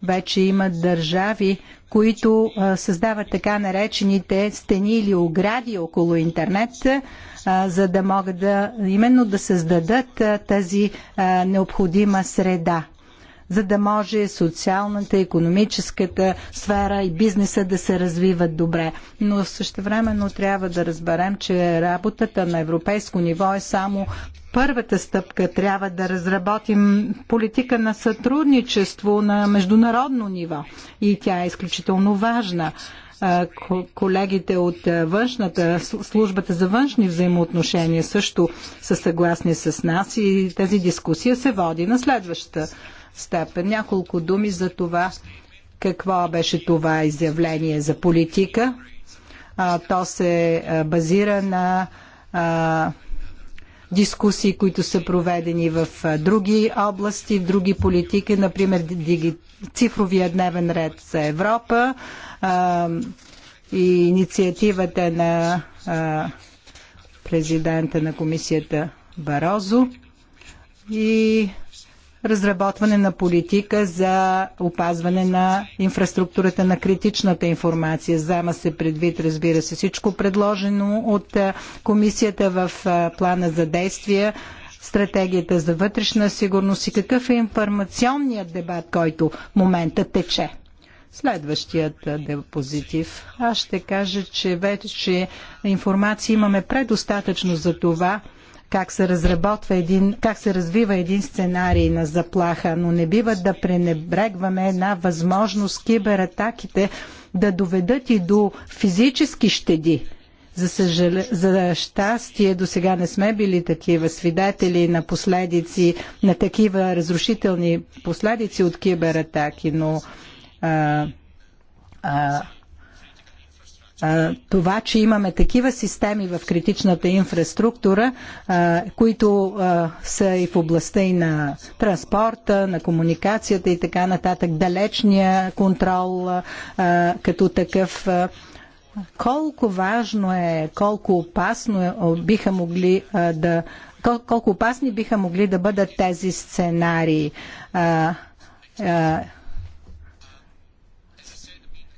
вече има държави, които създават така наречените стени или огради около интернет, за да могат да, именно да създадат тази необходима среда за да може социалната, економическата сфера и бизнеса да се развиват добре. Но същевременно трябва да разберем, че работата на европейско ниво е само първата стъпка. Трябва да разработим политика на сътрудничество на международно ниво и тя е изключително важна колегите от външната, службата за външни взаимоотношения също са съгласни с нас и тази дискусия се води на следващата степен. Няколко думи за това какво беше това изявление за политика. А, то се базира на а, дискусии, които са проведени в други области, в други политики, например цифровия дневен ред за Европа а, и инициативата на а, президента на комисията Барозо и разработване на политика за опазване на инфраструктурата на критичната информация. Зама се предвид, разбира се, всичко предложено от комисията в плана за действия стратегията за вътрешна сигурност и какъв е информационният дебат, който в момента тече. Следващият депозитив. Аз ще кажа, че вече информация имаме предостатъчно за това, как се разработва един, как се развива един сценарий на заплаха, но не бива да пренебрегваме една възможност кибератаките да доведат и до физически щеди. За, съжал... за щастие до сега не сме били такива свидетели на последици, на такива разрушителни последици от кибератаки, но а, а, това, че имаме такива системи в критичната инфраструктура, които са и в областта и на транспорта, на комуникацията и така нататък, далечния контрол като такъв колко важно е, колко опасно е, биха могли да колко опасни биха могли да бъдат тези сценарии.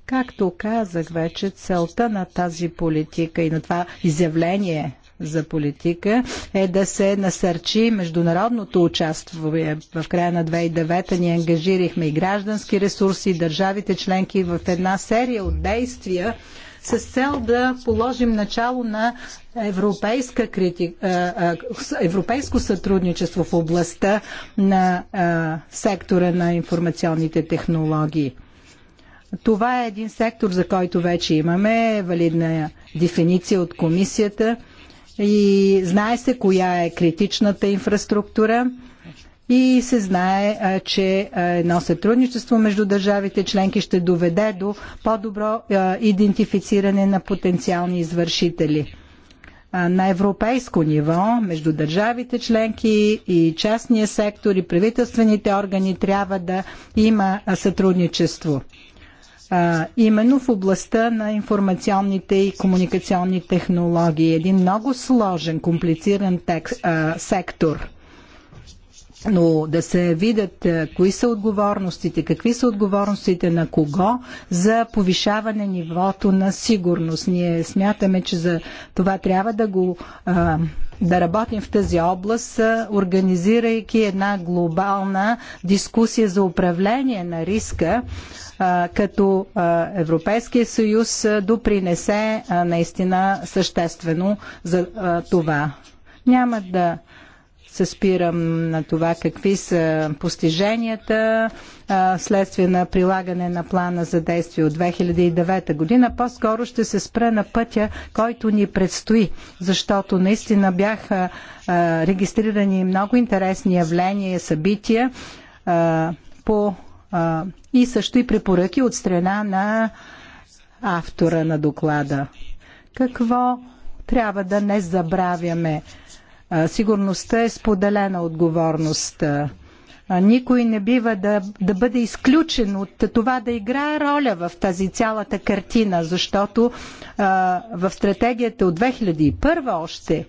Както казах вече, целта на тази политика и на това изявление за политика е да се насърчи международното участие. В края на 2009 ни ангажирахме и граждански ресурси, и държавите членки в една серия от действия с цел да положим начало на европейска крити... европейско сътрудничество в областта на сектора на информационните технологии. Това е един сектор, за който вече имаме валидна дефиниция от комисията и знае се коя е критичната инфраструктура и се знае, че едно сътрудничество между държавите членки ще доведе до по-добро идентифициране на потенциални извършители. На европейско ниво, между държавите членки и частния сектор и правителствените органи трябва да има сътрудничество а, именно в областта на информационните и комуникационни технологии. Един много сложен, комплициран текст, а, сектор но да се видят е, кои са отговорностите, какви са отговорностите на кого за повишаване нивото на сигурност. Ние смятаме, че за това трябва да го да работим в тази област, е, организирайки една глобална дискусия за управление на риска, е, като Европейския съюз допринесе наистина съществено за това. Няма да се спирам на това какви са постиженията следствие на прилагане на плана за действие от 2009 година. По-скоро ще се спра на пътя, който ни предстои, защото наистина бяха регистрирани много интересни явления, събития по и също и препоръки от страна на автора на доклада. Какво трябва да не забравяме Сигурността е споделена отговорност. Никой не бива да, да бъде изключен от това да играе роля в тази цялата картина, защото а, в стратегията от 2001 още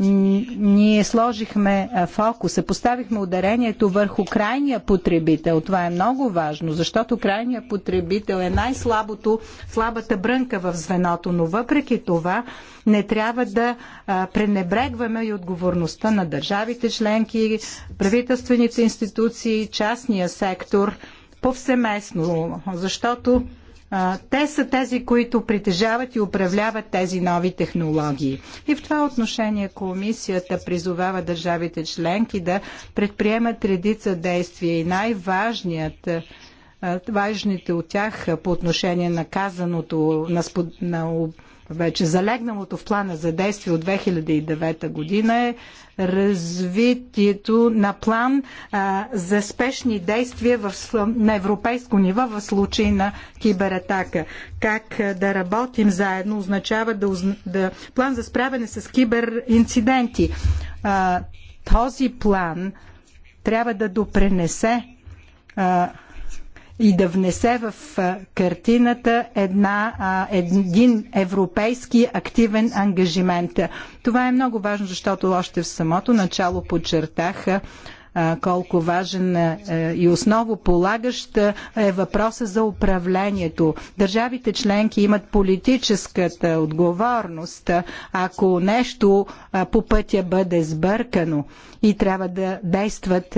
ние сложихме фокуса, поставихме ударението върху крайния потребител. Това е много важно, защото крайния потребител е най-слабото, слабата брънка в звеното, но въпреки това не трябва да пренебрегваме и отговорността на държавите членки, правителствените институции, частния сектор повсеместно, защото те са тези, които притежават и управляват тези нови технологии. И в това отношение комисията призовава държавите членки да предприемат редица действия и най-важният важните от тях по отношение на казаното, на, спод, на вече залегналото в плана за действие от 2009 година е развитието на план а, за спешни действия в, на европейско ниво в случай на кибератака. Как а, да работим заедно означава да, да, план за справяне с киберинциденти. А, този план трябва да допренесе а, и да внесе в картината една, един европейски активен ангажимент. Това е много важно, защото още в самото начало подчертаха колко важен е, и основополагащ е въпроса за управлението. Държавите членки имат политическата отговорност, ако нещо по пътя бъде сбъркано и трябва да действат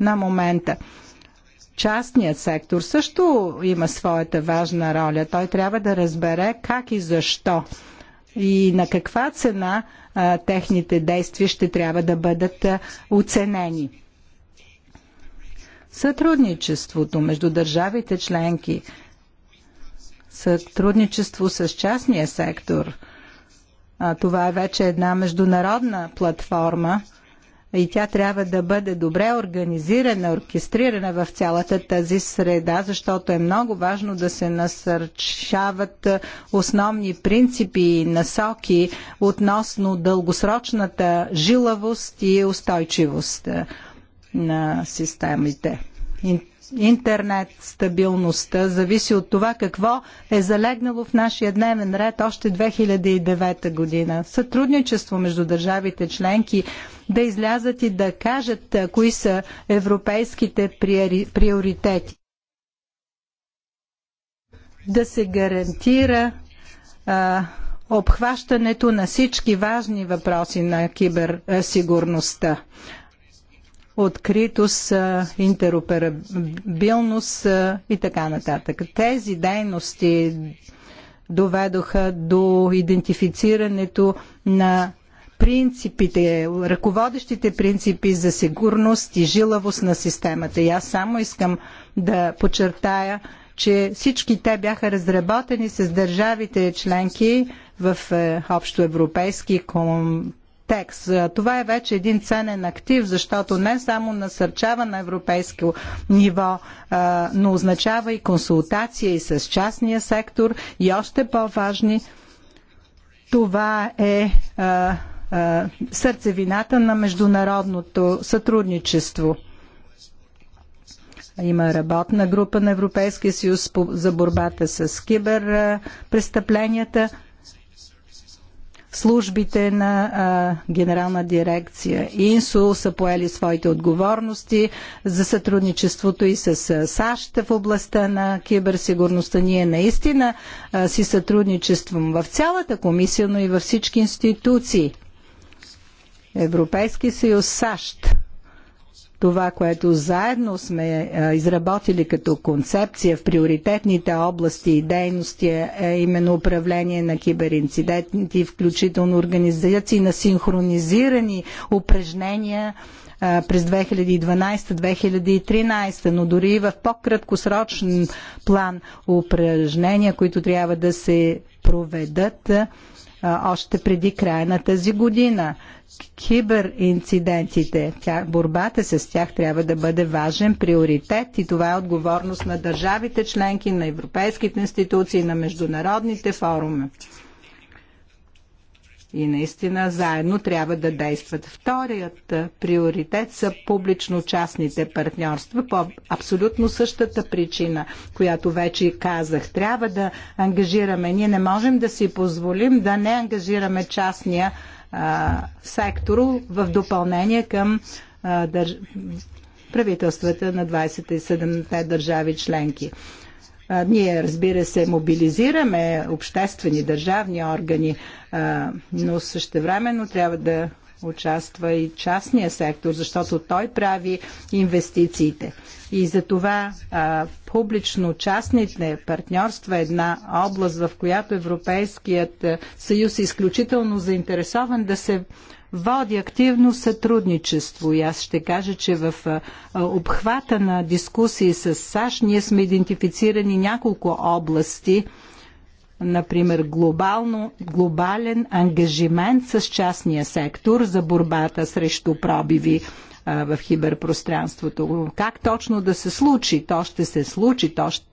на момента. Частният сектор също има своята важна роля. Той трябва да разбере как и защо и на каква цена а, техните действия ще трябва да бъдат а, оценени. Сътрудничеството между държавите членки, сътрудничество с частния сектор, а, това е вече една международна платформа – и тя трябва да бъде добре организирана, оркестрирана в цялата тази среда, защото е много важно да се насърчават е, основни принципи и насоки относно дългосрочната жилавост и устойчивост е, на системите. Интернет, стабилността зависи от това какво е залегнало в нашия дневен ред още 2009 година. Сътрудничество между държавите членки да излязат и да кажат кои са европейските приоритети. Да се гарантира а, обхващането на всички важни въпроси на киберсигурността. Откритост, интероперабилност и така нататък. Тези дейности доведоха до идентифицирането на принципите, ръководещите принципи за сигурност и жилавост на системата. И аз само искам да подчертая, че всички те бяха разработени с държавите членки в е, общоевропейски контекст. Това е вече един ценен актив, защото не само насърчава на европейско ниво, но означава и консултация и с частния сектор и още по-важни това е е, сърцевината на международното сътрудничество. Има работна група на Европейския съюз за борбата с киберпрестъпленията, е, службите на а, е, Генерална дирекция ИНСУ са поели своите отговорности за сътрудничеството и с а, САЩ в областта на киберсигурността. Ние наистина а, си сътрудничеством в цялата комисия, но и във всички институции. Европейски съюз, САЩ. Това, което заедно сме изработили като концепция в приоритетните области и дейности е именно управление на киберинциденти, включително организации на синхронизирани упражнения през 2012-2013, но дори и в по-краткосрочен план упражнения, които трябва да се проведат още преди края на тази година. Киберинцидентите, борбата с тях трябва да бъде важен приоритет и това е отговорност на държавите членки, на европейските институции, на международните форуми и наистина заедно трябва да действат. Вторият приоритет са публично-частните партньорства по абсолютно същата причина, която вече казах. Трябва да ангажираме. Ние не можем да си позволим да не ангажираме частния а, сектор в допълнение към а, държ... правителствата на 27-те държави членки ние, разбира се, мобилизираме обществени, държавни органи, но същевременно трябва да участва и частния сектор, защото той прави инвестициите. И за това публично-частните партньорства е една област, в която Европейският съюз е изключително заинтересован да се води активно сътрудничество и аз ще кажа, че в обхвата на дискусии с САЩ ние сме идентифицирани няколко области, например глобално, глобален ангажимент с частния сектор за борбата срещу пробиви в хиберпространството. Как точно да се случи? То ще се случи то ще,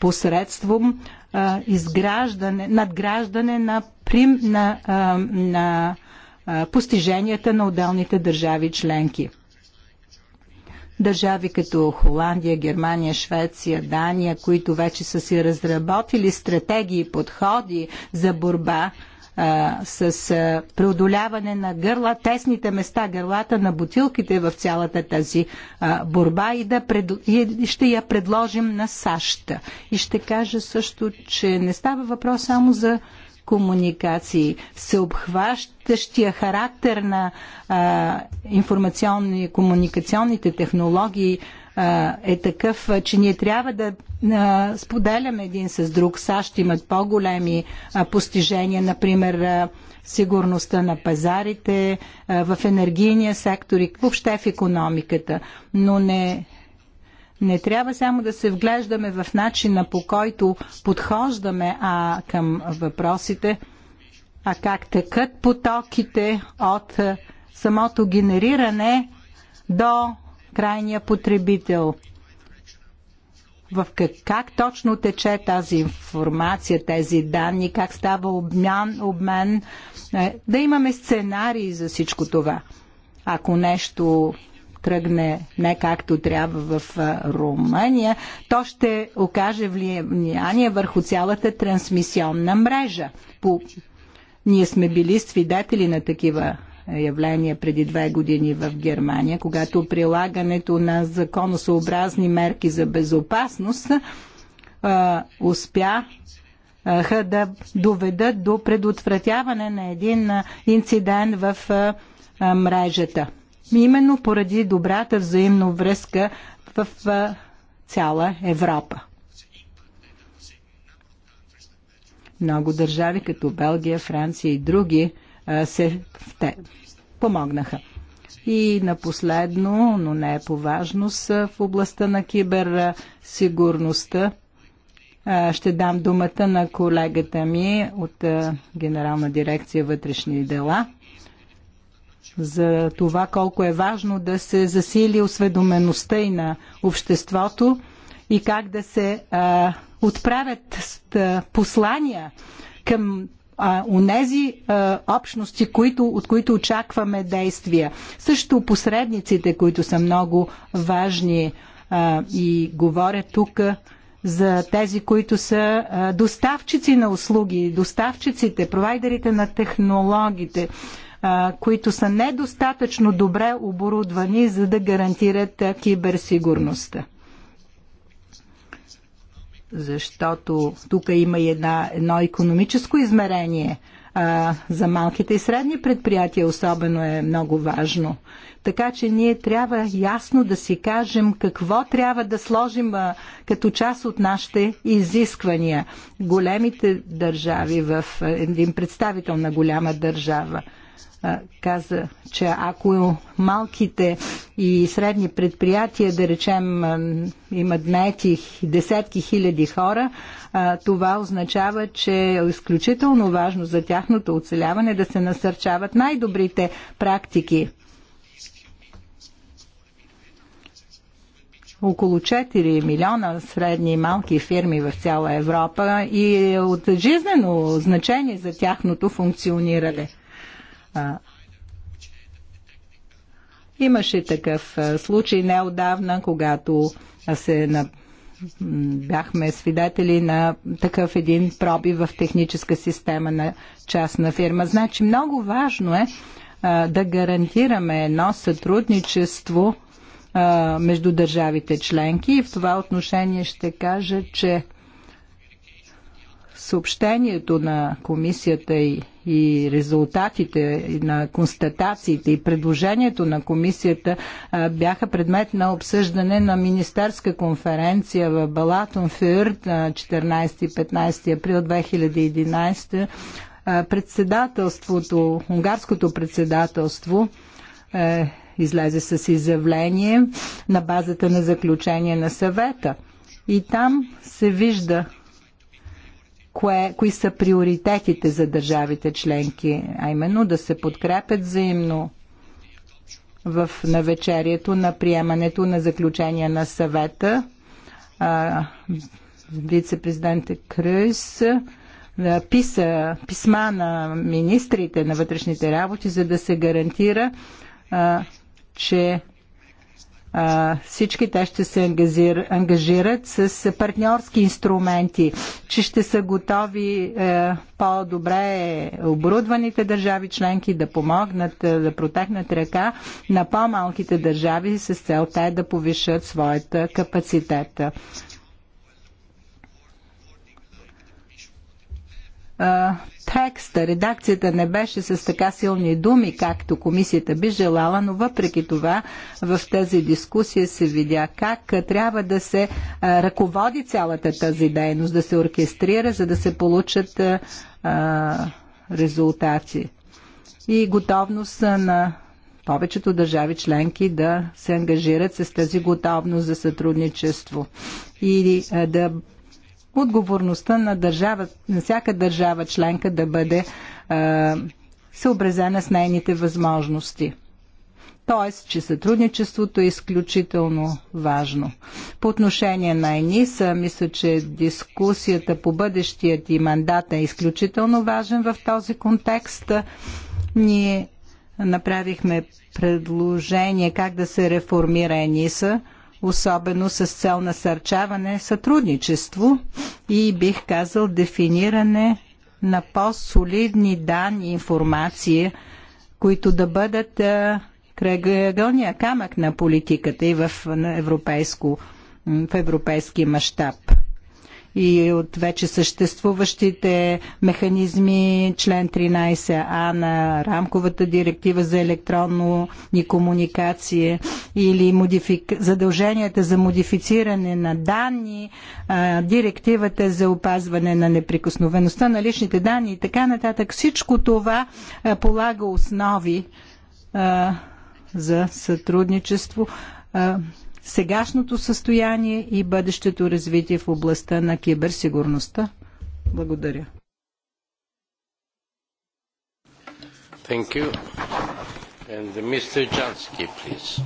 посредством а, изграждане, надграждане на, прим, на, а, на постиженията на отделните държави членки. Държави като Холандия, Германия, Швеция, Дания, които вече са си разработили стратегии и подходи за борба а, с а, преодоляване на гърла, тесните места, гърлата на бутилките в цялата тази а, борба и, да пред, и ще я предложим на САЩ. И ще кажа също, че не става въпрос само за комуникации, всеобхващащия характер на а, информационни и комуникационните технологии а, е такъв, че ние трябва да а, споделяме един с друг. САЩ имат по-големи постижения, например а, сигурността на пазарите, а, в енергийния сектор и въобще в економиката, но не не трябва само да се вглеждаме в начина по който подхождаме а, към въпросите, а как тъкат потоките от е, самото генериране до крайния потребител. В как, как точно тече тази информация, тези данни, как става обмян, обмен, е, да имаме сценарии за всичко това. Ако нещо тръгне не както трябва в Румъния, то ще окаже влияние върху цялата трансмисионна мрежа. По... Ние сме били свидетели на такива явления преди две години в Германия, когато прилагането на законосъобразни мерки за безопасност а, успя да доведат до предотвратяване на един инцидент в а, мрежата именно поради добрата взаимно връзка в цяла Европа. Много държави, като Белгия, Франция и други, се те, помогнаха. И на последно, но не е по важност, в областта на киберсигурността ще дам думата на колегата ми от Генерална дирекция вътрешни дела за това колко е важно да се засили осведомеността и на обществото и как да се а, отправят послания към а, унези а, общности, които, от които очакваме действия. Също посредниците, които са много важни а, и говоря тук за тези, които са доставчици на услуги, доставчиците, провайдерите на технологиите, които са недостатъчно добре оборудвани, за да гарантират киберсигурността защото тук има и една, едно економическо измерение. А, за малките и средни предприятия особено е много важно. Така че ние трябва ясно да си кажем какво трябва да сложим а, като част от нашите изисквания. Големите държави в един представител на голяма държава каза, че ако малките и средни предприятия, да речем, имат наети десетки хиляди хора, това означава, че е изключително важно за тяхното оцеляване да се насърчават най-добрите практики. около 4 милиона средни и малки фирми в цяла Европа и е от жизнено значение за тяхното функциониране. А, имаше такъв случай неодавна, когато се на, бяхме свидетели на такъв един проби в техническа система на частна фирма. Значи много важно е а, да гарантираме едно сътрудничество а, между държавите членки и в това отношение ще кажа, че съобщението на комисията и и резултатите на констатациите и предложението на комисията бяха предмет на обсъждане на министерска конференция в Фюрт на 14-15 април 2011 председателството, унгарското председателство е, излезе с изявление на базата на заключение на съвета. И там се вижда кое, кои са приоритетите за държавите членки, а именно да се подкрепят взаимно в навечерието на приемането на заключения на съвета. Вице-президент Кръс писа писма на министрите на вътрешните работи, за да се гарантира, че всички те ще се ангажират с партньорски инструменти, че ще са готови е, по-добре оборудваните държави членки да помогнат, е, да протегнат ръка на по-малките държави с цел те да повишат своята капацитет. текста, редакцията не беше с така силни думи, както комисията би желала, но въпреки това в тази дискусия се видя как трябва да се ръководи цялата тази дейност, да се оркестрира, за да се получат резултати. И готовност на повечето държави членки да се ангажират с тази готовност за сътрудничество и да отговорността на, държава, на всяка държава членка да бъде а, е, съобразена с нейните възможности. Тоест, че сътрудничеството е изключително важно. По отношение на ЕНИСА, мисля, че дискусията по бъдещият и мандат е изключително важен в този контекст. Ние направихме предложение как да се реформира ЕНИСА – особено с цел насърчаване сътрудничество и бих казал дефиниране на по-солидни данни и информации, които да бъдат кръгълния камък на политиката и в, европейско, в европейски мащаб и от вече съществуващите механизми, член 13а на рамковата директива за електронно и комуникации или модифик... задълженията за модифициране на данни, а, директивата за опазване на неприкосновеността на личните данни и така нататък. Всичко това а, полага основи а, за сътрудничество. А, сегашното състояние и бъдещето развитие в областта на киберсигурността? Благодаря. Thank you. And Mr. Jansky, please.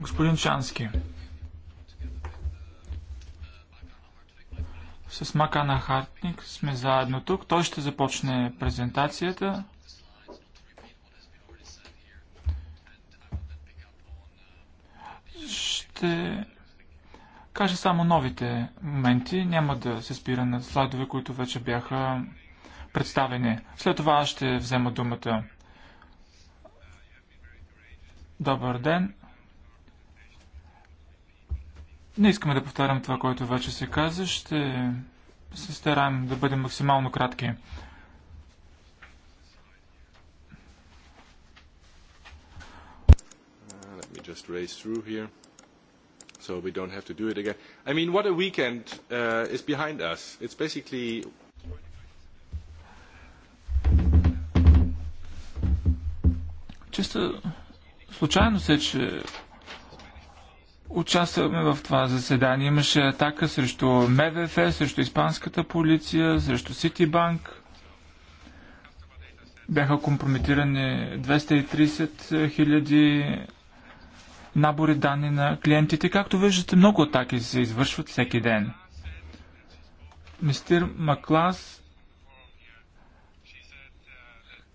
Господин Чански, с Макана Хартник сме заедно тук. Той ще започне презентацията. Ще кажа само новите моменти. Няма да се спира на слайдове, които вече бяха представени. След това ще взема думата. Добър ден! Не искаме да повтарям това, което вече се каза. Ще се стараем да бъдем максимално кратки. Uh, just race through here so we don't have to do it again. I mean, what a weekend uh, is behind us. It's basically. Чиста случайност е, че участваме в това заседание. Имаше атака срещу МВФ, срещу Испанската полиция, срещу Ситибанк. Бяха компрометирани 230 хиляди 000 набори данни на клиентите. Както виждате, много атаки се извършват всеки ден. Мистер Маклас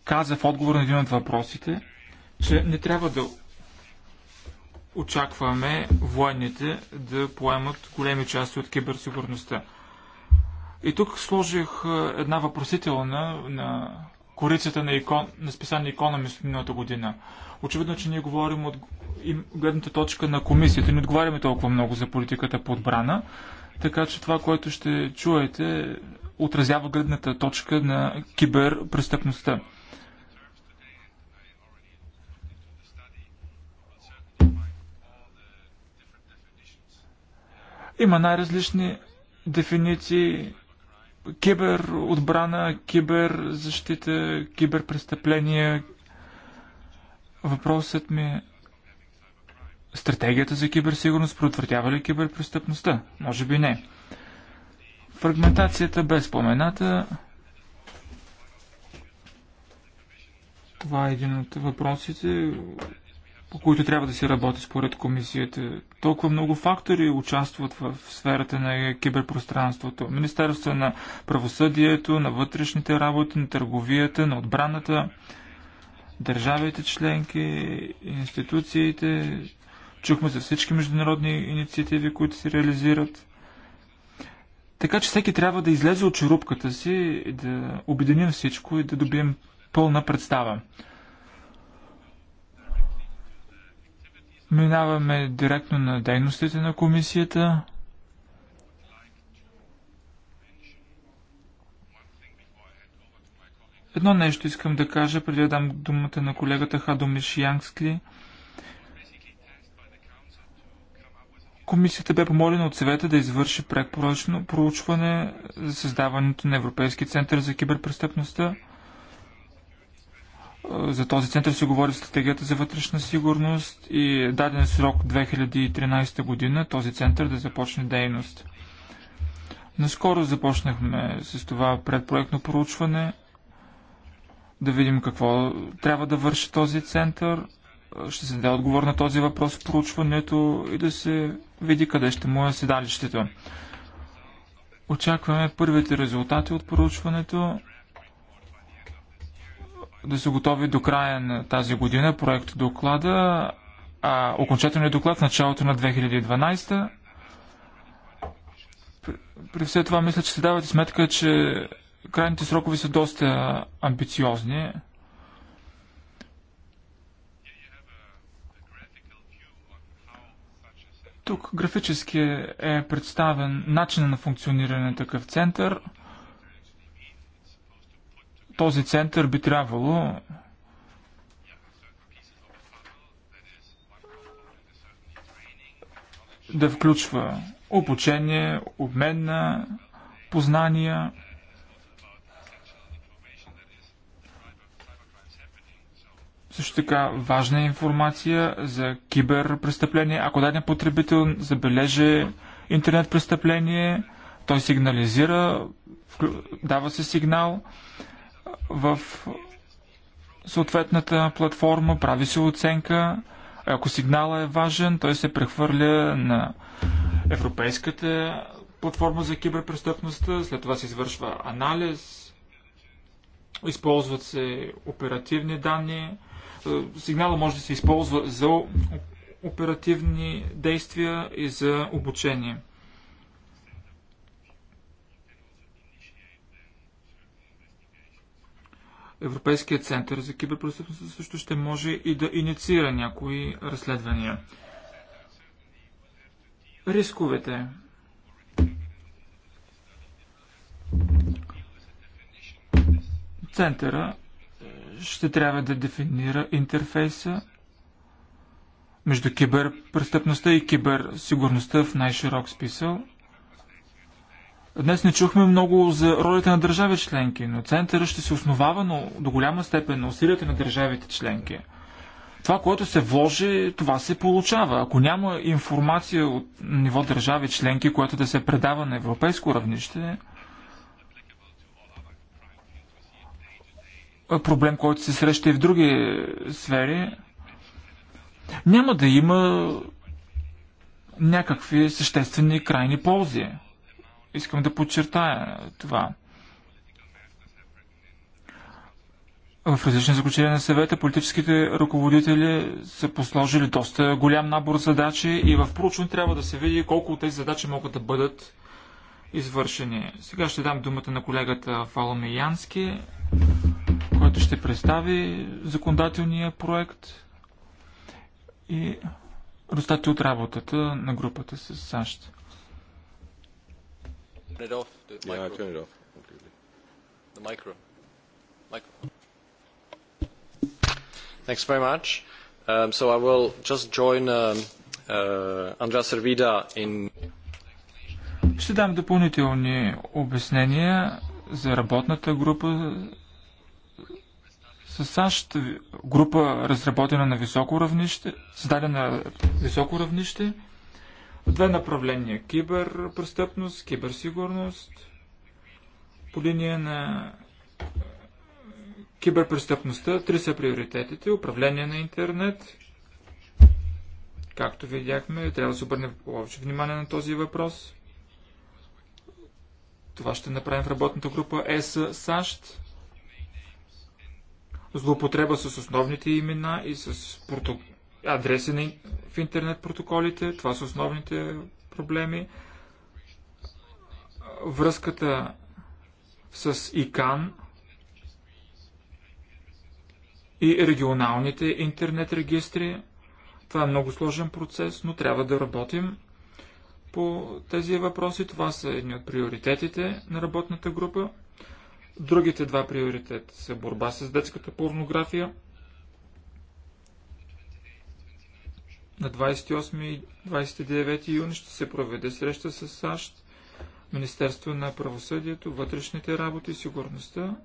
каза в отговор на един от въпросите, че не трябва да очакваме военните да поемат големи части от киберсигурността. И тук сложих една въпросителна на корицата на, икон, на списание Economist миналата година. Очевидно, че ние говорим от гледната точка на комисията. Не отговаряме толкова много за политиката по отбрана, така че това, което ще чуете, отразява гледната точка на киберпрестъпността. Има най-различни дефиниции киберотбрана, киберзащита, киберпрестъпления, Въпросът ми е стратегията за киберсигурност предотвратява ли киберпрестъпността? Може би не. Фрагментацията без спомената. Това е един от въпросите, по които трябва да се работи според комисията. Толкова много фактори участват в сферата на киберпространството. Министерство на правосъдието, на вътрешните работи, на търговията, на отбраната държавите членки, институциите. Чухме за всички международни инициативи, които се реализират. Така че всеки трябва да излезе от черупката си, да обединим всичко и да добием пълна представа. Минаваме директно на дейностите на комисията. Едно нещо искам да кажа, преди да дам думата на колегата Хадомиш Янгскли. Комисията бе помолена от съвета да извърши препоръчно проучване за създаването на Европейски център за киберпрестъпността. За този център се говори в стратегията за вътрешна сигурност и е даден срок 2013 година този център да започне дейност. Наскоро започнахме с това предпроектно проучване – да видим какво трябва да върши този център. Ще се даде отговор на този въпрос в проучването и да се види къде ще му е седалището. Очакваме първите резултати от проучването да са готови до края на тази година проект доклада, а окончателният доклад в началото на 2012. При, при все това мисля, че се давате сметка, че крайните срокове са доста амбициозни. Тук графически е представен начинът на функциониране на такъв център. Този център би трябвало да включва обучение, обмен на познания, Също така важна е информация за киберпрестъпление. Ако даден потребител забележи интернет престъпление, той сигнализира, дава се сигнал в съответната платформа, прави се оценка. Ако сигнала е важен, той се прехвърля на Европейската платформа за киберпрестъпността, след това се извършва анализ, използват се оперативни данни, е, сигнала може да се използва за оперативни действия и за обучение. Европейският център за киберпрестъпност също ще може и да инициира някои разследвания. Рисковете. Центъра ще трябва да дефинира интерфейса между киберпрестъпността и киберсигурността в най-широк списъл. Днес не чухме много за ролята на държави членки, но центъра ще се основава но до голяма степен на усилията на държавите членки. Това, което се вложи, това се получава. Ако няма информация от ниво държави членки, което да се предава на европейско равнище, проблем, който се среща и в други сфери, няма да има някакви съществени крайни ползи. Искам да подчертая това. В различни заключения на съвета политическите ръководители са посложили доста голям набор задачи и в проучване трябва да се види колко от тези задачи могат да бъдат извършени. Сега ще дам думата на колегата Фаломе Янски който ще представи законодателния проект и резултатите от работата на групата с САЩ. Thanks very much. Um, so I will just join uh, uh, Andrea Servida in... Ще дам допълнителни обяснения за работната група със САЩ група разработена на високо равнище, създадена на високо равнище, две направления – киберпрестъпност, киберсигурност, по линия на киберпрестъпността, три са приоритетите – управление на интернет, както видяхме, трябва да се обърне повече внимание на този въпрос. Това ще направим в работната група ЕС САЩ злоупотреба с основните имена и с проток... адреси на... в интернет протоколите. Това са основните проблеми. Връзката с ИКАН и регионалните интернет регистри. Това е много сложен процес, но трябва да работим по тези въпроси. Това са едни от приоритетите на работната група. Другите два приоритета са борба с детската порнография На 28 и 29 юни ще се проведе среща с САЩ, Министерство на правосъдието, вътрешните работи и сигурността.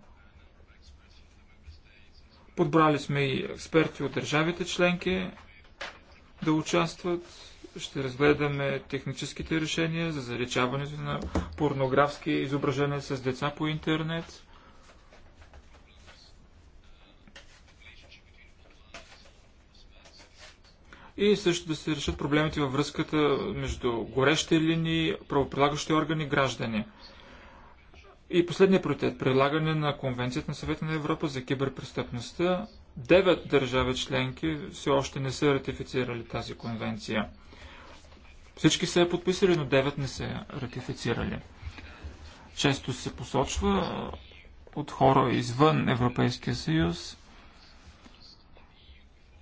Подбрали сме и експерти от държавите членки да участват ще разгледаме техническите решения за заличаването на порнографски изображения с деца по интернет. И също да се решат проблемите във връзката между горещи линии, правоприлагащи органи, граждани. И последният приоритет – предлагане на Конвенцията на Съвета на Европа за киберпрестъпността. Девет държави членки все още не са ратифицирали тази конвенция. Всички се е подписали, но 9 не се ратифицирали. Често се посочва от хора извън Европейския съюз,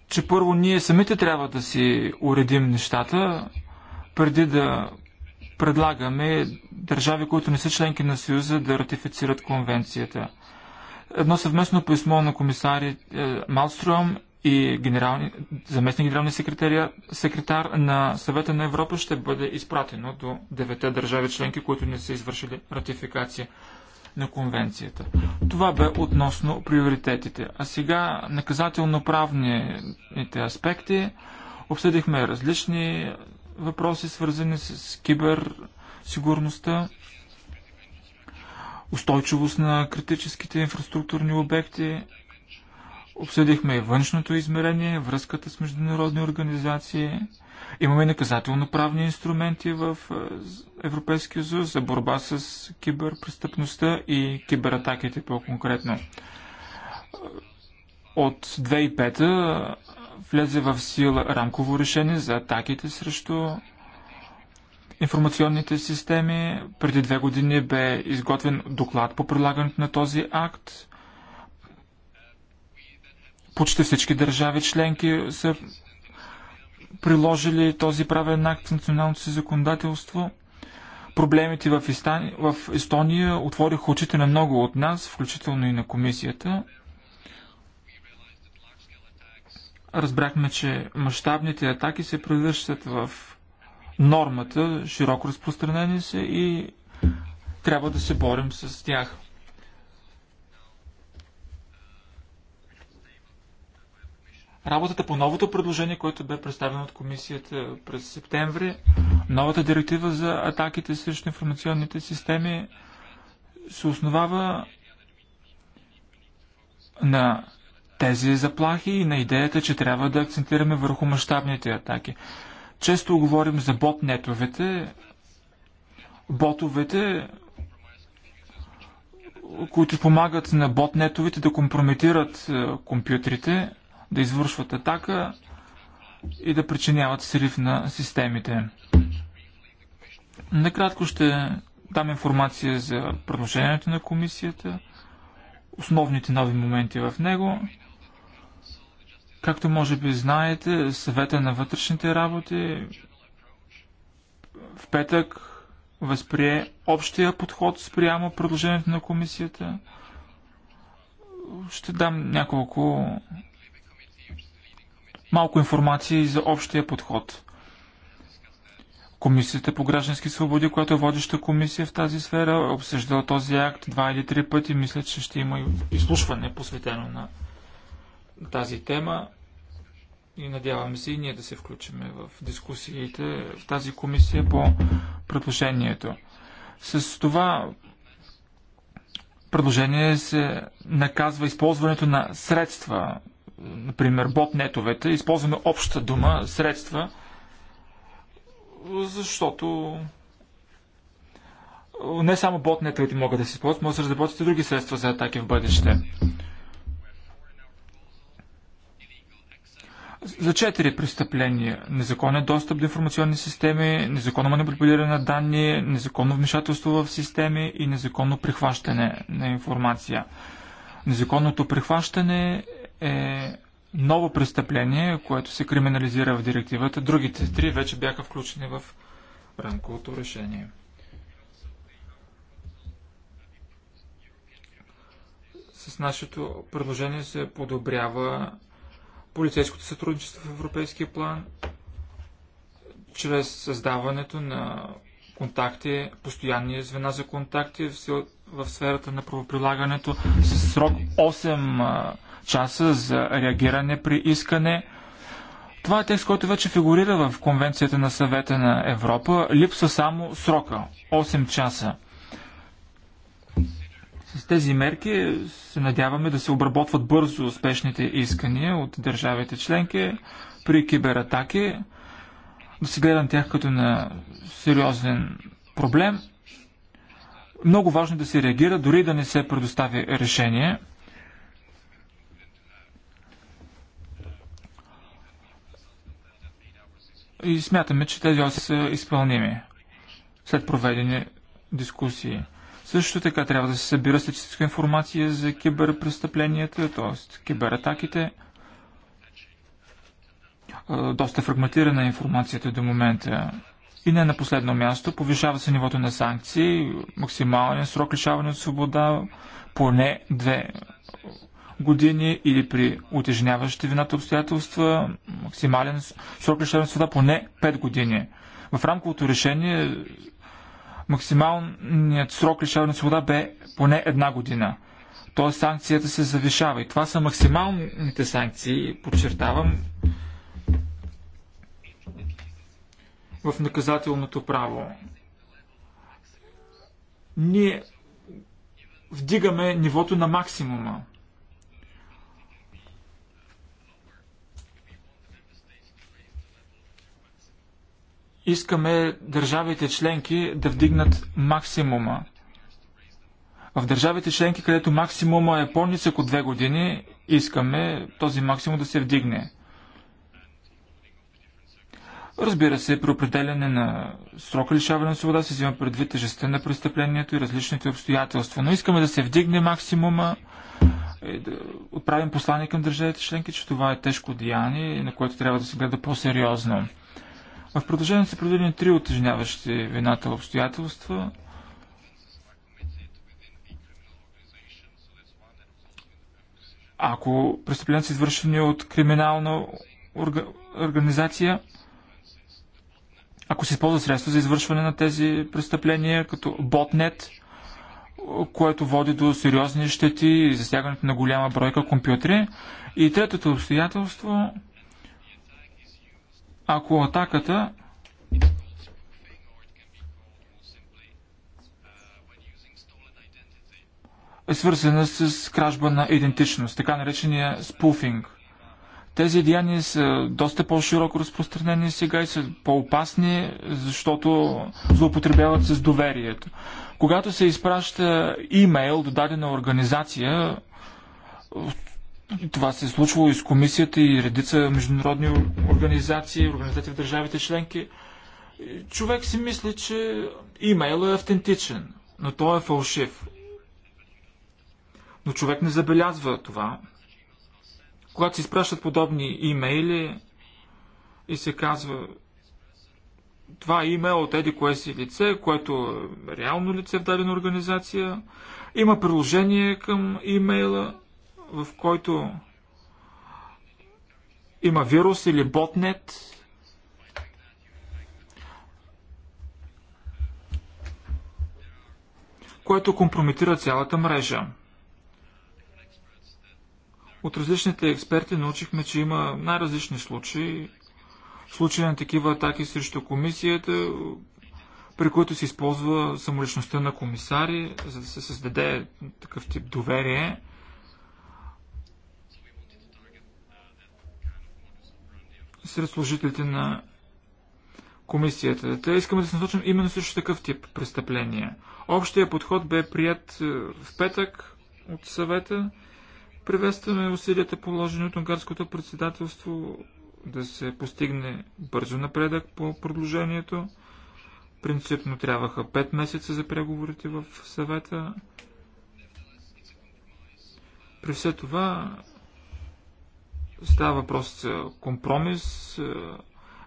че първо ние самите трябва да си уредим нещата, преди да предлагаме държави, които не са членки на Съюза, да ратифицират конвенцията. Едно съвместно писмо на комисари е, Малстром и генерални, заместник генералния секретар, секретар на съвета на Европа ще бъде изпратено до девете държави членки, които не са извършили ратификация на конвенцията. Това бе относно приоритетите. А сега наказателно-правните аспекти. Обсъдихме различни въпроси, свързани с киберсигурността, устойчивост на критическите инфраструктурни обекти, Обсъдихме и външното измерение, връзката с международни организации. Имаме наказателно-правни инструменти в е, Европейския съюз за борба с киберпрестъпността и кибератаките по-конкретно. От 2005 е, влезе в сила рамково решение за атаките срещу информационните системи. Преди две години бе изготвен доклад по прилагането на този акт почти всички държави членки са приложили този правен акт в националното си законодателство. Проблемите в, Истан... в Естония отвориха очите на много от нас, включително и на комисията. Разбрахме, че мащабните атаки се превръщат в нормата, широко разпространени се и трябва да се борим с тях. работата по новото предложение, което бе представено от комисията през септември, новата директива за атаките срещу информационните системи се основава на тези заплахи и на идеята, че трябва да акцентираме върху мащабните атаки. Често говорим за ботнетовете, ботовете, които помагат на ботнетовите да компрометират е, компютрите, да извършват атака и да причиняват срив на системите. Накратко ще дам информация за предложението на комисията, основните нови моменти в него. Както може би знаете, съвета на вътрешните работи в петък възприе общия подход спрямо предложението на комисията. Ще дам няколко малко информация и за общия подход. Комисията по граждански свободи, която е водеща комисия в тази сфера, е обсъждала този акт два или три пъти. Мисля, че ще има изслушване посветено на тази тема и надяваме се и ние да се включим в дискусиите в тази комисия по предложението. С това предложение се наказва използването на средства например, ботнетовете, използваме обща дума, средства, защото не само ботнетовете могат да се използват, може да се разработят и други средства за атаки в бъдеще. За четири престъпления незаконен достъп до информационни системи, незаконно манипулиране на данни, незаконно вмешателство в системи и незаконно прихващане на информация. Незаконното прихващане е ново престъпление, което се криминализира в директивата. Другите три вече бяха включени в рамковото решение. С нашето предложение се подобрява полицейското сътрудничество в европейския план чрез създаването на контакти, постоянни звена за контакти в сферата на правоприлагането с срок 8 часа за реагиране при искане. Това е текст, който вече фигурира в Конвенцията на съвета на Европа. Липсва само срока 8 часа. С тези мерки се надяваме да се обработват бързо успешните искания от държавите членки при кибератаки, да се гледам тях като на сериозен проблем. Много важно е да се реагира, дори да не се предостави решение – и смятаме, че тези оси са изпълними след проведени дискусии. Също така трябва да се събира статистическа информация за киберпрестъпленията, т.е. кибератаките. Доста фрагментирана е информацията до момента. И не на последно място, повишава се нивото на санкции, максималния срок лишаване от свобода, поне две години или при утежняващи вината обстоятелства максимален срок лишаване свобода поне 5 години. В рамковото решение максималният срок лишаване свобода бе поне една година. Тоест санкцията се завишава и това са максималните санкции, подчертавам, в наказателното право. Ние вдигаме нивото на максимума. искаме държавите членки да вдигнат максимума. В държавите членки, където максимума е по-нисък от две години, искаме този максимум да се вдигне. Разбира се, при определене на срока лишаване на свобода се взима предвид тежестта на престъплението и различните обстоятелства. Но искаме да се вдигне максимума и да отправим послание към държавите членки, че това е тежко деяние, на което трябва да се гледа по-сериозно. В продължение са предвидени три отежняващи вината обстоятелства. Ако престъпленията са извършени от криминална организация, ако се използва средства за извършване на тези престъпления, като ботнет, което води до сериозни щети и засягането на голяма бройка компютри. И третото обстоятелство ако атаката е свързана с кражба на идентичност, така наречения спуфинг. Тези деяния са доста по-широко разпространени сега и са по-опасни, защото злоупотребяват с доверието. Когато се изпраща имейл до дадена организация, това се е случвало и с комисията и редица международни организации, организации в държавите членки. Човек си мисли, че имейлът е автентичен, но той е фалшив. Но човек не забелязва това. Когато се изпращат подобни имейли и се казва това е имейл от еди кое си лице, което е реално лице в дадена организация, има приложение към имейла, в който има вирус или ботнет. което компрометира цялата мрежа. От различните експерти научихме, че има най-различни случаи. Случаи на такива атаки срещу комисията, при които се използва самоличността на комисари, за да се създаде такъв тип доверие. сред служителите на комисията. Те искаме да се насочим именно също такъв тип престъпления. Общия подход бе прият е, в петък от съвета. Приветстваме усилията положени от унгарското председателство да се постигне бързо напредък по предложението. Принципно трябваха 5 месеца за преговорите в съвета. При все това Става въпрос за компромис. Е,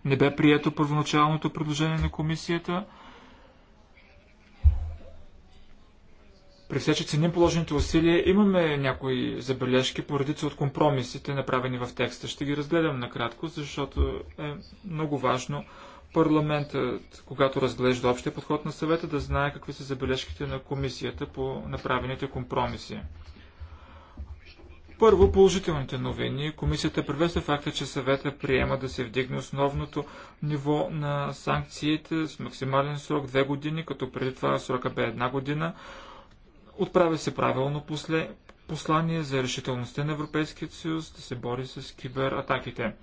не бе прието първоначалното предложение на комисията. При все, че ценим положените усилия, имаме някои забележки по редица от компромисите, направени в текста. Ще ги разгледам накратко, защото е много важно парламентът, когато разглежда общия подход на съвета, да знае какви са забележките на комисията по направените компромиси. Първо, положителните новини. Комисията приветства факта, че съвета приема да се вдигне основното ниво на санкциите с максимален срок 2 години, като преди това срока бе една година. Отправя се правилно после послание за решителността на Европейския съюз да се бори с кибератаките.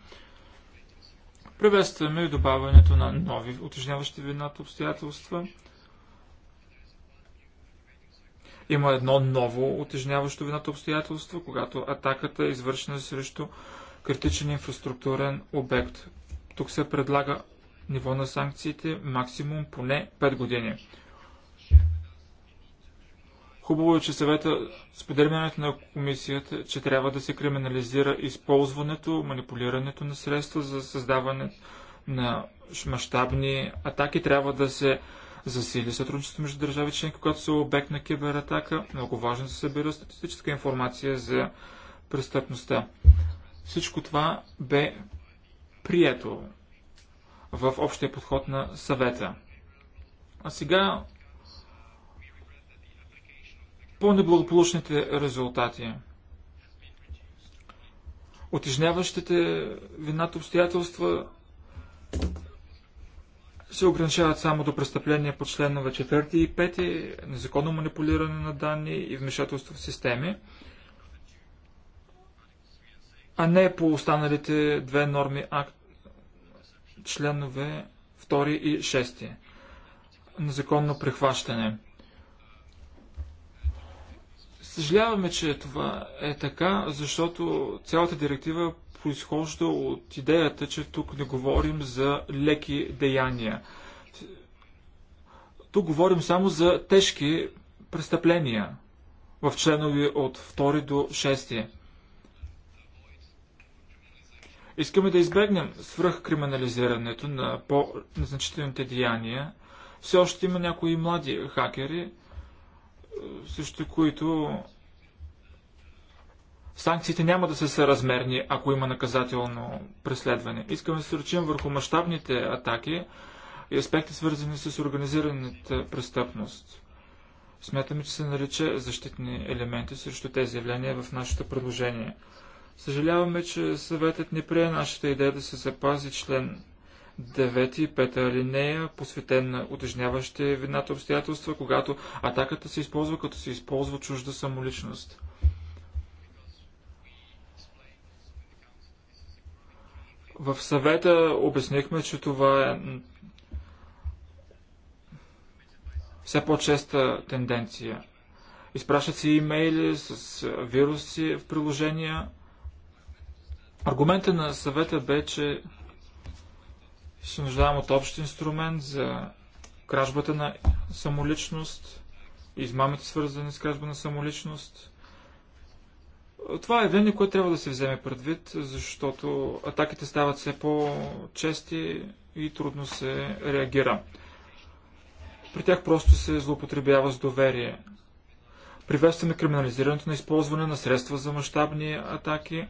Приветстваме и добавянето на нови утежняващи вината обстоятелства – има едно ново отежняващо вината обстоятелство, когато атаката е извършена срещу критичен инфраструктурен обект. Тук се предлага ниво на санкциите максимум поне 5 години. Хубаво е, че съвета споделянето на комисията, че трябва да се криминализира използването, манипулирането на средства за създаване на мащабни атаки, трябва да се засили сътрудничеството между държави членки, когато са обект на кибератака. Много важно да се събира статистическа информация за престъпността. Всичко това бе прието в общия подход на съвета. А сега по-неблагополучните резултати. Отежняващите вината обстоятелства се ограничават само до престъпления по членове 4 и 5, незаконно манипулиране на данни и вмешателство в системи, а не по останалите две норми акт, членове 2 и 6. Незаконно прихващане. Съжаляваме, че това е така, защото цялата директива произхожда от идеята, че тук не говорим за леки деяния. Тук говорим само за тежки престъпления в членови от 2 до 6. Искаме да избегнем свръхкриминализирането на по-незначителните деяния. Все още има някои млади хакери, срещу които Санкциите няма да са съразмерни, ако има наказателно преследване. Искаме да се речим върху мащабните атаки и аспекти, свързани с организираната престъпност. Смятаме, че се нарича защитни елементи срещу тези явления в нашето предложение. Съжаляваме, че съветът не прие нашата идея да се запази член 9 и 5 алинея, посветен на утежняващите вината обстоятелства, когато атаката се използва като се използва чужда самоличност. В съвета обяснихме, че това е все по-честа тенденция. Изпращат се имейли с вируси в приложения. Аргумента на съвета бе, че се нуждаем от общ инструмент за кражбата на самоличност, измамите свързани с кражба на самоличност. Това е явление, което трябва да се вземе предвид, защото атаките стават все по-чести и трудно се реагира. При тях просто се злоупотребява с доверие. Приветстваме криминализирането на използване на средства за мащабни атаки.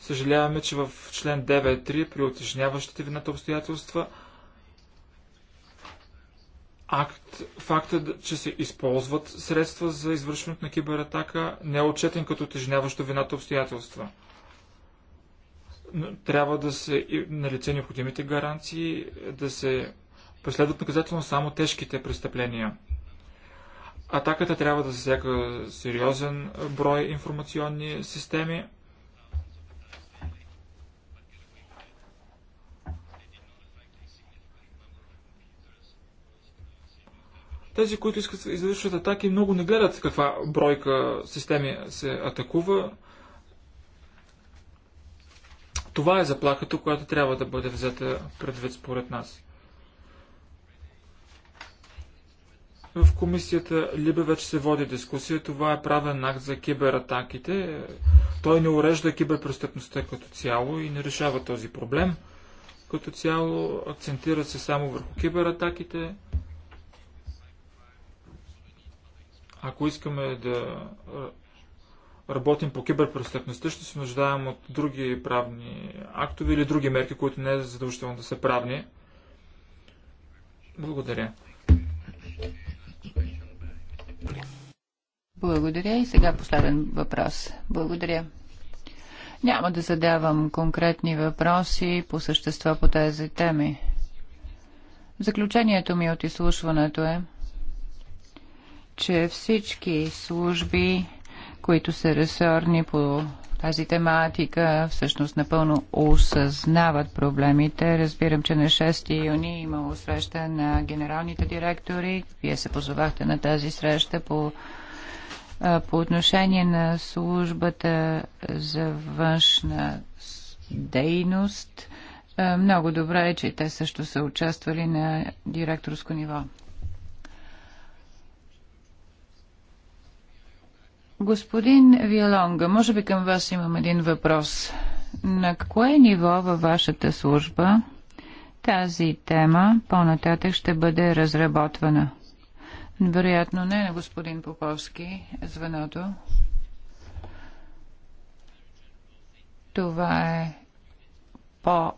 Съжаляваме, че в член 9.3 при отежняващите вината обстоятелства – акт, факта, че се използват средства за извършването на кибератака, не е отчетен като тежняващо вината обстоятелства. Трябва да се налице необходимите гаранции, да се преследват наказателно само тежките престъпления. Атаката трябва да засяга сериозен брой информационни системи. Тези, които искат да извършват атаки, много не гледат каква бройка системи се атакува. Това е заплахата, която трябва да бъде взета предвид според нас. В комисията Либе вече се води дискусия. Това е правен акт за кибератаките. Той не урежда киберпрестъпността като цяло и не решава този проблем. Като цяло акцентира се само върху кибератаките, Ако искаме да работим по киберпрестъпността, ще се нуждаем от други правни актове или други мерки, които не е задължително да са правни. Благодаря. Благодаря и сега последен въпрос. Благодаря. Няма да задавам конкретни въпроси по същество по тези теми. Заключението ми от изслушването е, че всички служби, които са ресорни по тази тематика, всъщност напълно осъзнават проблемите. Разбирам, че на 6 юни е имало среща на генералните директори. Вие се позовахте на тази среща по по отношение на службата за външна дейност, много добре е, че те също са участвали на директорско ниво. Господин Виалонга, може би към вас имам един въпрос. На кое ниво във вашата служба тази тема по-нататък ще бъде разработвана? Вероятно не на господин Поповски звеното. Това е по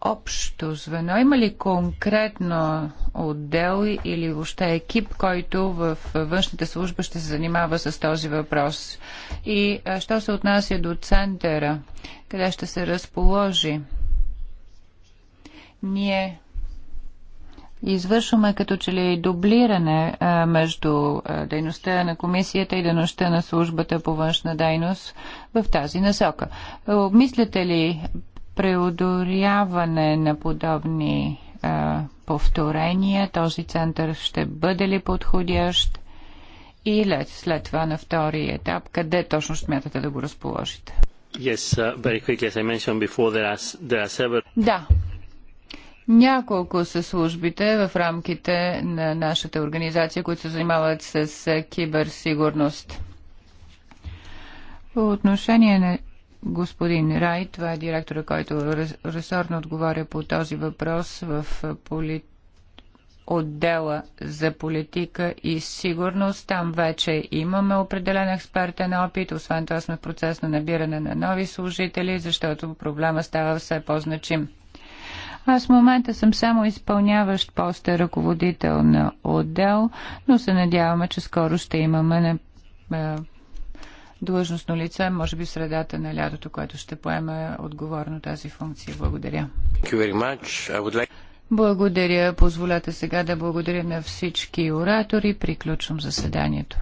общо звено? Има ли конкретно отдел или въобще екип, който в външната служба ще се занимава с този въпрос? И що се отнася до центъра? Къде ще се разположи? Ние Извършваме като че ли дублиране а, между а, дейността на комисията и дейността на службата по външна дейност в тази насока. Обмисляте ли преодоряване на подобни а, повторения? Този център ще бъде ли подходящ? И след, след това на втори етап, къде точно смятате да го разположите? Yes, uh, very quickly, as I mentioned before, there are, there are several... Да, няколко са службите в рамките на нашата организация, които се занимават с киберсигурност. По отношение на господин Рай. Това е директора, който ресорно отговаря по този въпрос в полит... отдела за политика и сигурност. Там вече имаме определен експертен опит. Освен това сме в процес на набиране на нови служители, защото проблема става все по-значим. Аз в момента съм само изпълняващ поста ръководител на отдел, но се надяваме, че скоро ще имаме длъжностно лице, може би в средата на лятото, което ще поеме отговорно тази функция. Благодаря. Благодаря. Позволете сега да благодаря на всички оратори. Приключвам заседанието.